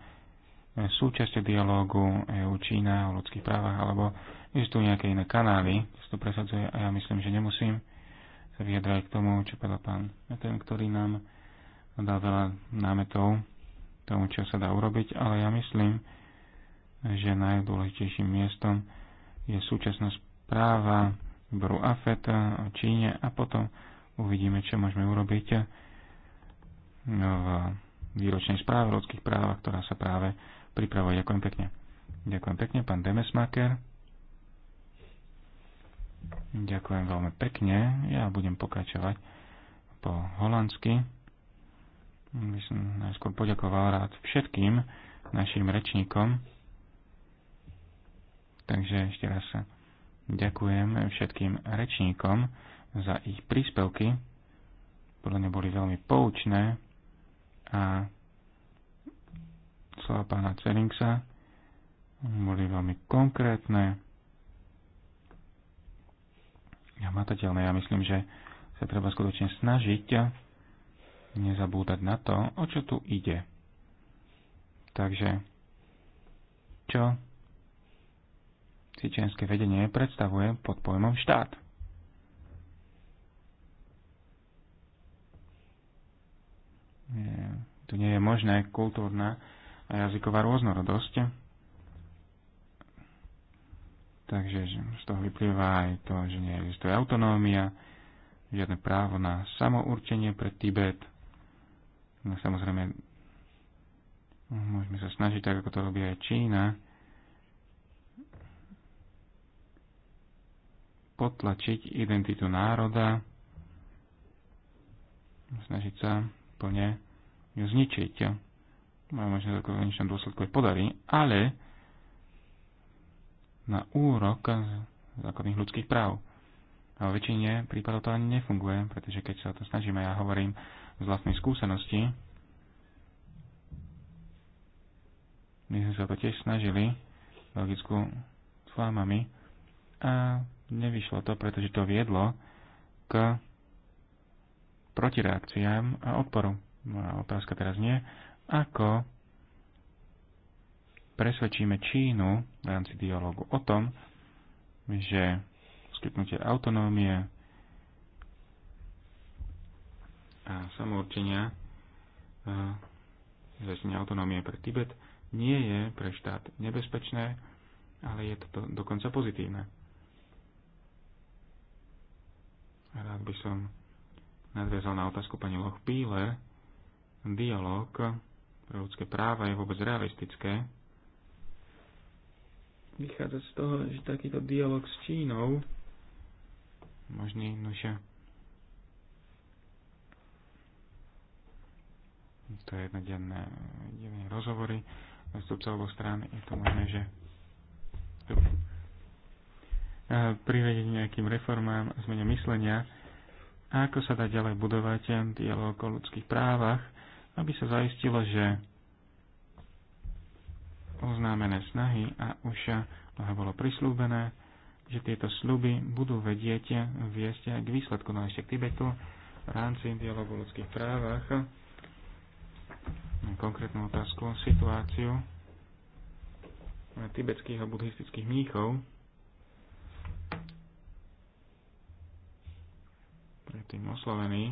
súčasťou dialógu EU-Čína o ľudských právach, alebo existujú nejaké iné kanály, kde to presadzuje a ja myslím, že nemusím sa vyjadrať k tomu, čo povedal pán ten, ktorý nám dal veľa námetov tomu, čo sa dá urobiť, ale ja myslím, že najdôležitejším miestom je súčasná správa Bru AFET o Číne a potom uvidíme, čo môžeme urobiť v výročnej správe o ľudských právach, ktorá sa práve prípravou. Ďakujem pekne. Ďakujem pekne, pán Demesmaker. Ďakujem veľmi pekne. Ja budem pokračovať po holandsky. By som najskôr poďakoval rád všetkým našim rečníkom. Takže ešte raz sa ďakujem všetkým rečníkom za ich príspevky. Podľa mňa boli veľmi poučné a slova pána Ceringsa boli veľmi konkrétne a matateľné. Ja myslím, že sa treba skutočne snažiť nezabúdať na to, o čo tu ide. Takže, čo si čínske vedenie predstavuje pod pojmom štát? Nie, tu nie je možné kultúrna a jazyková rôznorodosť. Takže z toho vyplýva aj to, že neexistuje autonómia, žiadne právo na samourčenie pre Tibet. No samozrejme, môžeme sa snažiť, tak ako to robí aj Čína, potlačiť identitu národa, snažiť sa plne ju zničiť možno ako v konečnom dôsledku aj podarí, ale na úrok základných ľudských práv. A vo väčšine prípadov to ani nefunguje, pretože keď sa o to snažíme, ja hovorím z vlastnej skúsenosti, my sme sa to tiež snažili, Belgicku s flámami, a nevyšlo to, pretože to viedlo k protireakciám a odporu. Moja otázka teraz nie, ako presvedčíme Čínu v rámci dialogu o tom, že poskytnutie autonómie a samourčenia zväčšenia autonómie pre Tibet nie je pre štát nebezpečné, ale je to dokonca pozitívne. Rád by som nadviazal na otázku pani Loch Píler. dialog pre ľudské práva je vôbec realistické. Vychádza z toho, že takýto dialog s Čínou možný, nože to je jednodenné, jednodenné rozhovory zástupcov oboch strán, je to možné, že eh, privedieť nejakým reformám a zmene myslenia, a ako sa dá ďalej budovať dialog o ľudských právach aby sa zaistilo, že oznámené snahy a už Boha bolo prislúbené, že tieto sluby budú vedieť viesť aj k výsledku, no ešte k Tibetu v rámci dialogu o ľudských právach. Konkrétnu otázku, o situáciu tibetských a buddhistických mníchov. Predtým oslovení.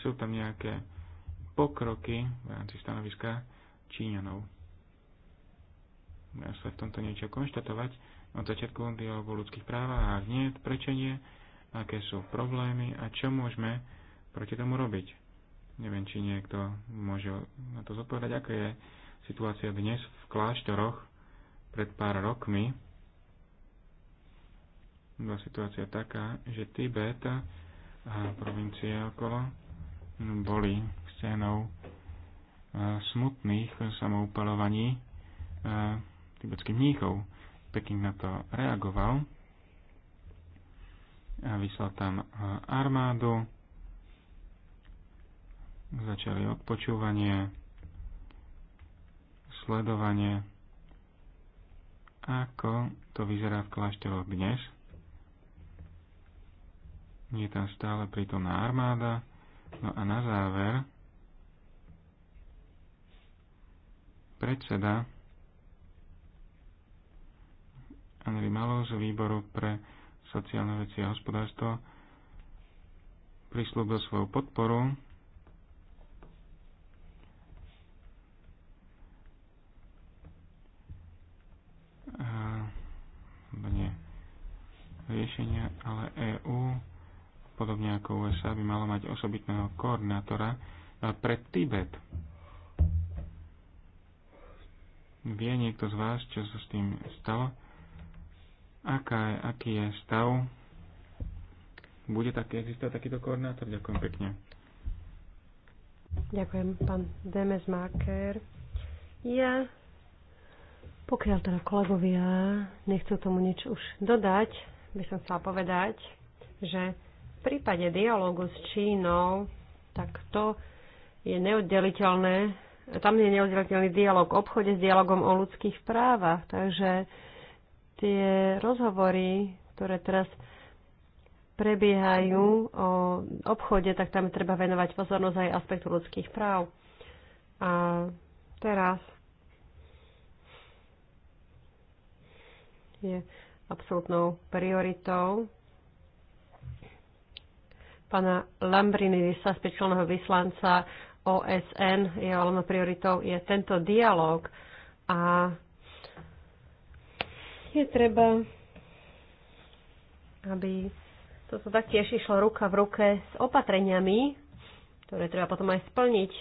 Sú tam nejaké pokroky v rámci stanoviska Číňanov. Dá sa v tomto niečo konštatovať od začiatku dialogu o ľudských právach a nie, prečo nie, aké sú problémy a čo môžeme proti tomu robiť. Neviem, či niekto môže na to zodpovedať, aká je situácia dnes v kláštoroch pred pár rokmi. Bola situácia taká, že Tibet a provincie okolo boli scénou e, smutných samoupalovaní e, tibetských mníchov. Peking na to reagoval a vyslal tam e, armádu, začali odpočúvanie, sledovanie, ako to vyzerá v kláštoroch dnes. Je tam stále prítomná armáda, no a na záver predseda Andri Malo z výboru pre sociálne veci a hospodárstvo prislúbil svoju podporu nie riešenia, ale EÚ podobne ako USA by malo mať osobitného koordinátora pre Tibet. Vie niekto z vás, čo sa s tým stalo? Aká, aký je stav? Bude taký, existovať takýto koordinátor? Ďakujem pekne. Ďakujem, pán Demes Marker. Ja, pokiaľ teda kolegovia nechcú tomu nič už dodať, by som chcela povedať, že v prípade dialogu s Čínou, tak to je neoddeliteľné tam je neoddeliteľný dialog o obchode s dialogom o ľudských právach. Takže tie rozhovory, ktoré teraz prebiehajú o obchode, tak tam treba venovať pozornosť aj aspektu ľudských práv. A teraz je absolútnou prioritou pána Lambrinidisa, speciálneho vyslanca OSN je hlavnou prioritou, je tento dialog a je treba, aby toto taktiež išlo ruka v ruke s opatreniami, ktoré treba potom aj splniť.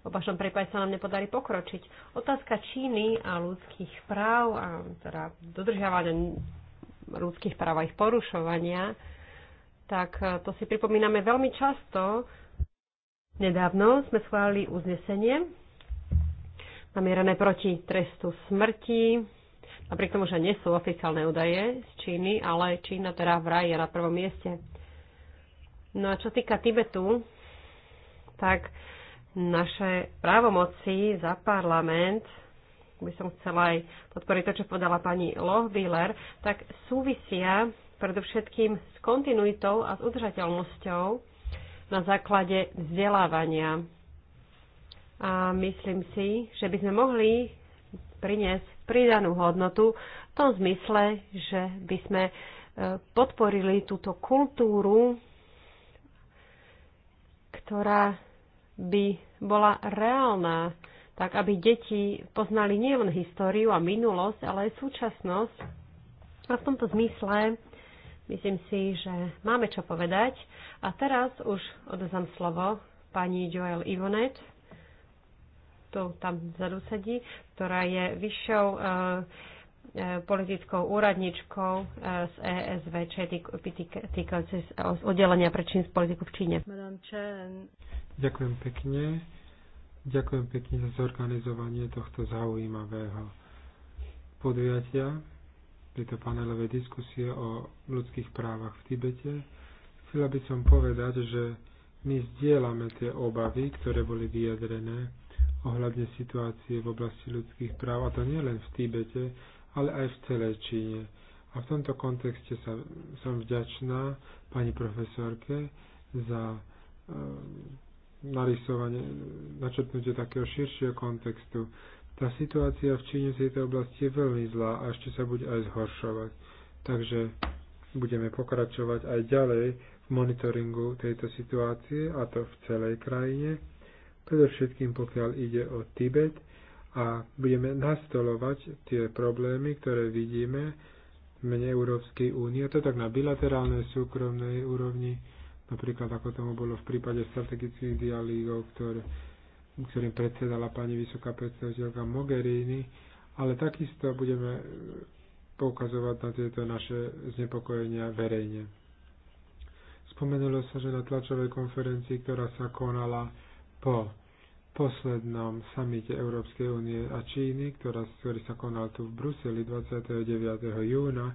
V opačnom prípade sa nám nepodarí pokročiť. Otázka Číny a ľudských práv a teda dodržiavania ľudských práv a ich porušovania, tak to si pripomíname veľmi často Nedávno sme schválili uznesenie namierané proti trestu smrti. Napriek tomu, že nie sú oficiálne údaje z Číny, ale Čína teda vraj je na prvom mieste. No a čo týka Tibetu, tak naše právomoci za parlament, by som chcela aj podporiť to, čo podala pani Lohbiller, tak súvisia predovšetkým s kontinuitou a s udržateľnosťou na základe vzdelávania. A myslím si, že by sme mohli priniesť pridanú hodnotu v tom zmysle, že by sme e, podporili túto kultúru, ktorá by bola reálna, tak aby deti poznali nielen históriu a minulosť, ale aj súčasnosť. A v tomto zmysle Myslím si, že máme čo povedať. A teraz už odozdám slovo pani Joel Ivonet, tu tam vzadu sedí, ktorá je vyššou e, politickou úradničkou eh, z ESV týkajúce oddelenia pre čínsku politiku v Číne. Ďakujem pekne. Ďakujem pekne za zorganizovanie tohto zaujímavého podujatia tejto panelovej diskusie o ľudských právach v Tibete. Chcela by som povedať, že my zdieľame tie obavy, ktoré boli vyjadrené ohľadne situácie v oblasti ľudských práv, a to nie len v Tibete, ale aj v celej Číne. A v tomto kontexte sa, som vďačná pani profesorke za e, narysovanie, načrtnutie takého širšieho kontextu. Tá situácia v Číne v tejto oblasti je veľmi zlá a ešte sa bude aj zhoršovať. Takže budeme pokračovať aj ďalej v monitoringu tejto situácie a to v celej krajine, predovšetkým pokiaľ ide o Tibet a budeme nastolovať tie problémy, ktoré vidíme v mene Európskej únie, to tak na bilaterálnej súkromnej úrovni, napríklad ako tomu bolo v prípade strategických dialígov, ktoré ktorým predsedala pani vysoká predstaviteľka Mogherini, ale takisto budeme e, poukazovať na tieto naše znepokojenia verejne. Spomenulo sa, že na tlačovej konferencii, ktorá sa konala po poslednom samite Európskej únie a Číny, ktorá, ktorý sa konal tu v Bruseli 29. júna,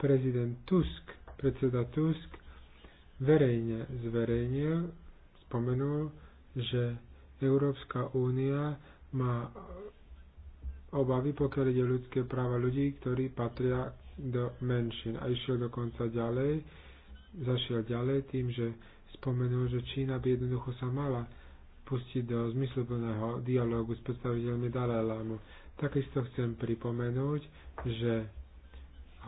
prezident Tusk, predseda Tusk, verejne zverejnil, spomenul, že Európska únia má obavy, pokiaľ ide ľudské práva ľudí, ktorí patria do menšin A išiel dokonca ďalej, zašiel ďalej tým, že spomenul, že Čína by jednoducho sa mala pustiť do zmysluplného dialógu s predstaviteľmi Dalaj Lámu. Takisto chcem pripomenúť, že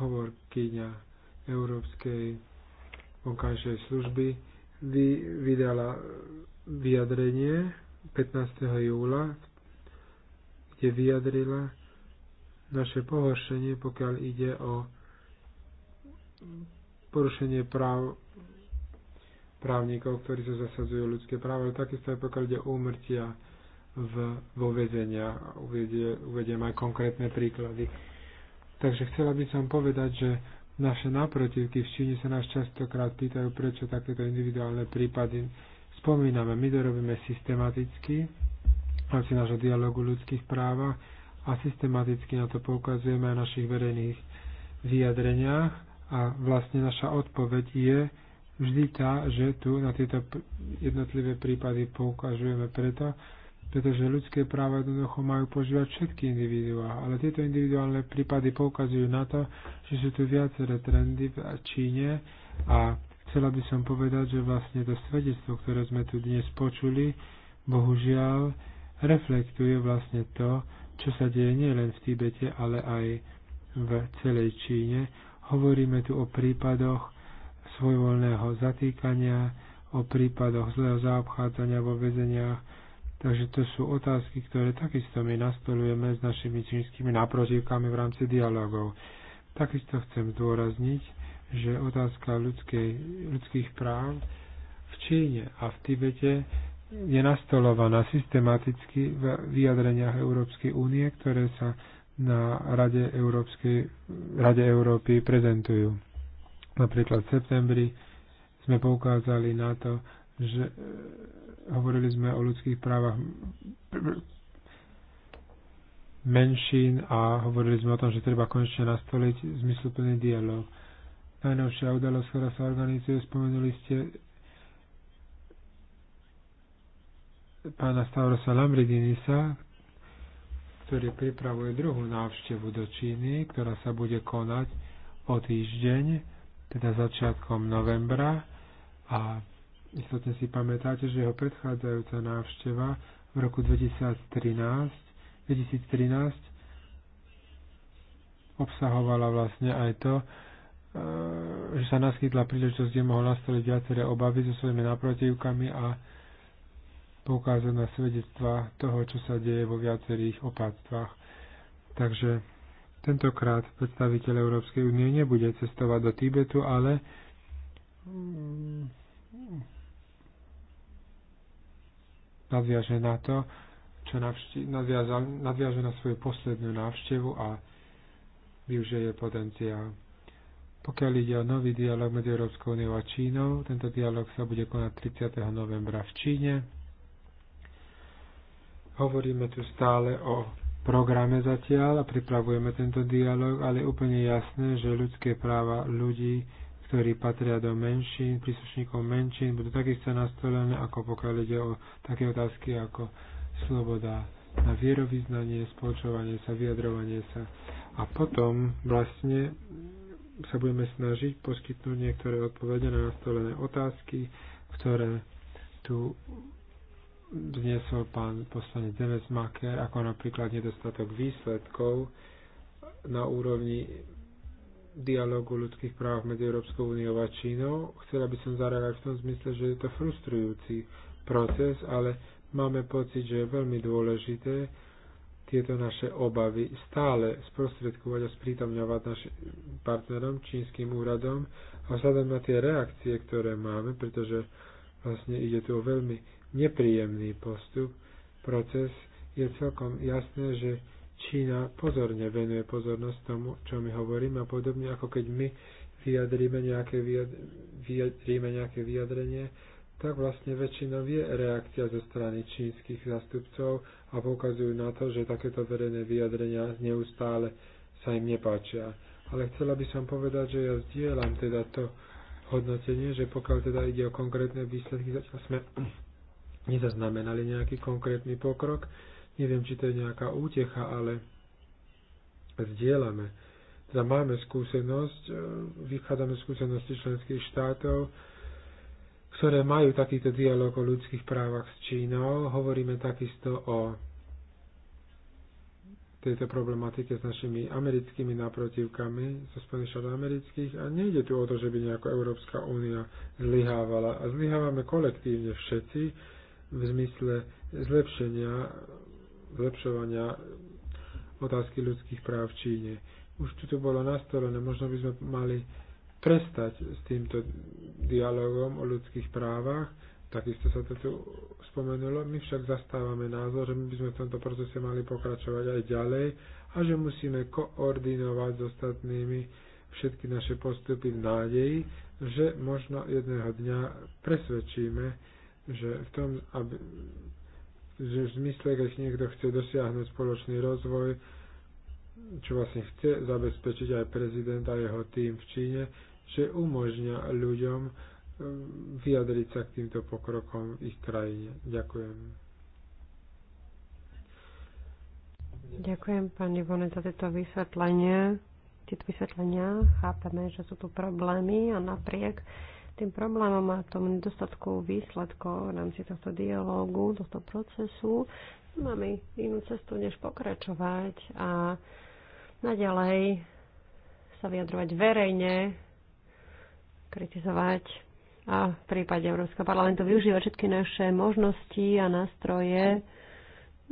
hovorkyňa Európskej vonkajšej služby vy, vydala vyjadrenie, 15. júla, kde vyjadrila naše pohoršenie, pokiaľ ide o porušenie práv právnikov, ktorí sa zasadzujú ľudské práva, ale takisto aj pokiaľ ide o úmrtia v, vo vezenia. Uvedie, uvediem aj konkrétne príklady. Takže chcela by som povedať, že naše naprotivky v Číne sa nás častokrát pýtajú, prečo takéto individuálne prípady spomíname, my to robíme systematicky v rámci nášho dialogu o ľudských právach a systematicky na to poukazujeme aj v našich verejných vyjadreniach a vlastne naša odpoveď je vždy tá, že tu na tieto jednotlivé prípady poukazujeme preto, pretože ľudské práva jednoducho majú požívať všetky individuá, ale tieto individuálne prípady poukazujú na to, že sú tu viaceré trendy v Číne a Chcela by som povedať, že vlastne to svedectvo, ktoré sme tu dnes počuli, bohužiaľ reflektuje vlastne to, čo sa deje nielen v Tibete, ale aj v celej Číne. Hovoríme tu o prípadoch svojvoľného zatýkania, o prípadoch zlého zaobchádzania vo väzeniach. Takže to sú otázky, ktoré takisto my nastolujeme s našimi čínskymi náprotivkami v rámci dialogov. Takisto chcem zdôrazniť, že otázka ľudskej, ľudských práv v Číne a v Tibete je nastolovaná systematicky v vyjadreniach Európskej únie, ktoré sa na Rade, Európskej, Rade Európy prezentujú. Napríklad v septembri sme poukázali na to, že e, hovorili sme o ľudských právach menšín a hovorili sme o tom, že treba konečne nastoliť zmysluplný dialog najnovšia udalosť, ktorá sa organizuje, spomenuli ste pána Stavrosa Lambridinisa, ktorý pripravuje druhú návštevu do Číny, ktorá sa bude konať o týždeň, teda začiatkom novembra. A istotne si pamätáte, že jeho predchádzajúca návšteva v roku 2013, 2013 obsahovala vlastne aj to, že sa naskytla príležitosť, kde mohol nastoliť viaceré obavy so svojimi naprotivkami a poukázať na svedectva toho, čo sa deje vo viacerých opáctvách. Takže tentokrát predstaviteľ Európskej únie nebude cestovať do Tibetu, ale mm, nadviaže na to, čo navšti- nadviaže na svoju poslednú návštevu a využije potenciál. Pokiaľ ide o nový dialog medzi Európskou úniou a Čínou, tento dialog sa bude konať 30. novembra v Číne. Hovoríme tu stále o programe zatiaľ a pripravujeme tento dialog, ale je úplne jasné, že ľudské práva ľudí, ktorí patria do menšín, príslušníkov menšín, budú takisto nastolené, ako pokiaľ ide o také otázky ako sloboda na vierovýznanie, spoločovanie sa, vyjadrovanie sa. A potom vlastne sa budeme snažiť poskytnúť niektoré odpovede na nastolené otázky, ktoré tu vznesol pán poslanec Demes Maker, ako napríklad nedostatok výsledkov na úrovni dialogu ľudských práv medzi Európskou úniou a Čínou. Chcela by som zareagovať v tom zmysle, že je to frustrujúci proces, ale máme pocit, že je veľmi dôležité, tieto naše obavy stále sprostredkovať a sprítomňovať našim partnerom, čínskym úradom a vzhľadom na tie reakcie, ktoré máme, pretože vlastne ide tu o veľmi nepríjemný postup, proces, je celkom jasné, že Čína pozorne venuje pozornosť tomu, čo my hovoríme a podobne ako keď my vyjadríme nejaké, vyjadríme nejaké vyjadrenie, tak vlastne väčšinou je reakcia zo strany čínskych zastupcov a poukazujú na to, že takéto verejné vyjadrenia neustále sa im nepáčia. Ale chcela by som povedať, že ja zdieľam teda to hodnotenie, že pokiaľ teda ide o konkrétne výsledky, zatiaľ sme nezaznamenali nejaký konkrétny pokrok. Neviem, či to je nejaká útecha, ale zdieľame. Teda máme skúsenosť, e, vychádzame skúsenosti členských štátov, ktoré majú takýto dialog o ľudských právach s Čínou. Hovoríme takisto o tejto problematike s našimi americkými naprotivkami zo Spojených štátov amerických a nejde tu o to, že by nejako Európska únia zlyhávala. A zlyhávame kolektívne všetci v zmysle zlepšenia, zlepšovania otázky ľudských práv v Číne. Už tu to bolo nastolené, možno by sme mali prestať s týmto dialogom o ľudských právach. Takisto sa to tu spomenulo. My však zastávame názor, že my by sme v tomto procese mali pokračovať aj ďalej a že musíme koordinovať s ostatnými všetky naše postupy v nádeji, že možno jedného dňa presvedčíme, že v tom, aby, že v zmysle, keď niekto chce dosiahnuť spoločný rozvoj, čo vlastne chce zabezpečiť aj prezident a jeho tým v Číne, že umožňa ľuďom e, vyjadriť sa k týmto pokrokom v ich krajine. Ďakujem. Ďakujem pani Vone, za tieto vysvetlenie. Tieto vysvetlenia chápeme, že sú tu problémy a napriek tým problémom a tomu nedostatku výsledkov v rámci tohto dialógu, tohto procesu, máme inú cestu, než pokračovať a naďalej sa vyjadrovať verejne kritizovať a v prípade Európskeho parlamentu využívať všetky naše možnosti a nástroje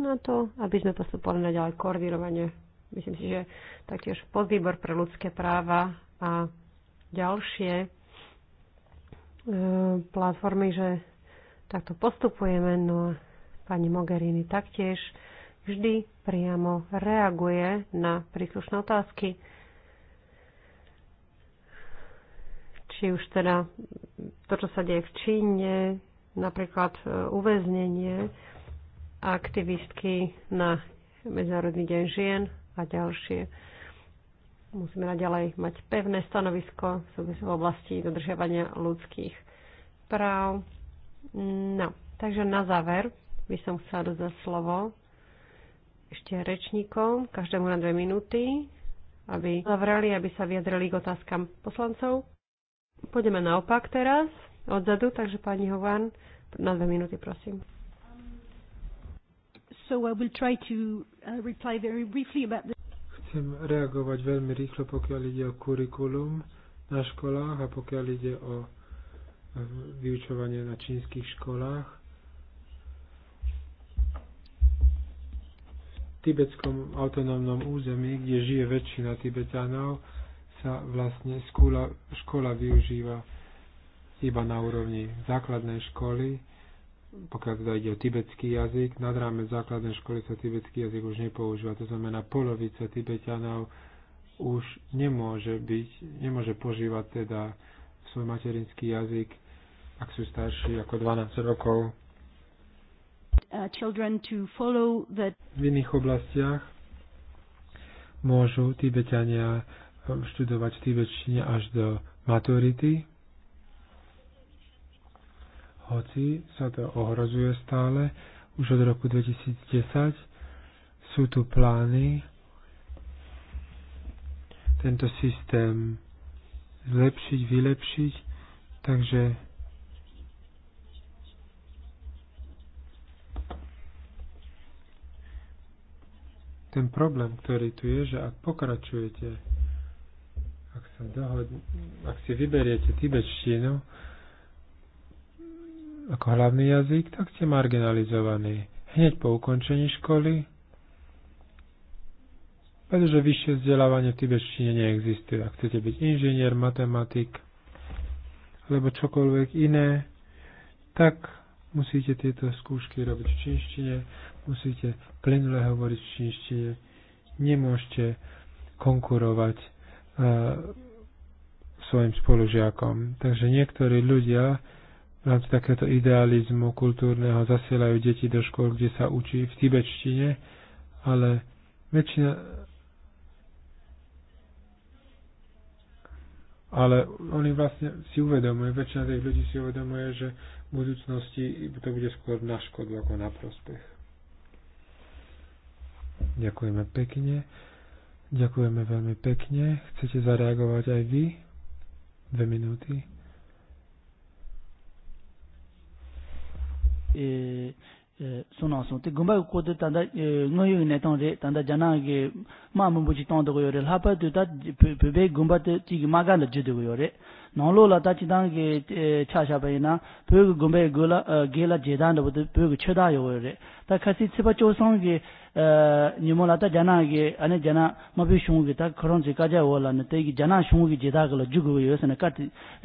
na to, aby sme postupovali na ďalej koordinovanie. Myslím si, že taktiež podvýbor pre ľudské práva a ďalšie e, platformy, že takto postupujeme, no a pani Mogherini taktiež vždy priamo reaguje na príslušné otázky. či už teda to, čo sa deje v Číne, napríklad e, uväznenie aktivistky na Medzinárodný deň žien a ďalšie. Musíme naďalej mať pevné stanovisko v oblasti dodržiavania ľudských práv. No, takže na záver by som chcela dodať slovo ešte rečníkom, každému na dve minúty, aby zavreli, aby sa vyjadrili k otázkam poslancov. Pôjdeme naopak teraz, odzadu, takže pani Hovan, na dve minúty, prosím. Um, so I will try to uh, reply very briefly about this. Chcem reagovať veľmi rýchlo, pokiaľ ide o kurikulum na školách a pokiaľ ide o uh, vyučovanie na čínskych školách. V tibetskom autonómnom území, kde žije väčšina Tibetanov, sa vlastne skúla, škola využíva iba na úrovni základnej školy, pokiaľ teda ide o tibetský jazyk, nad ráme základnej školy sa tibetský jazyk už nepoužíva, to znamená polovica tibetianov už nemôže byť, nemôže požívať teda svoj materinský jazyk, ak sú starší ako 12 rokov. Uh, v iných oblastiach môžu Tibetania študovať v tibetčine až do maturity, hoci sa to ohrozuje stále, už od roku 2010 sú tu plány tento systém zlepšiť, vylepšiť, takže ten problém, ktorý tu je, že ak pokračujete ak, sa dohod, ak si vyberiete tibetštinu ako hlavný jazyk, tak ste marginalizovaní. Hneď po ukončení školy, pretože vyššie vzdelávanie v tibetštine neexistuje. Ak chcete byť inžinier, matematik alebo čokoľvek iné, tak musíte tieto skúšky robiť v čínštine, musíte plynule hovoriť v čínštine, nemôžete konkurovať E, svojim spolužiakom. Takže niektorí ľudia v rámci takéto idealizmu kultúrneho zasielajú deti do škôl, kde sa učí v tibetštine, ale väčšina ale oni vlastne si uvedomujú, väčšina tých ľudí si uvedomuje, že v budúcnosti to bude skôr na škodu ako na prospech. Ďakujeme pekne. Ďakujeme veľmi pekne. Chcete zareagovať aj vy? Dve minúty. E, e sun te gumba ko de tanda e, ngoyu ne tong de tanda jana ge ma mu bu ji tong de go ta pe be te ti ma ga le je de go yore no la ta chi dang ge e, cha sha pe na pe go ge la ge la je dan de pe go ta khasi chi ba cho ge nimola ta jana ge ane jana mabi shungu ge ta khoron si wala ne te jana Shungi ge jeda gala jugu yo sene kat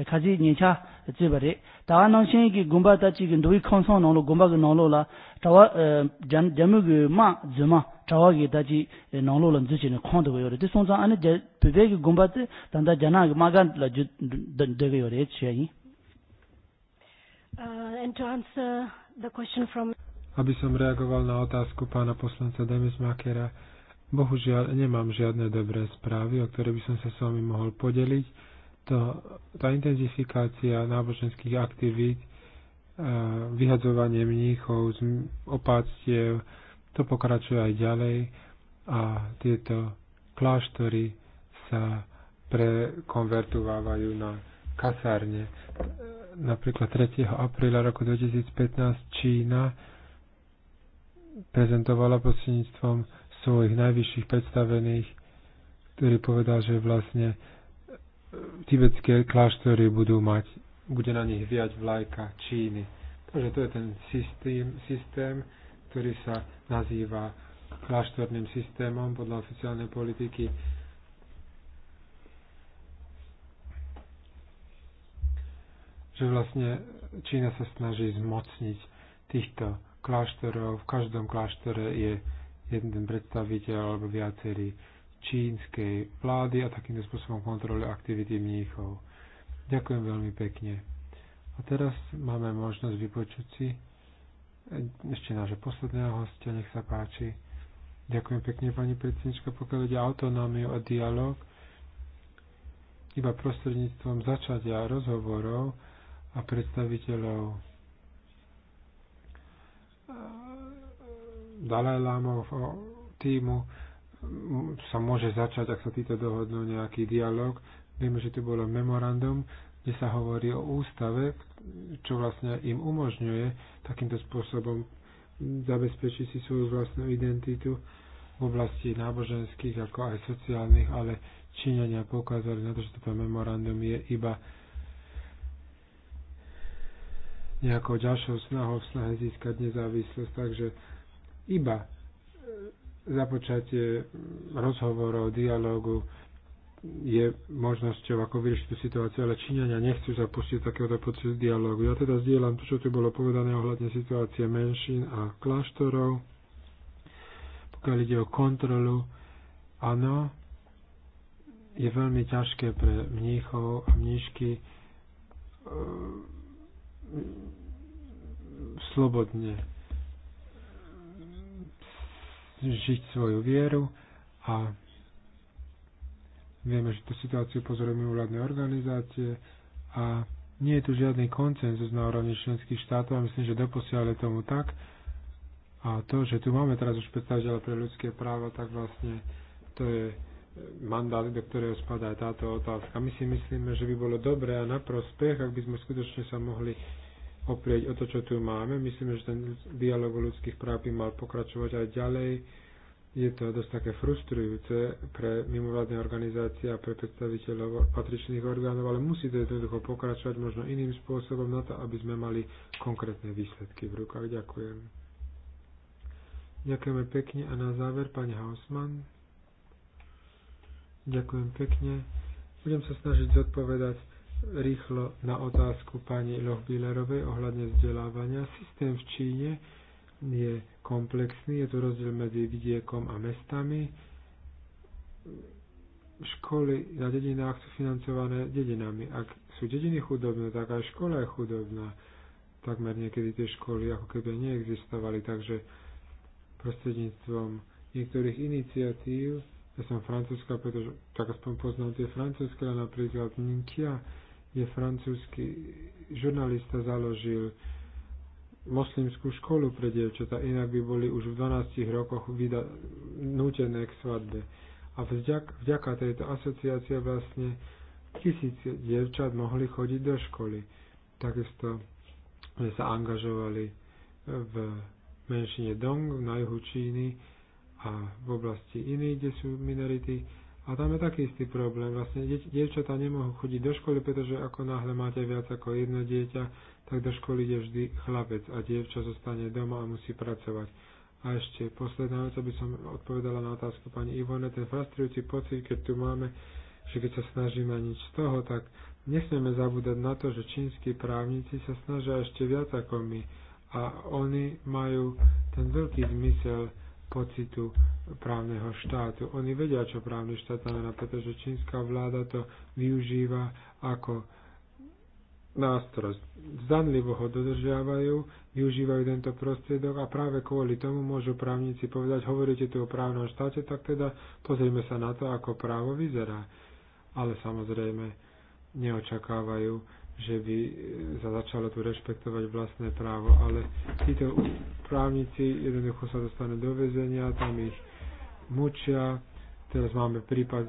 khaji nyecha che bare ta na shen ge gumba ta chi ge ndoi khonso no lo gumba ge lo la tawa jan jamu ge ma zuma tawa ge ta chi no lo lan zu chi ne khon de yo de song za ane je pebe ge gumba te tan da jana ge ma gan la ju de ge yo re che yi Uh, and to answer the question from aby som reagoval na otázku pána poslanca Demismakera. Bohužiaľ, nemám žiadne dobré správy, o ktoré by som sa s vami mohol podeliť. To, tá intenzifikácia náboženských aktivít, e, vyhadzovanie mníchov opáctiev, to pokračuje aj ďalej a tieto kláštory sa prekonvertovávajú na kasárne. E, napríklad 3. apríla roku 2015 Čína prezentovala prostredníctvom svojich najvyšších predstavených, ktorý povedal, že vlastne e, tibetské kláštory budú mať, bude na nich viať vlajka Číny. Takže to je ten systém, systém ktorý sa nazýva kláštorným systémom podľa oficiálnej politiky. Že vlastne Čína sa snaží zmocniť týchto kláštorov. V každom kláštore je jeden predstaviteľ alebo viacerý čínskej vlády a takýmto spôsobom kontroluje aktivity mníchov. Ďakujem veľmi pekne. A teraz máme možnosť vypočuť si ešte nášho posledného hostia, nech sa páči. Ďakujem pekne, pani predsednička, pokiaľ ide autonómiu a dialog, iba prostredníctvom začatia rozhovorov a predstaviteľov Dalajlámovho týmu sa môže začať, ak sa títo dohodnú nejaký dialog. Vieme, že tu bolo memorandum, kde sa hovorí o ústave, čo vlastne im umožňuje takýmto spôsobom zabezpečiť si svoju vlastnú identitu v oblasti náboženských ako aj sociálnych, ale Číňania poukázali na to, že toto memorandum je iba nejakou ďalšou snahou v snahe získať nezávislosť. Takže iba e, započatie rozhovorov, dialogu je možnosťou, ako vyriešiť tú situáciu, ale Číňania nechcú zapustiť takéhoto procesu dialogu. Ja teda zdieľam to, čo tu bolo povedané ohľadne situácie menšín a kláštorov. Pokiaľ ide o kontrolu, áno, je veľmi ťažké pre mníchov a mníšky e, slobodne žiť svoju vieru a vieme, že tú situáciu pozorujú mimovládne organizácie a nie je tu žiadny koncenzus na úrovni členských štátov a myslím, že doposiaľ je tomu tak. A to, že tu máme teraz už predstaviteľa pre ľudské práva, tak vlastne to je mandát, do ktorého spadá táto otázka. My si myslíme, že by bolo dobré a na prospech, ak by sme skutočne sa mohli oprieť o to, čo tu máme. Myslíme, že ten dialog o ľudských práv by mal pokračovať aj ďalej. Je to dosť také frustrujúce pre mimovládne organizácie a pre predstaviteľov patričných orgánov, ale musí to jednoducho pokračovať možno iným spôsobom na to, aby sme mali konkrétne výsledky v rukách. Ďakujem. Ďakujeme pekne a na záver pani Hausmann. Ďakujem pekne. Budem sa snažiť zodpovedať rýchlo na otázku pani Lochbílerovej ohľadne vzdelávania. Systém v Číne je komplexný, je to rozdiel medzi vidiekom a mestami. Školy na dedinách sú financované dedinami. Ak sú dediny chudobné, tak aj škola je chudobná. Takmer niekedy tie školy ako keby neexistovali, takže prostredníctvom niektorých iniciatív ja som francúzska, pretože tak aspoň poznám tie francúzske, ale napríklad Ninkia je francúzsky žurnalista založil moslimskú školu pre dievčatá, inak by boli už v 12 rokoch vyda- nútené k svadbe. A vďak, vďaka tejto asociácie vlastne tisíce dievčat mohli chodiť do školy. Takisto sa angažovali v menšine Dong na juhu Číny, a v oblasti iných, kde sú minority. A tam je taký istý problém. Vlastne dievčatá nemohú chodiť do školy, pretože ako náhle máte viac ako jedno dieťa, tak do školy ide vždy chlapec a dievča zostane doma a musí pracovať. A ešte posledná vec, aby som odpovedala na otázku pani Ivone, ten frustrujúci pocit, keď tu máme, že keď sa snažíme nič z toho, tak nesmieme zabúdať na to, že čínsky právnici sa snažia ešte viac ako my a oni majú ten veľký zmysel pocitu právneho štátu. Oni vedia, čo právny štát znamená, pretože čínska vláda to využíva ako nástroj. Zdanlivo ho dodržiavajú, využívajú tento prostriedok a práve kvôli tomu môžu právnici povedať, hovoríte tu o právnom štáte, tak teda pozrieme sa na to, ako právo vyzerá. Ale samozrejme neočakávajú, že by e, sa začalo tu rešpektovať vlastné právo, ale títo právnici jednoducho sa dostanú do väzenia, tam ich mučia. Teraz máme prípad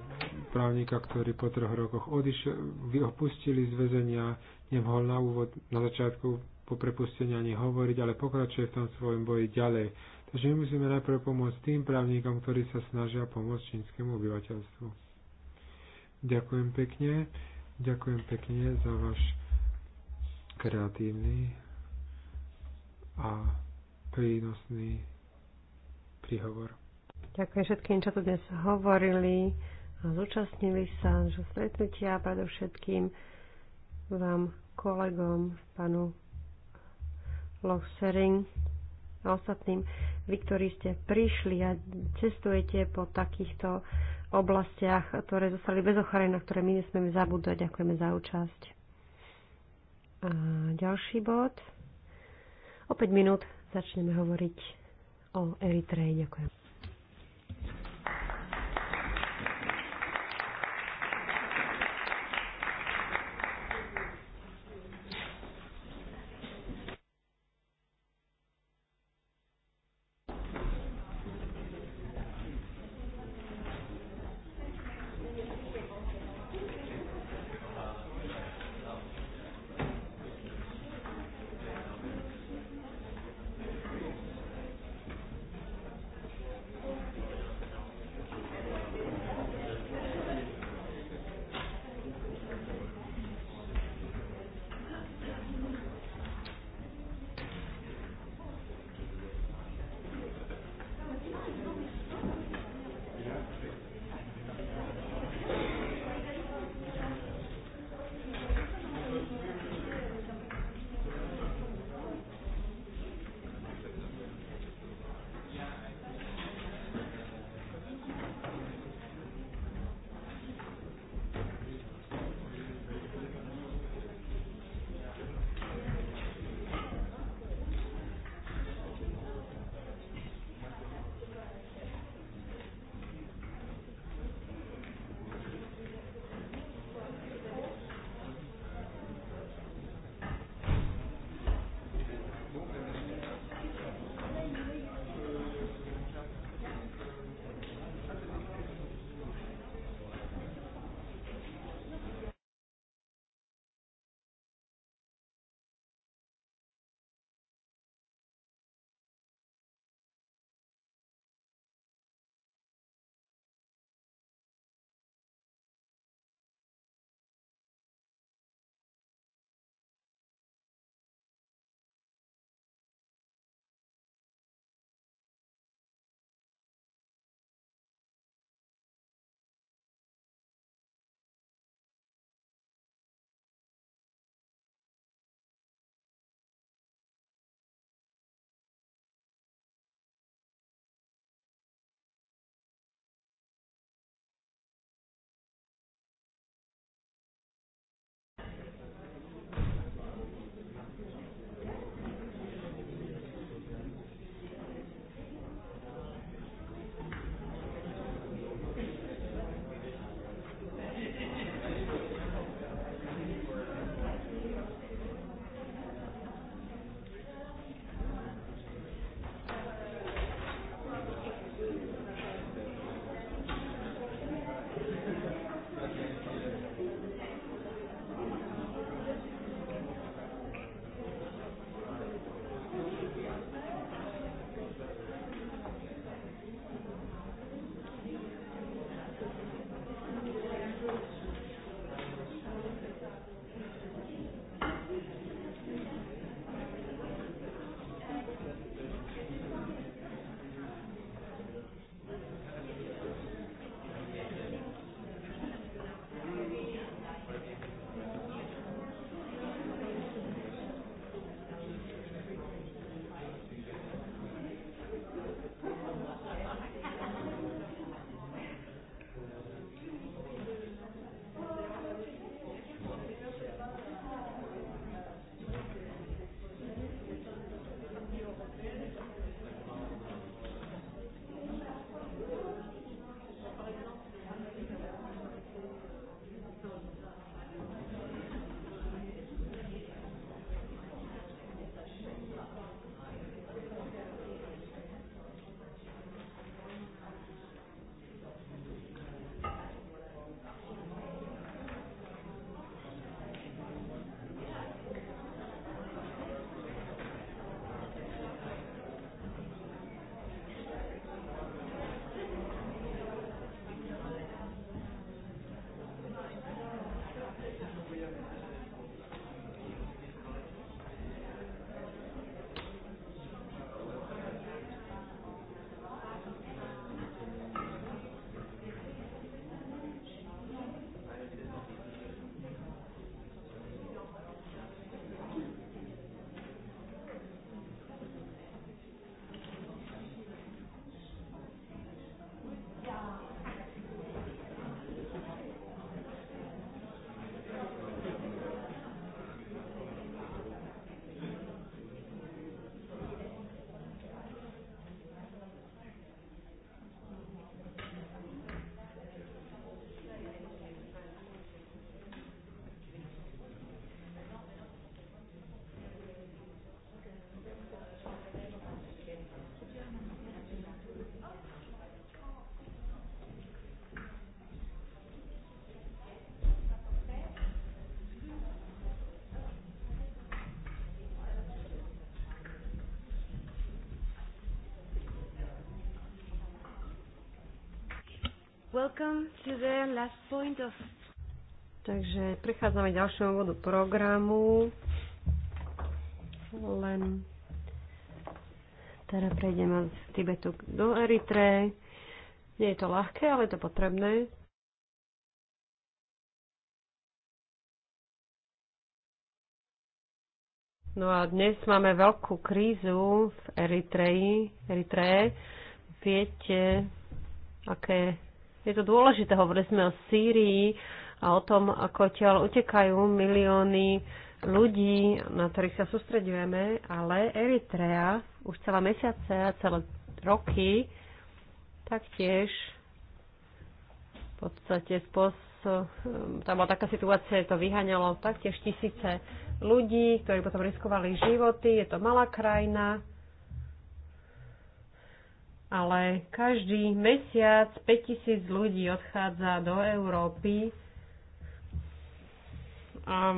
právnika, ktorý po troch rokoch odišiel, opustili z väzenia, nemohol na úvod, na začiatku po prepustení ani hovoriť, ale pokračuje v tom svojom boji ďalej. Takže my musíme najprv pomôcť tým právnikom, ktorí sa snažia pomôcť čínskemu obyvateľstvu. Ďakujem pekne. Ďakujem pekne za váš kreatívny a prínosný príhovor. Ďakujem všetkým, čo tu dnes hovorili a zúčastnili sa že stretnutia a predovšetkým vám kolegom, panu Lochsering a ostatným, vy, ktorí ste prišli a cestujete po takýchto oblastiach, ktoré zostali bez ochrany, na ktoré my nesmieme zabúdať. Ďakujeme za účasť. A ďalší bod. O 5 minút začneme hovoriť o Eritreji. Ďakujem. Welcome to the last point of... Takže prechádzame k ďalšiemu vodu programu. Len teda prejdeme z Tibetu do Eritre. Nie je to ľahké, ale je to potrebné. No a dnes máme veľkú krízu v Eritreji. Eritreje. Viete, aké je to dôležité, hovorili sme o Sýrii a o tom, ako tiaľ utekajú milióny ľudí, na ktorých sa sústredujeme, ale Eritrea už celé mesiace a celé roky taktiež v podstate spôsob, tam bola taká situácia, to vyhaňalo taktiež tisíce ľudí, ktorí potom riskovali životy, je to malá krajina, ale každý mesiac 5000 ľudí odchádza do Európy a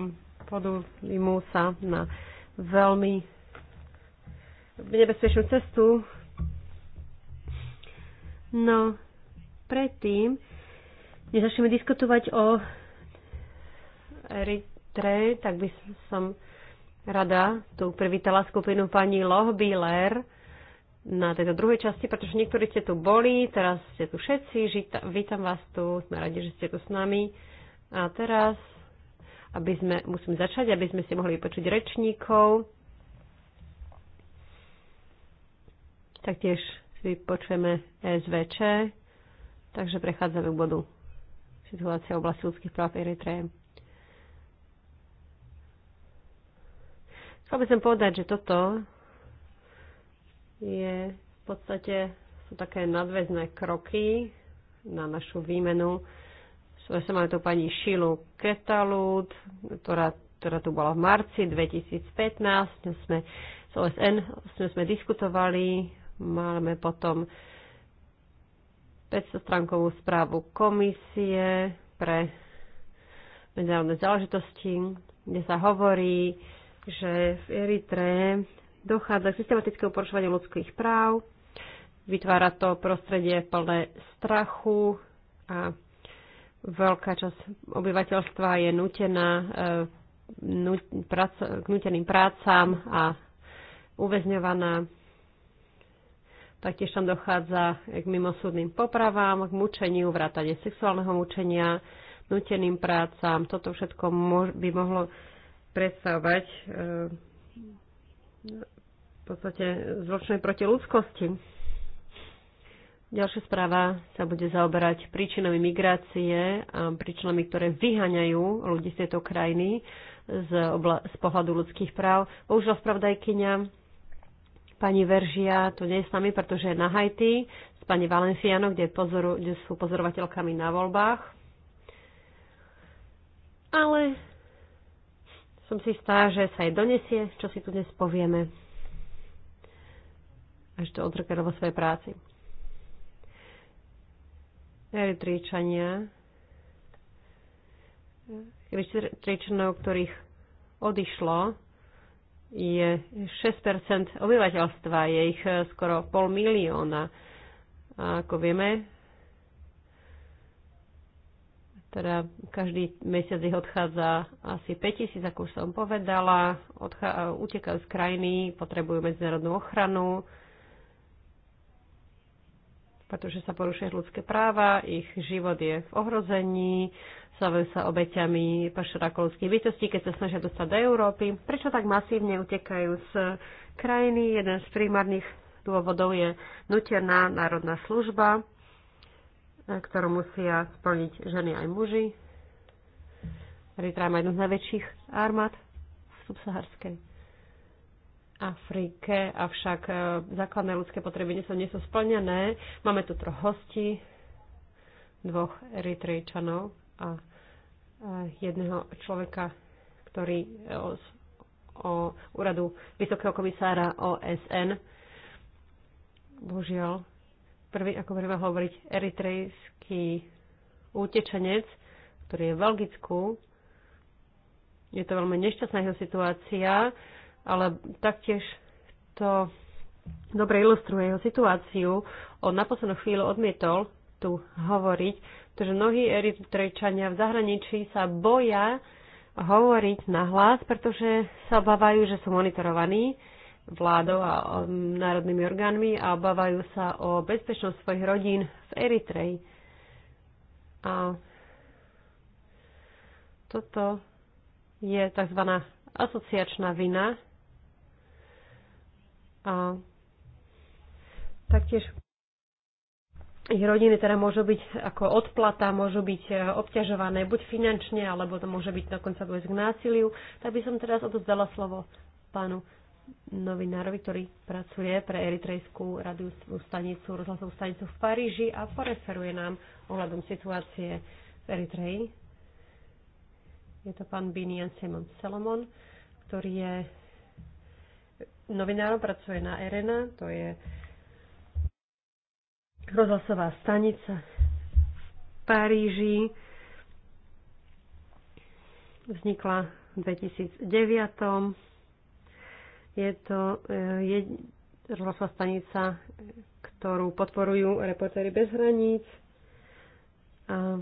mu sa na veľmi nebezpečnú cestu. No, predtým, než začneme diskutovať o Eritre, tak by som rada tu privítala skupinu pani Lohbiller, na tejto druhej časti, pretože niektorí ste tu boli, teraz ste tu všetci, žita, vítam vás tu, sme radi, že ste tu s nami. A teraz, aby sme, musím začať, aby sme si mohli počuť rečníkov. Taktiež si počujeme SVČ, takže prechádzame k bodu situácia v oblasti ľudských práv Eritreje. Chcel by som povedať, že toto je v podstate sú také nadväzné kroky na našu výmenu. Sme sa mali tu pani Šilu Ketalud, ktorá, ktorá tu bola v marci 2015. sme z OSN sme, sme diskutovali, máme potom 500-stránkovú správu komisie pre medzinárodné záležitosti, kde sa hovorí, že v Eritre dochádza k systematickému porušovaniu ľudských práv, vytvára to prostredie plné strachu a veľká časť obyvateľstva je nutená e, k nuteným prácam a uväzňovaná. Taktiež tam dochádza k mimosúdnym popravám, k mučeniu, vrátane sexuálneho mučenia, nuteným prácam. Toto všetko by mohlo predstavovať e, v podstate zločiny proti ľudskosti. Ďalšia správa sa bude zaoberať príčinami migrácie a príčinami, ktoré vyhaňajú ľudí z tejto krajiny z, obla- z pohľadu ľudských práv. Bohužiaľ, spravodajkyňa pani Veržia tu nie je s nami, pretože je na Haiti s pani Valenciano, kde, pozoru- kde sú pozorovateľkami na voľbách. Ale som si stá, že sa jej donesie, čo si tu dnes povieme a že to odzrkadlo vo svojej práci. Eritričania, Eritričanov, ktorých odišlo, je 6 obyvateľstva, je ich eh, skoro pol milióna. A ako vieme, teda každý mesiac ich odchádza asi 5000, ako už som povedala, Odchá- eh, utekajú z krajiny, potrebujú medzinárodnú ochranu, pretože sa porušuje ľudské práva, ich život je v ohrození, stávajú sa obeťami pašerákovských bytostí, keď sa snažia dostať do Európy. Prečo tak masívne utekajú z krajiny? Jeden z primárnych dôvodov je nutená národná služba, ktorú musia splniť ženy aj muži. Eritrea má jednu z najväčších armád v subsaharskej Afrike, avšak e, základné ľudské potreby nie sú, nie sú splnené. Máme tu troch hostí, dvoch eritrejčanov a e, jedného človeka, ktorý e, o, o úradu Vysokého komisára OSN. Božiaľ, prvý, ako prvá hovoriť, eritrejský útečenec, ktorý je v Belgicku. Je to veľmi nešťastná jeho situácia ale taktiež to dobre ilustruje jeho situáciu. On na poslednú chvíľu odmietol tu hovoriť, pretože mnohí eritrejčania v zahraničí sa boja hovoriť na hlas, pretože sa obávajú, že sú monitorovaní vládou a um, národnými orgánmi a obávajú sa o bezpečnosť svojich rodín v Eritreji. A toto je tzv. asociačná vina, a taktiež ich rodiny teda môžu byť ako odplata, môžu byť e, obťažované buď finančne, alebo to môže byť dokonca dôjsť k násiliu. Tak by som teraz odozdala slovo pánu novinárovi, ktorý pracuje pre Eritrejskú radiovú stanicu, rozhlasovú stanicu v Paríži a poreferuje nám ohľadom situácie v Eritreji. Je to pán Binian Simon Salomon, ktorý je novinárom, pracuje na Erena, to je rozhlasová stanica v Paríži. Vznikla v 2009. Je to e, je, rozhlasová stanica, ktorú podporujú reportéry bez hraníc. A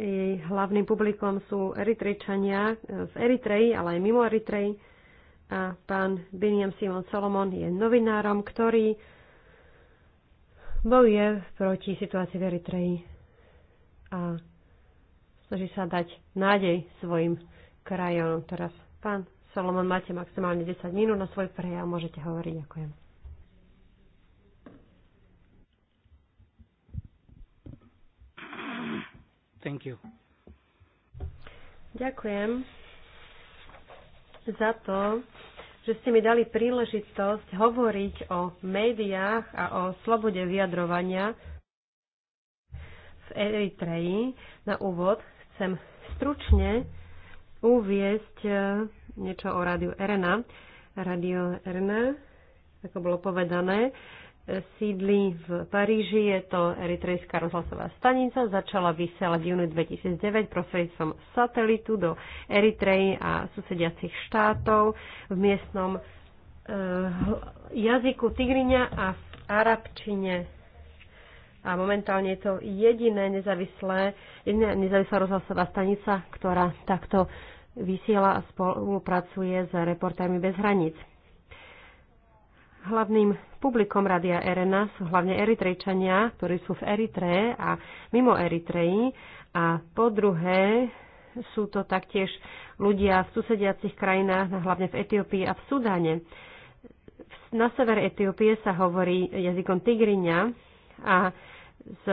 jej hlavným publikom sú Eritrejčania z e, Eritreji, ale aj mimo Eritreji a pán Biniam Simon Solomon je novinárom, ktorý bojuje proti situácii v Eritreji a snaží sa dať nádej svojim krajom. Teraz pán Solomon, máte maximálne 10 minút na svoj prejav, môžete hovoriť. Ďakujem. Thank you. Ďakujem za to, že ste mi dali príležitosť hovoriť o médiách a o slobode vyjadrovania v Eritreji. Na úvod chcem stručne uviesť e, niečo o rádiu RNA. Rádio RNA, ako bolo povedané, sídli v Paríži. Je to eritrejská rozhlasová stanica. Začala vysielať v júni 2009 prostredníctvom satelitu do Eritreji a susediacich štátov v miestnom e, jazyku Tigriňa a v arabčine. A momentálne je to jediné nezávislé, jediná nezávislá rozhlasová stanica, ktorá takto vysiela a spolupracuje s reportérmi bez hraníc. Hlavným publikom Radia Erena sú hlavne Eritrejčania, ktorí sú v Eritre a mimo Eritreji. A po druhé sú to taktiež ľudia v susediacich krajinách, hlavne v Etiópii a v Sudáne. Na sever Etiópie sa hovorí jazykom tigriňa a z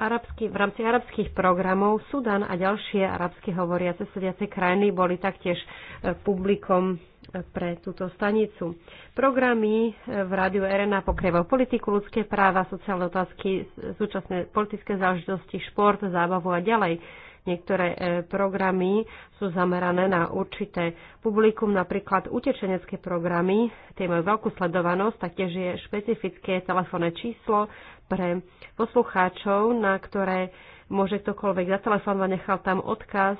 arabský, v rámci arabských programov Sudan a ďalšie arabsky hovoriace sediace krajiny boli taktiež e, publikom e, pre túto stanicu. Programy e, v rádiu RNA pokrývajú politiku, ľudské práva, sociálne otázky, súčasné politické záležitosti, šport, zábavu a ďalej. Niektoré programy sú zamerané na určité publikum, napríklad utečenecké programy, tie majú veľkú sledovanosť, taktiež je špecifické telefónne číslo pre poslucháčov, na ktoré môže ktokoľvek zatelefonovať, nechal tam odkaz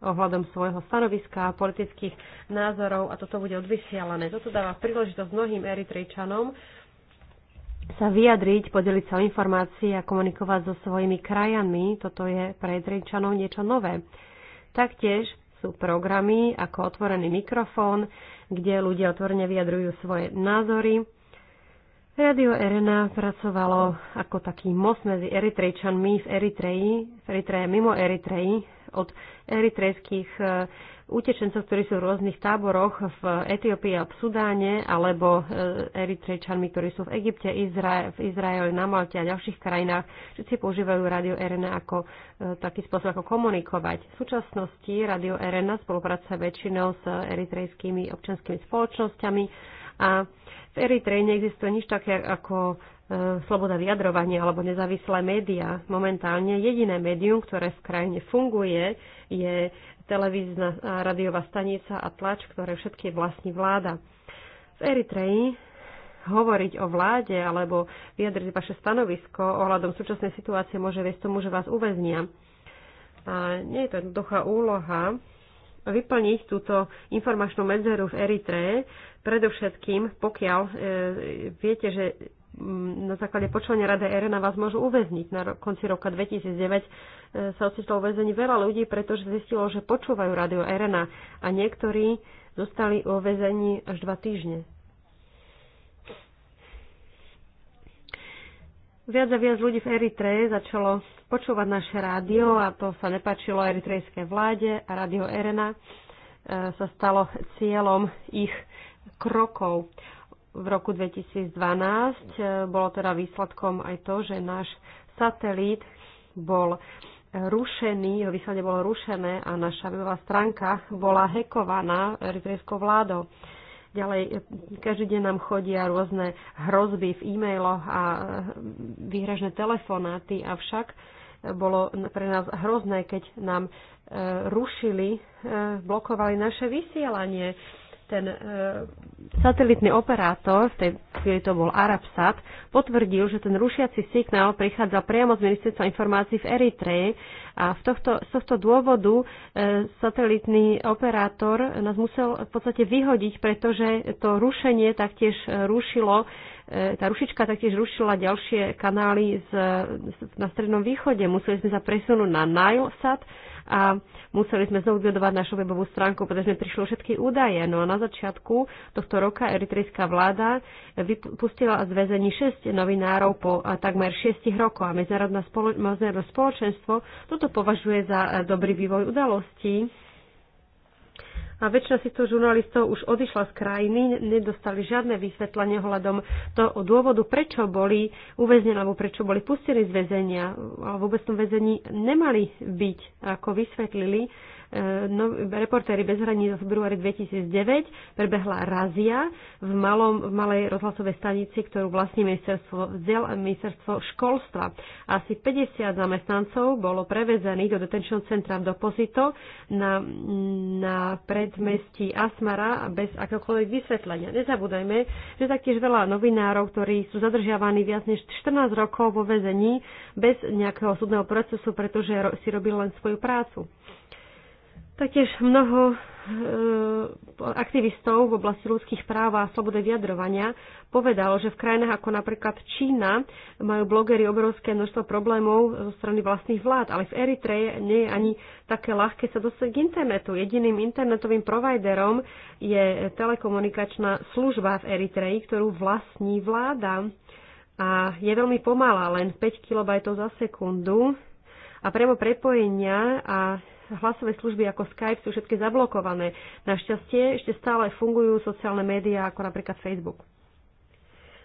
ohľadom svojho stanoviska a politických názorov a toto bude odvysielané. Toto dáva príležitosť mnohým Eritrejčanom sa vyjadriť, podeliť sa o informácie a komunikovať so svojimi krajami. Toto je pre Eritrejčanov niečo nové. Taktiež sú programy ako otvorený mikrofón, kde ľudia otvorene vyjadrujú svoje názory Radio RNA pracovalo ako taký most medzi Eritrejčanmi v Eritreji, v Eritreje mimo Eritreji, od eritrejských e, utečencov, ktorí sú v rôznych táboroch v Etiópii a v Sudáne, alebo e, Eritrejčanmi, ktorí sú v Egypte, v Izraeli, na Malte a ďalších krajinách. Všetci používajú Radio RNA ako e, taký spôsob, ako komunikovať. V súčasnosti Radio RNA spolupracuje väčšinou s eritrejskými občanskými spoločnosťami a v Eritreji neexistuje nič také ako e, sloboda vyjadrovania alebo nezávislé médiá. Momentálne jediné médium, ktoré v krajine funguje, je televízna a radiová stanica a tlač, ktoré všetky vlastní vláda. V Eritreji hovoriť o vláde alebo vyjadriť vaše stanovisko ohľadom súčasnej situácie môže viesť tomu, že vás uväznia. A nie je to jednoduchá úloha, vyplniť túto informačnú medzeru v Eritreje, predovšetkým pokiaľ e, viete, že mm, na základe počúvania Rada Erena vás môžu uväzniť. Na konci roka 2009 e, sa ocitlo uväzení veľa ľudí, pretože zistilo, že počúvajú Radio Erena a niektorí zostali uväzení až dva týždne. Viac a viac ľudí v Eritreje začalo počúvať naše rádio a to sa nepačilo eritrejskej vláde a rádio Erena e, sa stalo cieľom ich krokov. V roku 2012 e, bolo teda výsledkom aj to, že náš satelít bol rušený, jeho výsledne bolo rušené a naša webová stránka bola hekovaná eritrejskou vládou. Ďalej, e, každý deň nám chodia rôzne hrozby v e-mailoch a výhražné telefonáty, avšak bolo pre nás hrozné, keď nám e, rušili, e, blokovali naše vysielanie. Ten e, satelitný operátor, v tej chvíli to bol Arabsat, potvrdil, že ten rušiaci signál prichádza priamo z ministerstva informácií v Eritreji a v tohto, z tohto dôvodu satelitný operátor nás musel v podstate vyhodiť, pretože to rušenie taktiež rušilo E, tá rušička taktiež rušila ďalšie kanály z, na Strednom východe. Museli sme sa presunúť na Nilesat a museli sme znovu vyhodovať našu webovú stránku, pretože sme prišlo všetky údaje. No a na začiatku tohto roka eritrejská vláda vypustila z väzení 6 novinárov po takmer 6 rokoch a medzinárodné spoločenstvo toto považuje za e, dobrý vývoj udalostí a väčšina z týchto žurnalistov už odišla z krajiny, nedostali žiadne vysvetlenie hľadom toho dôvodu, prečo boli uväznení alebo prečo boli pustení z väzenia. vôbec v tom väzení nemali byť, ako vysvetlili no, reportéry bez hraníc v februári 2009 prebehla razia v, malom, v malej rozhlasovej stanici, ktorú vlastní ministerstvo vzdel a ministerstvo školstva. Asi 50 zamestnancov bolo prevezených do detenčného centra v Dopozito na, na predmestí Asmara bez akéhokoľvek vysvetlenia. Nezabúdajme, že taktiež veľa novinárov, ktorí sú zadržiavaní viac než 14 rokov vo väzení bez nejakého súdneho procesu, pretože si robili len svoju prácu. Taktiež mnoho e, aktivistov v oblasti ľudských práv a slobody vyjadrovania povedalo, že v krajinách ako napríklad Čína majú blogery obrovské množstvo problémov zo strany vlastných vlád, ale v Eritreje nie je ani také ľahké sa dostať k internetu. Jediným internetovým providerom je telekomunikačná služba v Eritreji, ktorú vlastní vláda a je veľmi pomalá, len 5 kB za sekundu a priamo prepojenia a hlasové služby ako Skype sú všetky zablokované. Našťastie ešte stále fungujú sociálne médiá ako napríklad Facebook.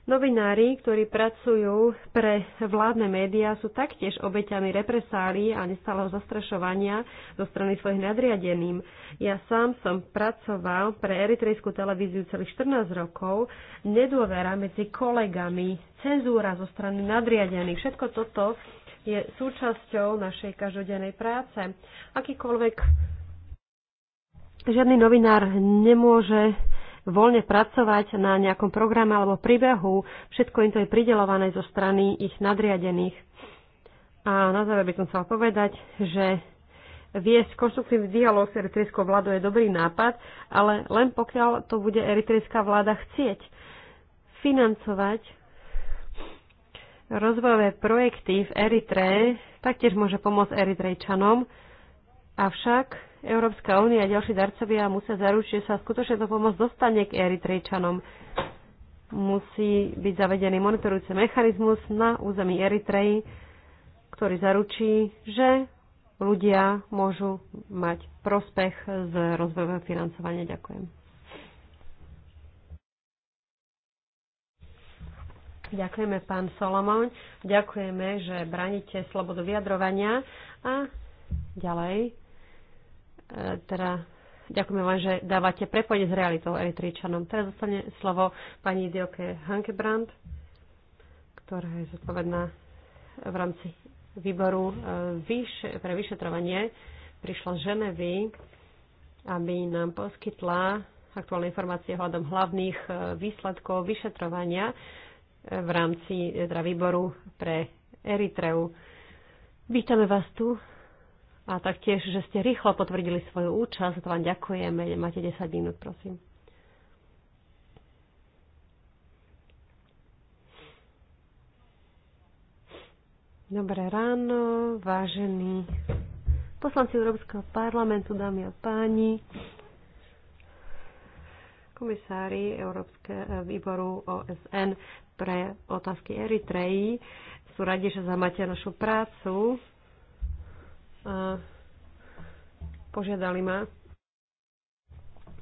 Novinári, ktorí pracujú pre vládne médiá, sú taktiež obeťami represálií a nestáleho zastrašovania zo strany svojich nadriadeným. Ja sám som pracoval pre eritrejskú televíziu celých 14 rokov. Nedôvera medzi kolegami, cenzúra zo strany nadriadených, všetko toto je súčasťou našej každodennej práce. Akýkoľvek žiadny novinár nemôže voľne pracovať na nejakom programe alebo príbehu. Všetko im to je pridelované zo strany ich nadriadených. A na záver by som chcela povedať, že viesť konštruktívny dialog s eritrejskou vládou je dobrý nápad, ale len pokiaľ to bude eritrejská vláda chcieť financovať rozvojové projekty v Eritreji taktiež môže pomôcť Eritrejčanom, avšak Európska únia a ďalší darcovia musia zaručiť, že sa skutočne to pomoc dostane k Eritrejčanom. Musí byť zavedený monitorujúci mechanizmus na území Eritreji, ktorý zaručí, že ľudia môžu mať prospech z rozvojového financovania. Ďakujem. Ďakujeme, pán Solomon. Ďakujeme, že bránite slobodu vyjadrovania. A ďalej, e, teda ďakujeme vám, že dávate prepojenie s realitou Eritričanom. Teraz zostane slovo pani Dioke Hankebrand, ktorá je zodpovedná v rámci výboru e, pre vyšetrovanie. Prišla z Ženevy, aby nám poskytla aktuálne informácie hľadom hlavných e, výsledkov vyšetrovania v rámci teda výboru pre Eritreu. Vítame vás tu a taktiež, že ste rýchlo potvrdili svoju účasť. To vám ďakujeme. Máte 10 minút, prosím. Dobré ráno, vážení poslanci Európskeho parlamentu, dámy a páni, komisári Európskeho eh, výboru OSN pre otázky Eritreji. Sú radi, že zamáte našu prácu. A požiadali ma,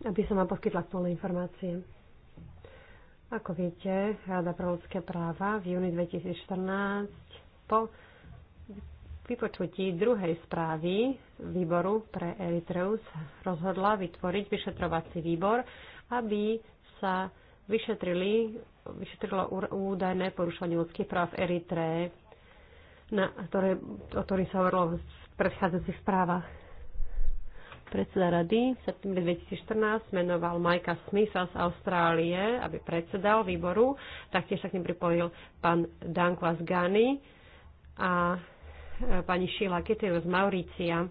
aby som vám poskytla aktuálne informácie. Ako viete, Rada pre ľudské práva v júni 2014 po vypočutí druhej správy výboru pre Eritreus rozhodla vytvoriť vyšetrovací výbor, aby sa vyšetrili vyšetrilo údajné porušovanie ľudských práv v Eritre, na, ktoré, o ktorých sa hovorilo v predchádzajúcich správach. Predseda rady v septembri 2014 menoval Majka Smitha z Austrálie, aby predsedal výboru. Taktiež sa k ním pripojil pán Danko z Gany a e, pani Sheila Kiteo z Maurícia.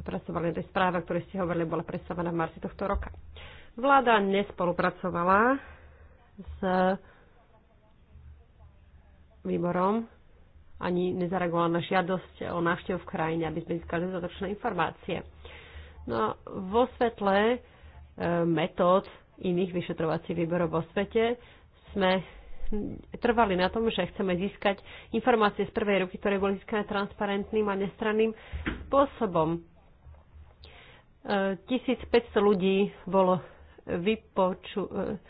A pracovali na tej správe, o ktorej ste hovorili, bola predstavená v marci tohto roka. Vláda nespolupracovala s výborom ani nezareagovala na žiadosť o návštevu v krajine, aby sme získali dodatočné informácie. No vo svetle e, metód iných vyšetrovacích výborov vo svete sme trvali na tom, že chceme získať informácie z prvej ruky, ktoré boli získané transparentným a nestranným spôsobom. E, 1500 ľudí bolo vypoču, 150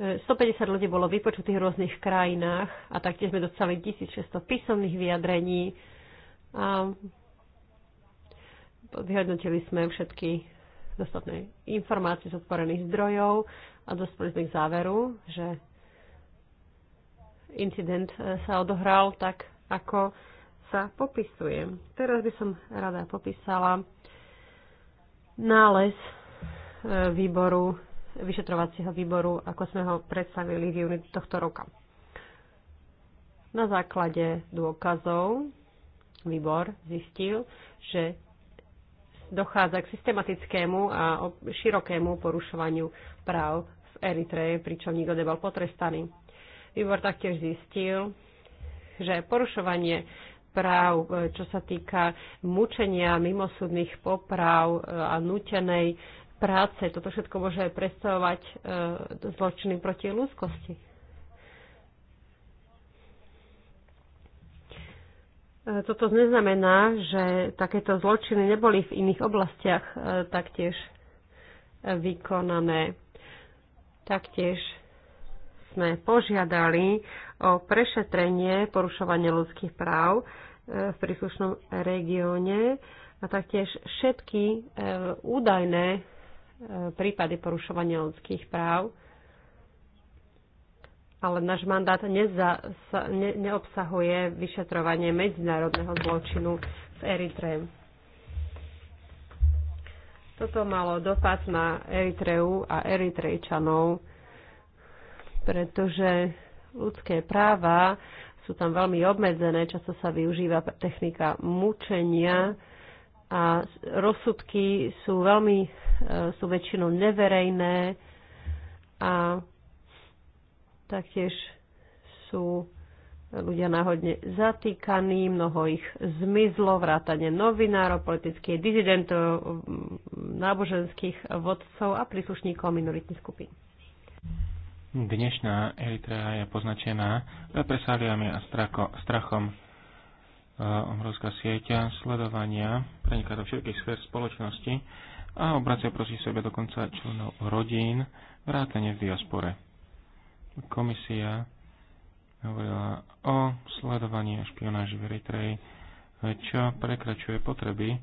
e, e, ľudí bolo vypočutých v rôznych krajinách a taktiež sme dostali 1600 písomných vyjadrení a vyhodnotili sme všetky dostatné informácie z otvorených zdrojov a dospeli sme k záveru, že incident e, sa odohral tak, ako sa popisuje. Teraz by som rada popísala nález výboru, vyšetrovacieho výboru, ako sme ho predstavili v júni tohto roka. Na základe dôkazov výbor zistil, že dochádza k systematickému a širokému porušovaniu práv v Eritreje, pričom nikto nebol potrestaný. Výbor taktiež zistil, že porušovanie práv, čo sa týka mučenia mimosúdnych poprav a nutenej práce. Toto všetko môže predstavovať e, zločiny proti ľudskosti. E, toto neznamená, že takéto zločiny neboli v iných oblastiach e, taktiež vykonané. Taktiež sme požiadali o prešetrenie porušovania ľudských práv v príslušnom regióne a taktiež všetky údajné prípady porušovania ľudských práv, ale náš mandát neza, sa, ne, neobsahuje vyšetrovanie medzinárodného zločinu v Eritre. Toto malo dopad na Eritreu a Eritrejčanov, pretože ľudské práva sú tam veľmi obmedzené, často sa využíva technika mučenia, a rozsudky sú veľmi, e, sú väčšinou neverejné a taktiež sú ľudia náhodne zatýkaní, mnoho ich zmizlo, vrátane novinárov, politických dizidentov, náboženských vodcov a príslušníkov minoritných skupín. Dnešná Eritrea je poznačená represáliami a strachom obrovská sieťa sledovania preniká do všetkých sfér spoločnosti a obracia proti sebe dokonca členov rodín, vrátane v diaspore. Komisia hovorila o sledovaní a špionáži v Eritreji, čo prekračuje potreby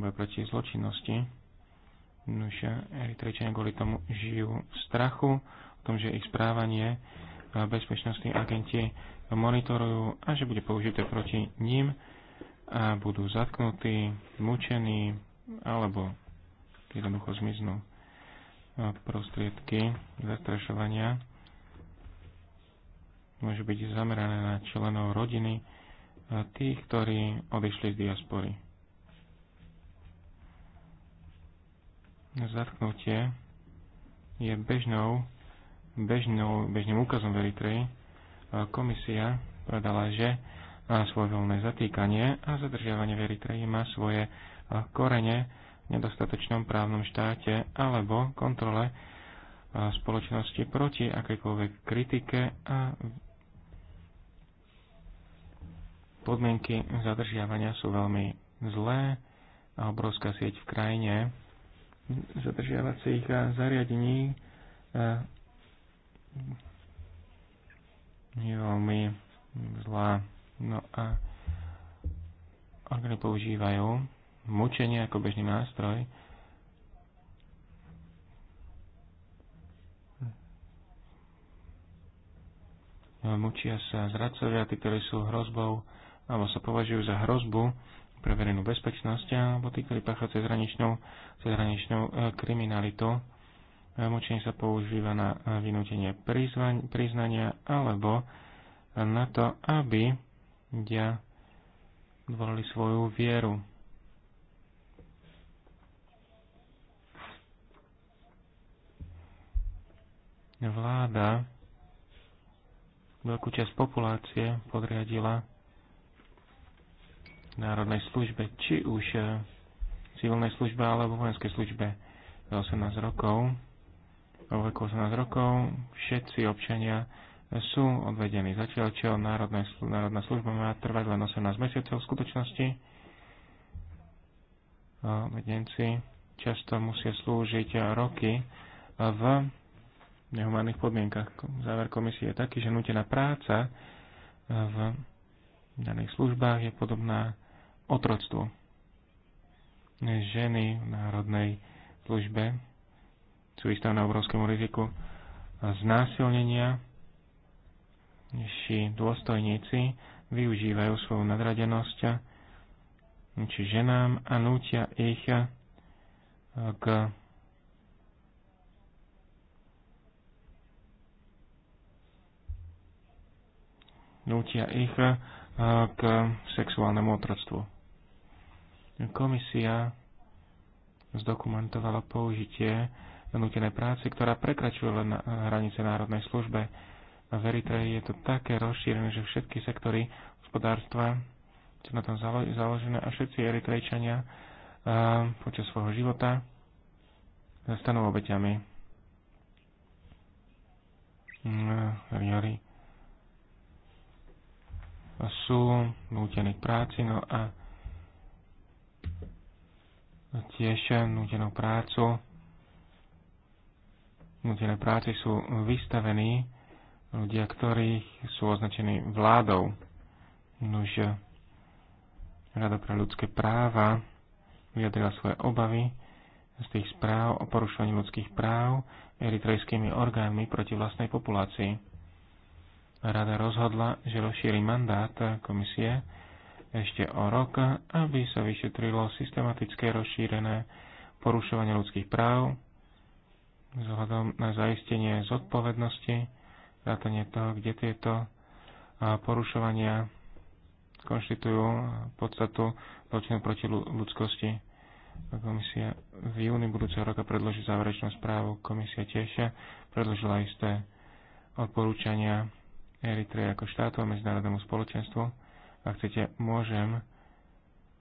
boja proti zločinnosti. Nuša, Eritrejčania kvôli tomu žijú v strachu, o tom, že ich správanie bezpečnostní agenti monitorujú a že bude použité proti ním a budú zatknutí, mučení alebo jednoducho zmiznú prostriedky zastrašovania môžu byť zamerané na členov rodiny tých, ktorí odišli z diaspory. Zatknutie je bežnou, bežnou, bežným úkazom v Eritreji komisia povedala, že svoje voľné zatýkanie a zadržiavanie v Eritreji má svoje korene v nedostatočnom právnom štáte alebo kontrole spoločnosti proti akejkoľvek kritike a podmienky zadržiavania sú veľmi zlé a obrovská sieť v krajine zadržiavacích zariadení je veľmi zlá. No a orgány používajú mučenie ako bežný nástroj. Mučia sa zradcovia, tí, ktorí sú hrozbou, alebo sa považujú za hrozbu pre verejnú bezpečnosť, alebo tí, ktorí páchajú cezhraničnou, cezhraničnou e, kriminalitu Mučenie sa používa na vynútenie priznania alebo na to, aby ľudia volili svoju vieru. Vláda veľkú časť populácie podriadila národnej službe, či už civilnej službe alebo vojenskej službe. Za 18 rokov vo veku 18 rokov všetci občania sú odvedení. Zatiaľ, čo národná, národná služba má trvať len 18 mesiacov v skutočnosti, vedenci často musia slúžiť roky v nehumánnych podmienkach. Záver komisie je taký, že nutená práca v daných službách je podobná otroctvu. Ženy v národnej službe sú vystavené obrovskému riziku znásilnenia, či dôstojníci využívajú svoju nadradenosť či ženám a nútia ich k nútia ich e, k sexuálnemu otroctvu. Komisia zdokumentovala použitie nutenej práci, ktorá prekračuje len hranice národnej službe. A v Eritreji je to také rozšírené, že všetky sektory hospodárstva sú na tom založené a všetci Eritrejčania počas svojho života stanú obeťami. Riori sú nútení k práci, no a tiež nútenú prácu nutené práce sú vystavení ľudia, ktorých sú označení vládou. Nož Rada pre ľudské práva vyjadrila svoje obavy z tých správ o porušovaní ľudských práv eritrejskými orgánmi proti vlastnej populácii. Rada rozhodla, že rozšíri mandát komisie ešte o rok, aby sa vyšetrilo systematické rozšírené porušovanie ľudských práv vzhľadom na zaistenie zodpovednosti, vrátanie toho, kde tieto porušovania konštitujú podstatu zločinu proti ľudskosti. Komisia v júni budúceho roka predloží záverečnú správu. Komisia tiež predložila isté odporúčania Eritreje ako štátu a medzinárodnému spoločenstvu. Ak chcete, môžem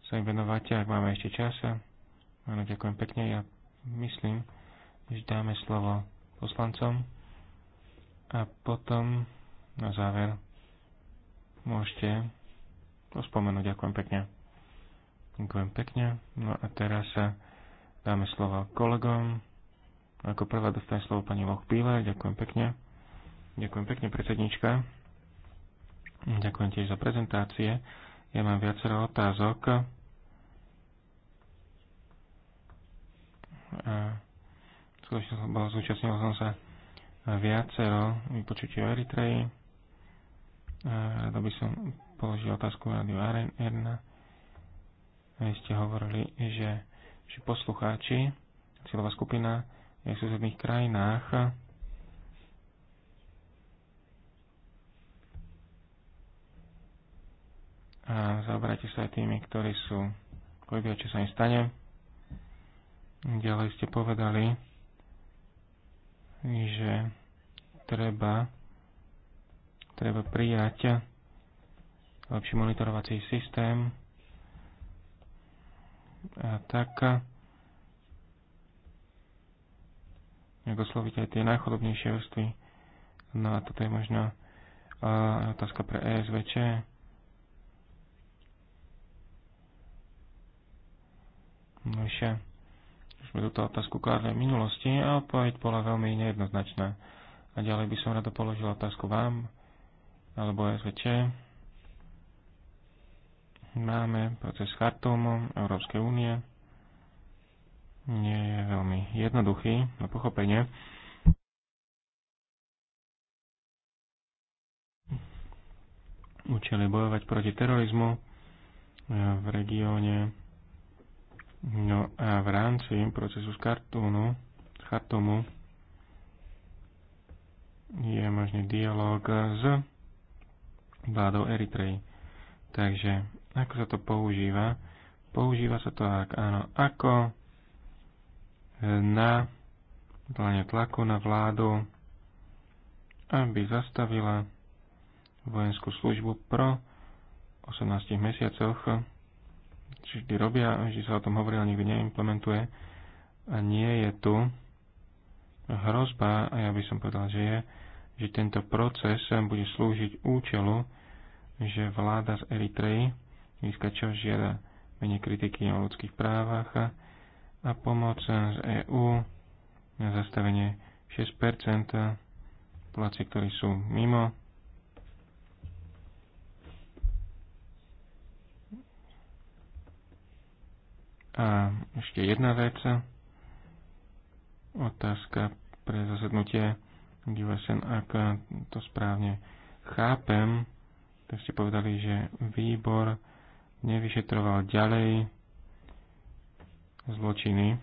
sa im venovať, ak máme ešte čas. Áno, ďakujem pekne. Ja myslím, než dáme slovo poslancom a potom na záver môžete to Ďakujem pekne. Ďakujem pekne. No a teraz sa dáme slovo kolegom. Ako prvá dostane slovo pani Píle. Ďakujem pekne. Ďakujem pekne, predsednička. Ďakujem tiež za prezentácie. Ja mám viacero otázok zúčastnil som sa viacero vypočutí o Eritreji. Rado by som položil otázku rádiu Arena. Vy ste hovorili, že, že poslucháči, cieľová skupina je v susedných krajinách. A zaoberajte sa aj tými, ktorí sú, povedia, čo sa im stane. Ďalej ste povedali, že treba, treba prijať lepší monitorovací systém a tak ako sloviť aj tie najchodobnejšie vrstvy. No a toto je možno uh, otázka pre ESVČ. No ešte sme túto otázku kládli v minulosti a odpoveď bola veľmi nejednoznačná. A ďalej by som rado položil otázku vám, alebo SVČ. Máme proces Chartum Európskej únie. Nie je veľmi jednoduchý na pochopenie. Učili bojovať proti terorizmu v regióne No a v rámci procesu z kartúnu, z kartomu je možný dialog s vládou Eritrej. Takže ako sa to používa? Používa sa to ak, áno, ako na plne tlaku na vládu, aby zastavila vojenskú službu pro 18 mesiacoch či vždy robia, že sa o tom hovorí, ale nikdy neimplementuje. A nie je tu hrozba, a ja by som povedal, že je, že tento proces bude slúžiť účelu, že vláda z Eritreji získa čo žiada menej kritiky o ľudských právach a pomoc z EÚ na zastavenie 6% populácie, ktorí sú mimo A ešte jedna vec. Otázka pre zasadnutie Givesen, ak to správne chápem, tak ste povedali, že výbor nevyšetroval ďalej zločiny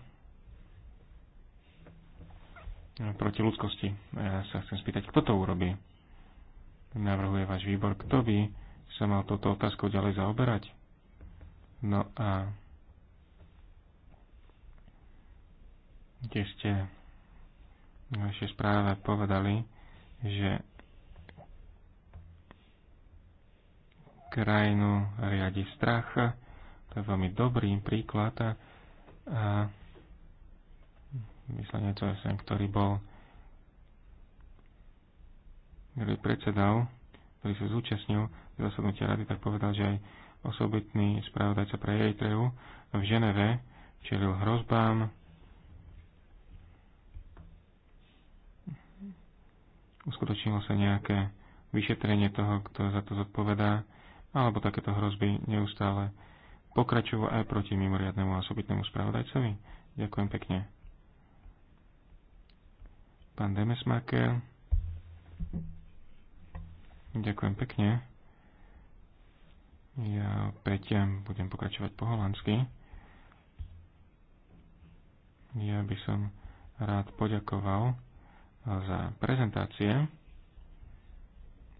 proti ľudskosti. Ja sa chcem spýtať, kto to urobí? Navrhuje váš výbor, kto by sa mal touto otázkou ďalej zaoberať? No a kde ste v vašej správe povedali, že krajinu riadi strach. To je veľmi dobrý príklad. A je sem, ktorý bol ktorý predsedal, ktorý sa zúčastnil zasadnutia rady, tak povedal, že aj osobitný spravodajca pre Eritreu v Ženeve čelil hrozbám, uskutočnilo sa nejaké vyšetrenie toho, kto za to zodpovedá, alebo takéto hrozby neustále pokračujú aj proti mimoriadnemu a osobitnému spravodajcovi. Ďakujem pekne. Pán Demesmaker. Ďakujem pekne. Ja opäť budem pokračovať po holandsky. Ja by som rád poďakoval za prezentácie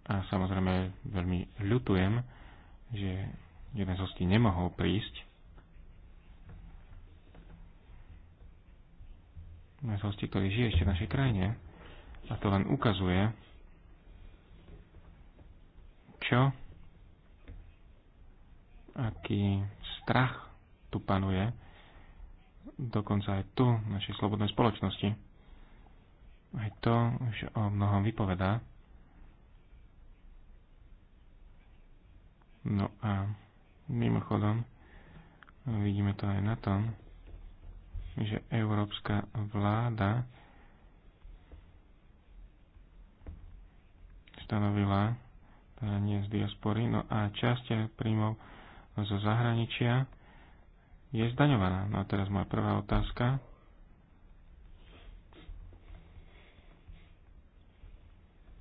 a samozrejme veľmi ľutujem, že jeden z hostí nemohol prísť. Jeden z hostí, ktorý žije ešte v našej krajine a to len ukazuje, čo aký strach tu panuje, dokonca aj tu v našej slobodnej spoločnosti. Aj to už o mnohom vypovedá. No a mimochodom vidíme to aj na tom, že európska vláda stanovila teda nie z diaspory, no a časť príjmov zo zahraničia je zdaňovaná. No a teraz moja prvá otázka.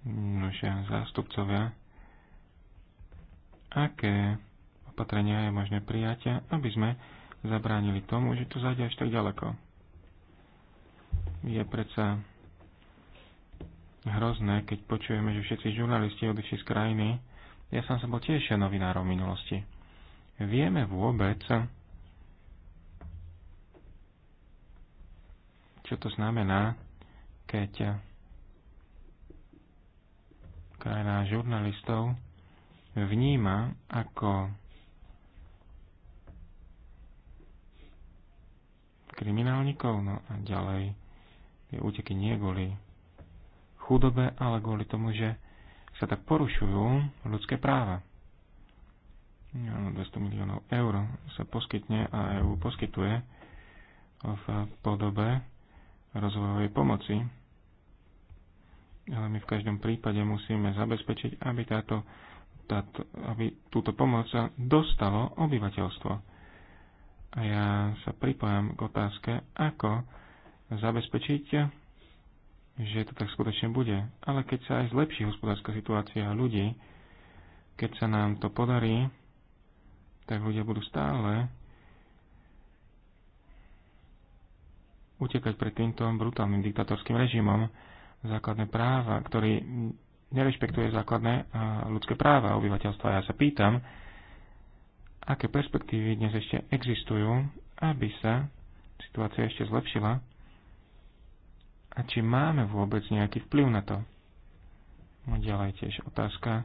naše zástupcovia, aké opatrenia je možné prijať, aby sme zabránili tomu, že to zajde až tak ďaleko. Je predsa hrozné, keď počujeme, že všetci žurnalisti odišli z krajiny. Ja som sa bol tiež novinárom v minulosti. Vieme vôbec, čo to znamená, keď teda žurnalistov vníma ako kriminálnikov, no a ďalej tie úteky nie kvôli chudobe, ale kvôli tomu, že sa tak porušujú ľudské práva. No, 200 miliónov eur sa poskytne a EU poskytuje v podobe rozvojovej pomoci ale my v každom prípade musíme zabezpečiť, aby, táto, táto, aby túto pomoc sa dostalo obyvateľstvo. A ja sa pripojam k otázke, ako zabezpečiť, že to tak skutočne bude. Ale keď sa aj zlepší hospodárska situácia ľudí, keď sa nám to podarí, tak ľudia budú stále utekať pred týmto brutálnym diktatorským režimom, základné práva, ktorý nerešpektuje základné ľudské práva obyvateľstva. Ja sa pýtam, aké perspektívy dnes ešte existujú, aby sa situácia ešte zlepšila a či máme vôbec nejaký vplyv na to. No, ďalej tiež otázka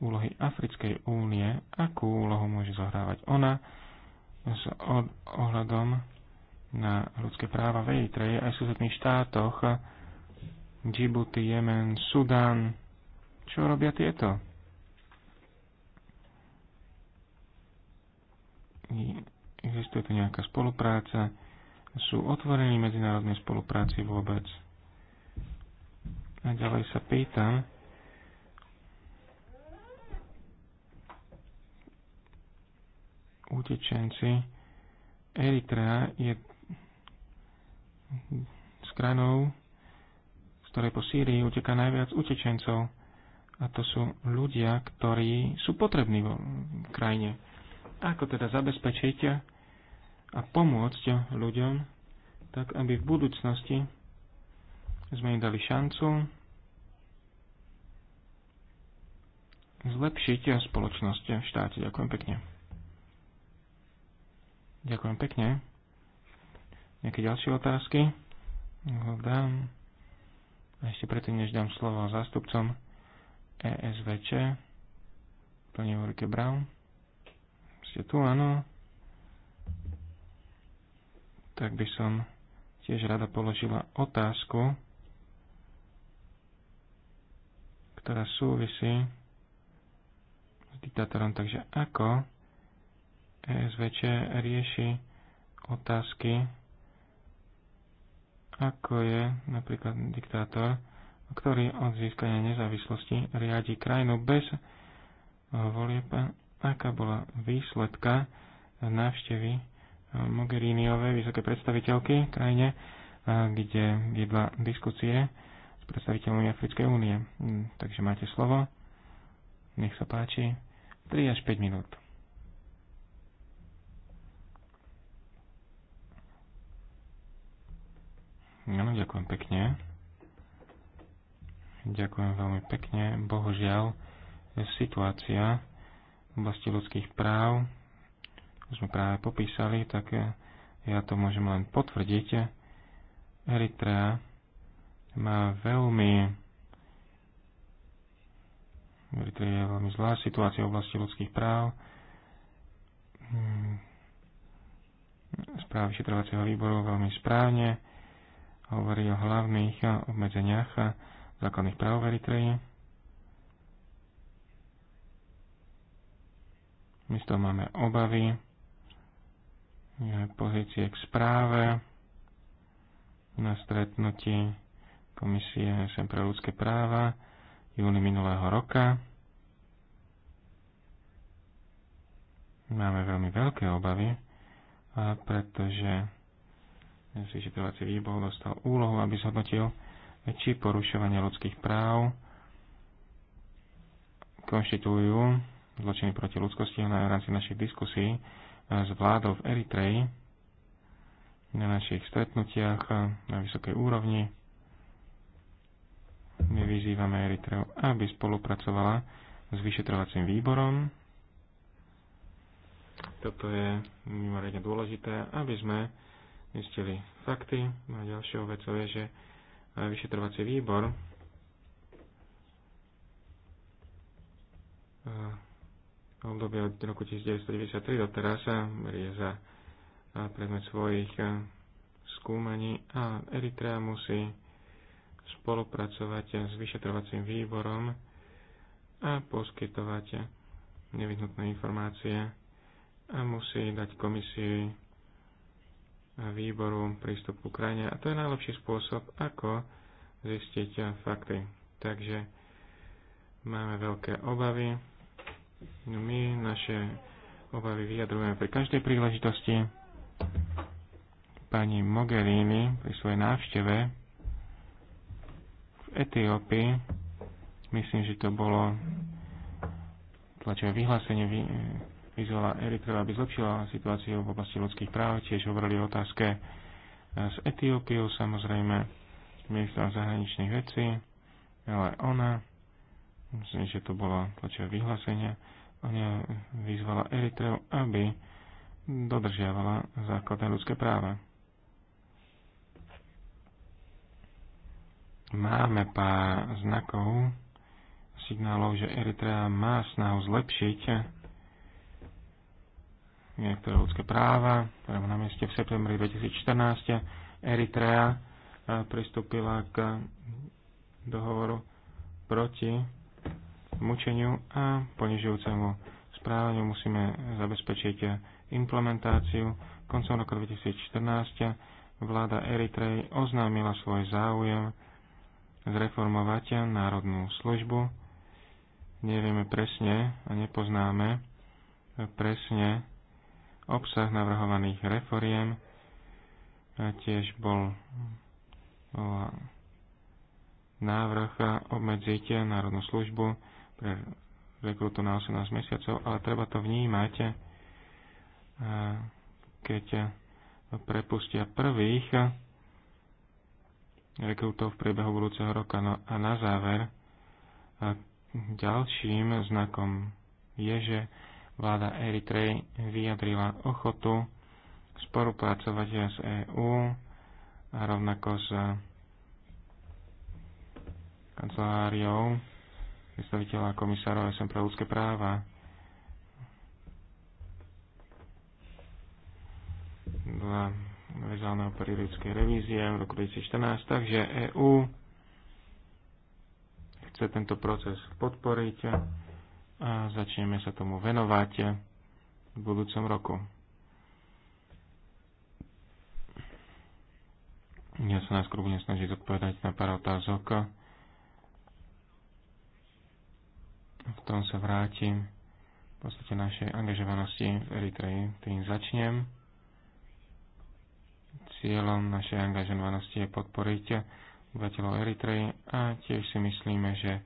úlohy Africkej únie, akú úlohu môže zohrávať ona s ohľadom na ľudské práva v Eritreji aj v susedných štátoch, Djibouti, Jemen, Sudán. Čo robia tieto? Existuje tu nejaká spolupráca? Sú otvorení medzinárodnej spolupráci vôbec? A ďalej sa pýtam, utečenci. Eritrea je s krajinou, z ktorej po Sýrii uteká najviac utečencov. A to sú ľudia, ktorí sú potrební v krajine. Ako teda zabezpečiť a pomôcť ľuďom, tak aby v budúcnosti sme im dali šancu zlepšiť spoločnosť v štáte. Ďakujem pekne. Ďakujem pekne. Nejaké ďalšie otázky? Dám. A ešte predtým, než dám slovo zástupcom ESVČ, pani Ulrike Brown. Ste tu, áno. Tak by som tiež rada položila otázku, ktorá súvisí s diktátorom. Takže ako ESVČ rieši otázky ako je napríklad diktátor, ktorý od získania nezávislosti riadi krajinu bez eh, volieb, aká bola výsledka návštevy eh, Mogheriniovej vysokej predstaviteľky v krajine, eh, kde viedla diskusie s predstaviteľmi Africkej únie. Hm, takže máte slovo. Nech sa páči. 3 až 5 minút. Áno, ďakujem pekne. Ďakujem veľmi pekne. Bohužiaľ, situácia v oblasti ľudských práv, už sme práve popísali, tak ja to môžem len potvrdiť. Eritrea má veľmi Eritrea je veľmi zlá situácia v oblasti ľudských práv. Hm, správy šetrovacieho výboru veľmi správne hovorí o hlavných obmedzeniach zákonných práv v Eritreji. My z toho máme obavy, pozície k správe na stretnutí Komisie sem pre ľudské práva júni minulého roka. Máme veľmi veľké obavy, pretože vyšetrovací výbor dostal úlohu, aby zhodnotil, či porušovanie ľudských práv konštitujú zločiny proti ľudskosti na rámci našich diskusí e, s vládou v Eritreji na našich stretnutiach e, na vysokej úrovni. My vyzývame Eritreu, aby spolupracovala s vyšetrovacím výborom. Toto je mimoriadne dôležité, aby sme zistili fakty. No a ďalšou vecou je, že e, vyšetrovací výbor v e, období od roku 1993 do teraz e, berie za predmet svojich skúmaní a Eritrea musí spolupracovať s vyšetrovacím výborom a poskytovať nevyhnutné informácie a musí dať komisii výboru prístup k Ukrajine a to je najlepší spôsob, ako zistiť fakty. Takže máme veľké obavy. No my naše obavy vyjadrujeme pri každej príležitosti. Pani Mogherini pri svojej návšteve v Etiópii, myslím, že to bolo tlačové vyhlásenie, vy vyzvala Eritreu, aby zlepšila situáciu v oblasti ľudských práv. Tiež hovorili o otázke e, s Etiópiou, samozrejme, ministra zahraničných vecí, ale ona, myslím, že to bolo tlačové vyhlásenie, ona vyzvala Eritreu, aby dodržiavala základné ľudské práva. Máme pár znakov, signálov, že Eritrea má snahu zlepšiť niektoré ľudské práva. Právo na mieste v septembri 2014 Eritrea e, pristúpila k dohovoru proti mučeniu a ponižujúcemu správaniu. Musíme zabezpečiť implementáciu. Koncom roku 2014 vláda Eritrej oznámila svoj záujem zreformovať národnú službu. Nevieme presne a nepoznáme presne Obsah navrhovaných reforiem tiež bol návrh obmedziť národnú službu pre rekrutu na 18 mesiacov, ale treba to vnímať, keď prepustia prvých rekrutov v priebehu budúceho roka. No a na záver, ďalším znakom je, že Vláda Eritrej vyjadrila ochotu spolupracovať s EÚ a rovnako s kanceláriou predstaviteľa komisárov SM pre ľudské práva. Dva vezálneho periodické revízie v roku 2014, takže EÚ chce tento proces podporiť a začneme sa tomu venovať v budúcom roku. Ja sa najskôr budem snažiť odpovedať na pár otázok. V tom sa vrátim v podstate našej angažovanosti v Eritreji. Tým začnem. Cieľom našej angažovanosti je podporiť obyvateľov Eritreji a tiež si myslíme, že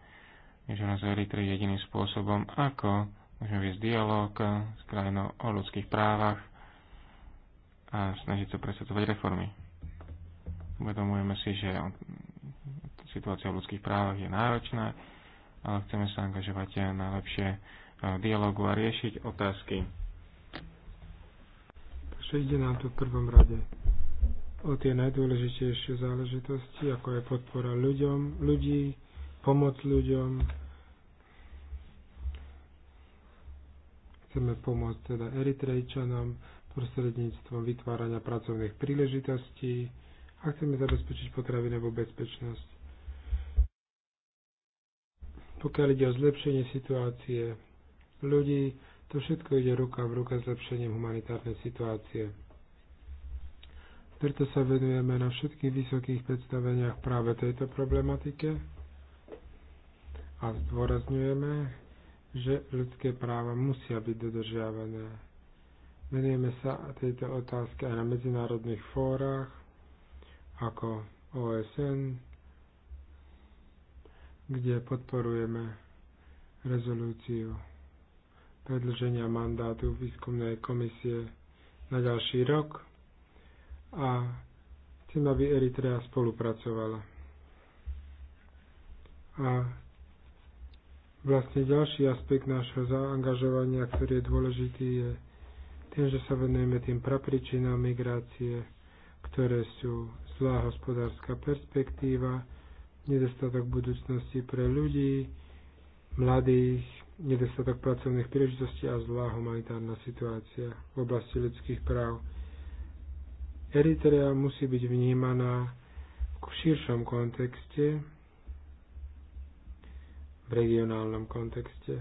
že nás Eritrej jediným spôsobom, ako môžeme viesť dialog s krajinou o ľudských právach a snažiť sa presadzovať reformy. Uvedomujeme si, že situácia v ľudských právach je náročná, ale chceme sa angažovať aj na lepšie e, dialogu a riešiť otázky. Takže ide nám tu v prvom rade o tie najdôležitejšie záležitosti, ako je podpora ľuďom, ľudí, pomoc ľuďom. Chceme pomôcť teda Eritrejčanom prostredníctvom vytvárania pracovných príležitostí a chceme zabezpečiť potravinovú bezpečnosť. Pokiaľ ide o zlepšenie situácie ľudí, to všetko ide ruka v ruka zlepšením humanitárnej situácie. Preto sa venujeme na všetkých vysokých predstaveniach práve tejto problematike a zdôrazňujeme, že ľudské práva musia byť dodržiavané. Venujeme sa tejto otázke aj na medzinárodných fórach, ako OSN, kde podporujeme rezolúciu predlženia mandátu výskumnej komisie na ďalší rok a chcem, aby Eritrea spolupracovala. A Vlastne ďalší aspekt nášho zaangažovania, ktorý je dôležitý, je tým, že sa venujeme tým prapričinám migrácie, ktoré sú zlá hospodárska perspektíva, nedostatok budúcnosti pre ľudí, mladých, nedostatok pracovných príležitostí a zlá humanitárna situácia v oblasti ľudských práv. Eritrea musí byť vnímaná v širšom kontexte regionálnom kontexte.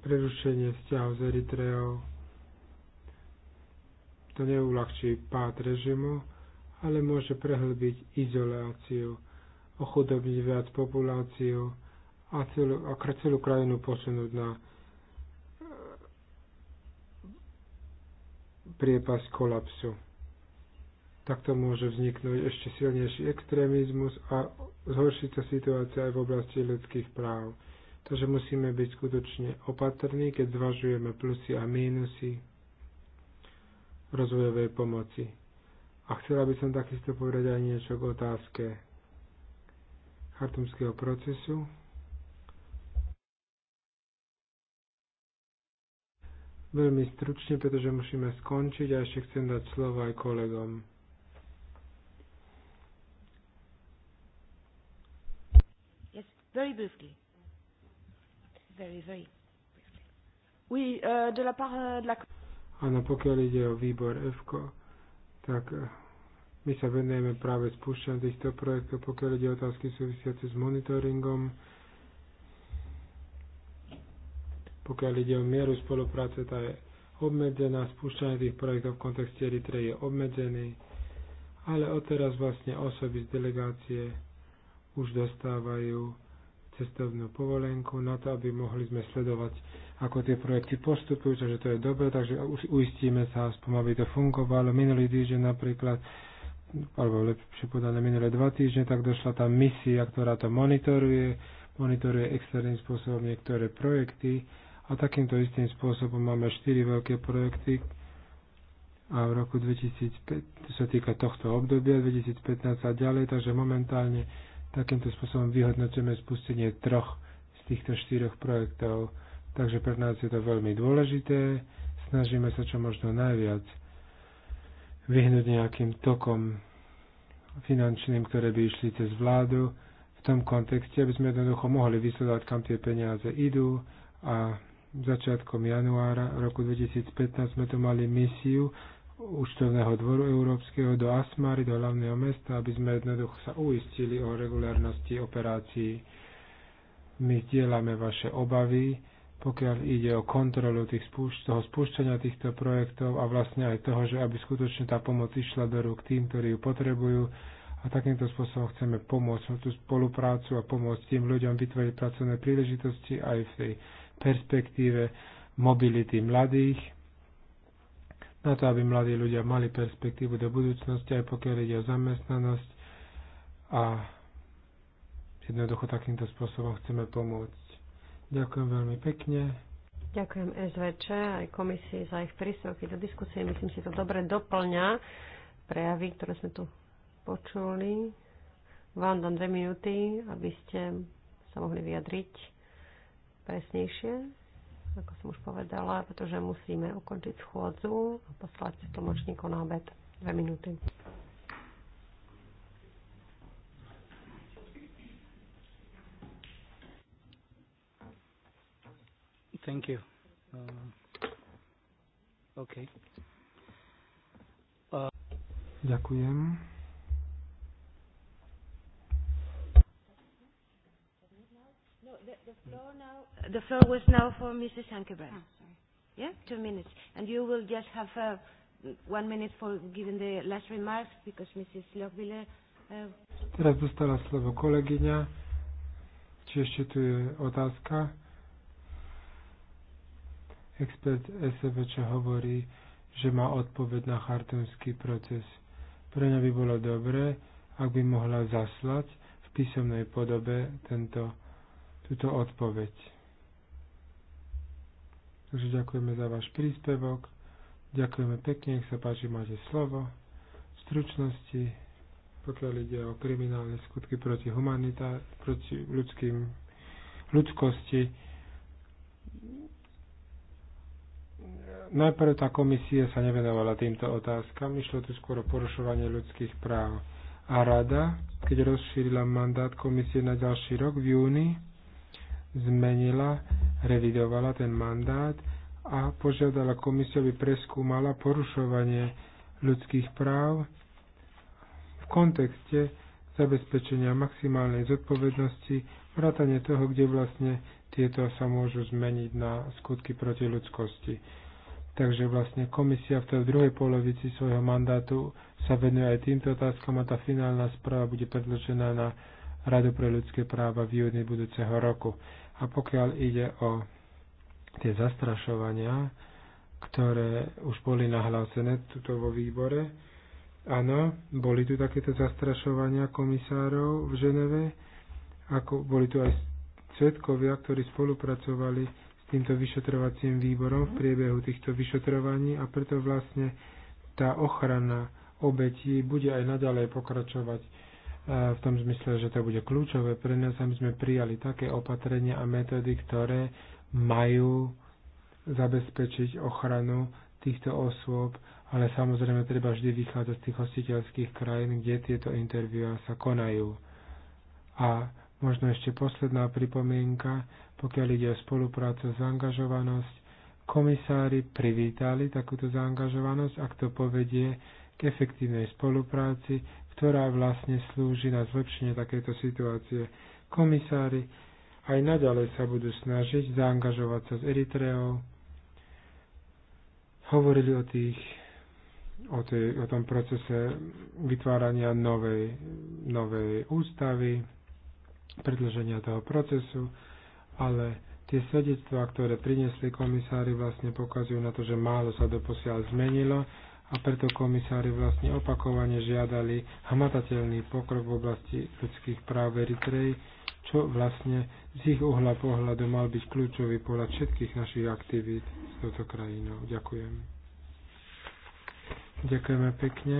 Prerušenie vzťahov s Eritreou to neulahčí pád režimu, ale môže prehlbiť izoláciu, ochudobniť viac populáciu a celú, a celú krajinu posunúť na e, priepas kolapsu. Takto môže vzniknúť ešte silnejší extrémizmus a zhoršiť sa situácia aj v oblasti ľudských práv. Takže musíme byť skutočne opatrní, keď zvažujeme plusy a mínusy rozvojovej pomoci. A chcela by som takisto povedať aj niečo k otázke chartumského procesu. Veľmi stručne, pretože musíme skončiť a ešte chcem dať slovo aj kolegom. Very briefly. Very, very briefly. Oui, uh, de la part uh, de la... Áno, pokiaľ ide o výbor EFKO, tak eh, my sa venujeme práve spúšťaní týchto projektov, pokiaľ ide o otázky súvisiace s monitoringom, pokiaľ ide o mieru spolupráce, tá je obmedzená, spúšťanie tých projektov v kontexte Eritre je obmedzený, ale odteraz vlastne osoby z delegácie už dostávajú cestovnú povolenku na to, aby mohli sme sledovať, ako tie projekty postupujú, takže to je dobre, takže uistíme sa aspoň, aby to fungovalo. Minulý týždeň napríklad, alebo lepšie povedané minulé dva týždne, tak došla tá misia, ktorá to monitoruje, monitoruje externým spôsobom niektoré projekty a takýmto istým spôsobom máme štyri veľké projekty, a v roku 2005, to sa týka tohto obdobia 2015 a ďalej, takže momentálne Takýmto spôsobom vyhodnotujeme spustenie troch z týchto štyroch projektov. Takže pre nás je to veľmi dôležité. Snažíme sa čo možno najviac vyhnúť nejakým tokom finančným, ktoré by išli cez vládu v tom kontexte, aby sme jednoducho mohli vysledovať, kam tie peniaze idú a začiatkom januára roku 2015 sme tu mali misiu účtovného dvoru európskeho do Asmary, do hlavného mesta, aby sme jednoducho sa uistili o regulárnosti operácií. My zdieľame vaše obavy, pokiaľ ide o kontrolu tých spúšť, toho spúšťania týchto projektov a vlastne aj toho, že aby skutočne tá pomoc išla do rúk tým, ktorí ju potrebujú. A takýmto spôsobom chceme pomôcť tú spoluprácu a pomôcť tým ľuďom vytvoriť pracovné príležitosti aj v tej perspektíve mobility mladých, na to, aby mladí ľudia mali perspektívu do budúcnosti, aj pokiaľ ide o zamestnanosť a jednoducho takýmto spôsobom chceme pomôcť. Ďakujem veľmi pekne. Ďakujem SVČ aj komisii za ich príspevky do diskusie. Myslím si, to dobre doplňa prejavy, ktoré sme tu počuli. Vám dám dve minúty, aby ste sa mohli vyjadriť presnejšie ako som už povedala, pretože musíme ukončiť schôdzu a poslať tlmočníkov na obed dve minúty. Thank you. Uh, okay. uh. Ďakujem. the hmm. floor now, the floor was now for Mrs. Ankerberg. Oh, ah, sorry. Yeah, two minutes. And you will just have uh, one minute for giving the last remarks because Mrs. Lochbiller... Uh, Teraz dostala slovo kolegyňa. Či ešte tu je otázka? Expert SVČ hovorí, že má odpoveď na chartonský proces. Pre ňa by bolo dobré, ak by mohla zaslať v písomnej podobe tento túto odpoveď. Takže ďakujeme za váš príspevok. Ďakujeme pekne, nech sa páči, máte slovo. V stručnosti, pokiaľ ide o kriminálne skutky proti humanitá, proti ľudským, ľudskosti, najprv tá komisia sa nevenovala týmto otázkam, išlo tu skôr o porušovanie ľudských práv. A rada, keď rozšírila mandát komisie na ďalší rok v júni, zmenila, revidovala ten mandát a požiadala komisiu, aby preskúmala porušovanie ľudských práv v kontexte zabezpečenia maximálnej zodpovednosti, vrátane toho, kde vlastne tieto sa môžu zmeniť na skutky proti ľudskosti. Takže vlastne komisia v tej druhej polovici svojho mandátu sa venuje aj týmto otázkam a tá finálna správa bude predložená na Radu pre ľudské práva v júni budúceho roku. A pokiaľ ide o tie zastrašovania, ktoré už boli nahlásené tuto vo výbore, áno, boli tu takéto zastrašovania komisárov v Ženeve, ako boli tu aj svetkovia, ktorí spolupracovali s týmto vyšetrovacím výborom v priebehu týchto vyšetrovaní a preto vlastne tá ochrana obetí bude aj naďalej pokračovať v tom zmysle, že to bude kľúčové pre nás, aby sme prijali také opatrenia a metódy, ktoré majú zabezpečiť ochranu týchto osôb, ale samozrejme treba vždy vychádzať z tých hostiteľských krajín, kde tieto interviá sa konajú. A možno ešte posledná pripomienka, pokiaľ ide o spoluprácu zaangažovanosť, komisári privítali takúto zaangažovanosť, ak to povedie k efektívnej spolupráci, ktorá vlastne slúži na zlepšenie takejto situácie. Komisári aj naďalej sa budú snažiť zaangažovať sa s Eritreou. Hovorili o tých o, tej, o tom procese vytvárania novej, novej ústavy, predlženia toho procesu, ale tie svedectvá, ktoré priniesli komisári, vlastne pokazujú na to, že málo sa doposiaľ zmenilo a preto komisári vlastne opakovane žiadali hmatateľný pokrok v oblasti ľudských práv Eritreji, čo vlastne z ich uhla pohľadu mal byť kľúčový pohľad všetkých našich aktivít s touto krajinou. Ďakujem. Ďakujeme pekne.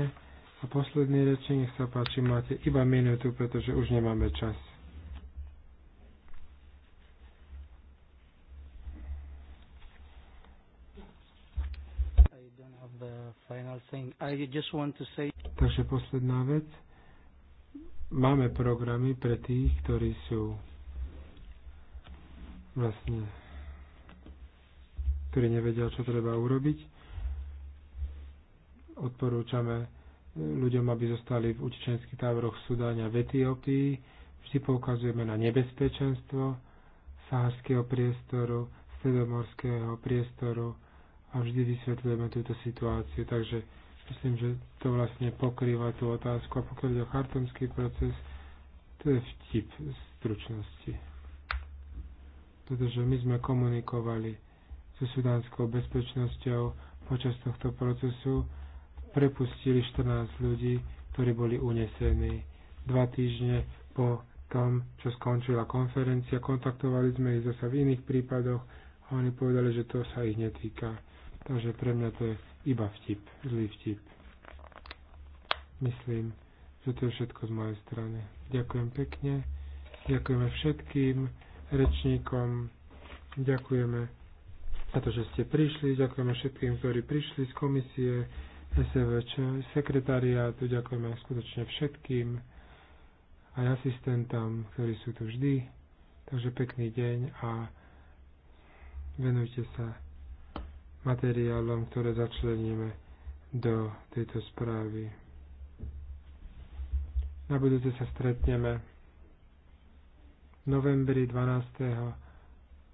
A posledný rečenie sa páči, máte iba minútu, pretože už nemáme čas. final thing. I just want to say... Takže posledná vec. Máme programy pre tých, ktorí sú vlastne ktorí nevedia, čo treba urobiť. Odporúčame ľuďom, aby zostali v utečenských táboroch v Sudáne a v Etiópii. Vždy poukazujeme na nebezpečenstvo sahárskeho priestoru, stredomorského priestoru, a vždy vysvetľujeme túto situáciu. Takže myslím, že to vlastne pokrýva tú otázku. A pokiaľ ide o chartumský proces, to je vtip stručnosti. Pretože my sme komunikovali so sudánskou bezpečnosťou počas tohto procesu, prepustili 14 ľudí, ktorí boli unesení. Dva týždne po tom, čo skončila konferencia, kontaktovali sme ich zase v iných prípadoch a oni povedali, že to sa ich netýka Takže pre mňa to je iba vtip, zlý vtip. Myslím, že to je všetko z mojej strany. Ďakujem pekne, ďakujeme všetkým rečníkom, ďakujeme za to, že ste prišli, ďakujeme všetkým, ktorí prišli z komisie SVČ, sekretariátu, ďakujeme skutočne všetkým aj asistentom, ktorí sú tu vždy. Takže pekný deň a venujte sa materiálom, ktoré začleníme do tejto správy. Na budúce sa stretneme v novembri 12.